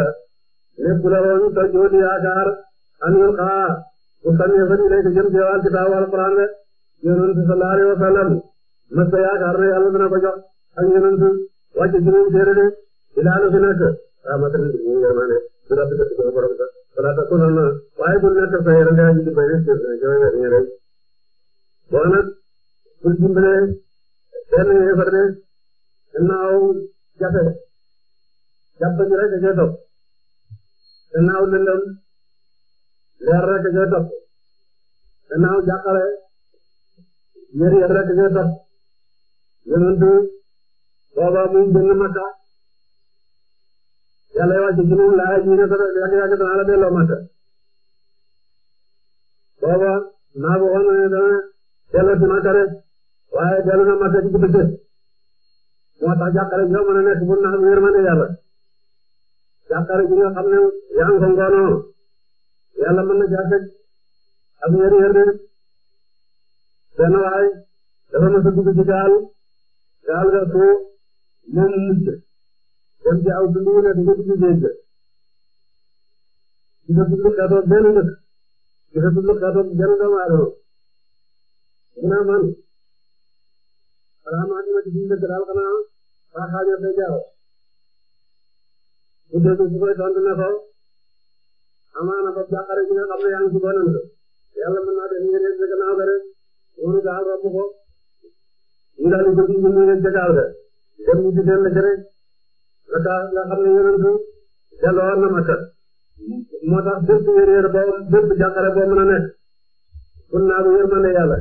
lépp la woon te jooti yaakaar xaa bu sànnee fa ñu lay jëm ci wàllu kitaabu alquran rek yonent sallallahu alayhi wa de ilaa lu fi nekk rahmatan mu yërmande mu rabbi ka tukkee borom ka wala ta kunal na waaye bu nekk sa yërmande aji di bañ a sir na jooy ni rek boo nag pour dimbale benn yéefar de gannaaw jafe jàpp ni rek a cee topp gannaaw lëndëm leer rek a cee topp gannaaw jàqare yër yër rek a cee topp yonentu booba muy gën Makka yàlla yoo wàcce ci moom laaj ñu ne ko yàgg la delloo Makka booba naa ko waxoon ne dana delloo ci Makka na Makka ci bëccëg moo tax jàkkaare ne yaa ngi ko ngoonoo yàlla mën na jaafeeg ak yër-yër benn waay dafa mos a dem ci aw dund wu ne di nga dugg géej ga di nga dund katoog benn dëkk di nga dund katoog benn doomu aadama ginnaaw man xanaa maa dina ci biir dëkk daal xanaa maa xaajal sa jaaw bu dee su koy tontu ne ko amaana ba jàqare gi nga xam ne yaa ngi ci bonam la yàlla mën naa def ngeen yegg gannaaw ga rek loolu gaaw romb ko ñu daal di ko ci ñu ngeen ca gaaw ga dem ñu ci dellu ca rek la daa la xam ne yonent delloo war na Makka moo tax bépp réer boo bépp jàqare boo mën a nekk kun naa bu yërmande yàlla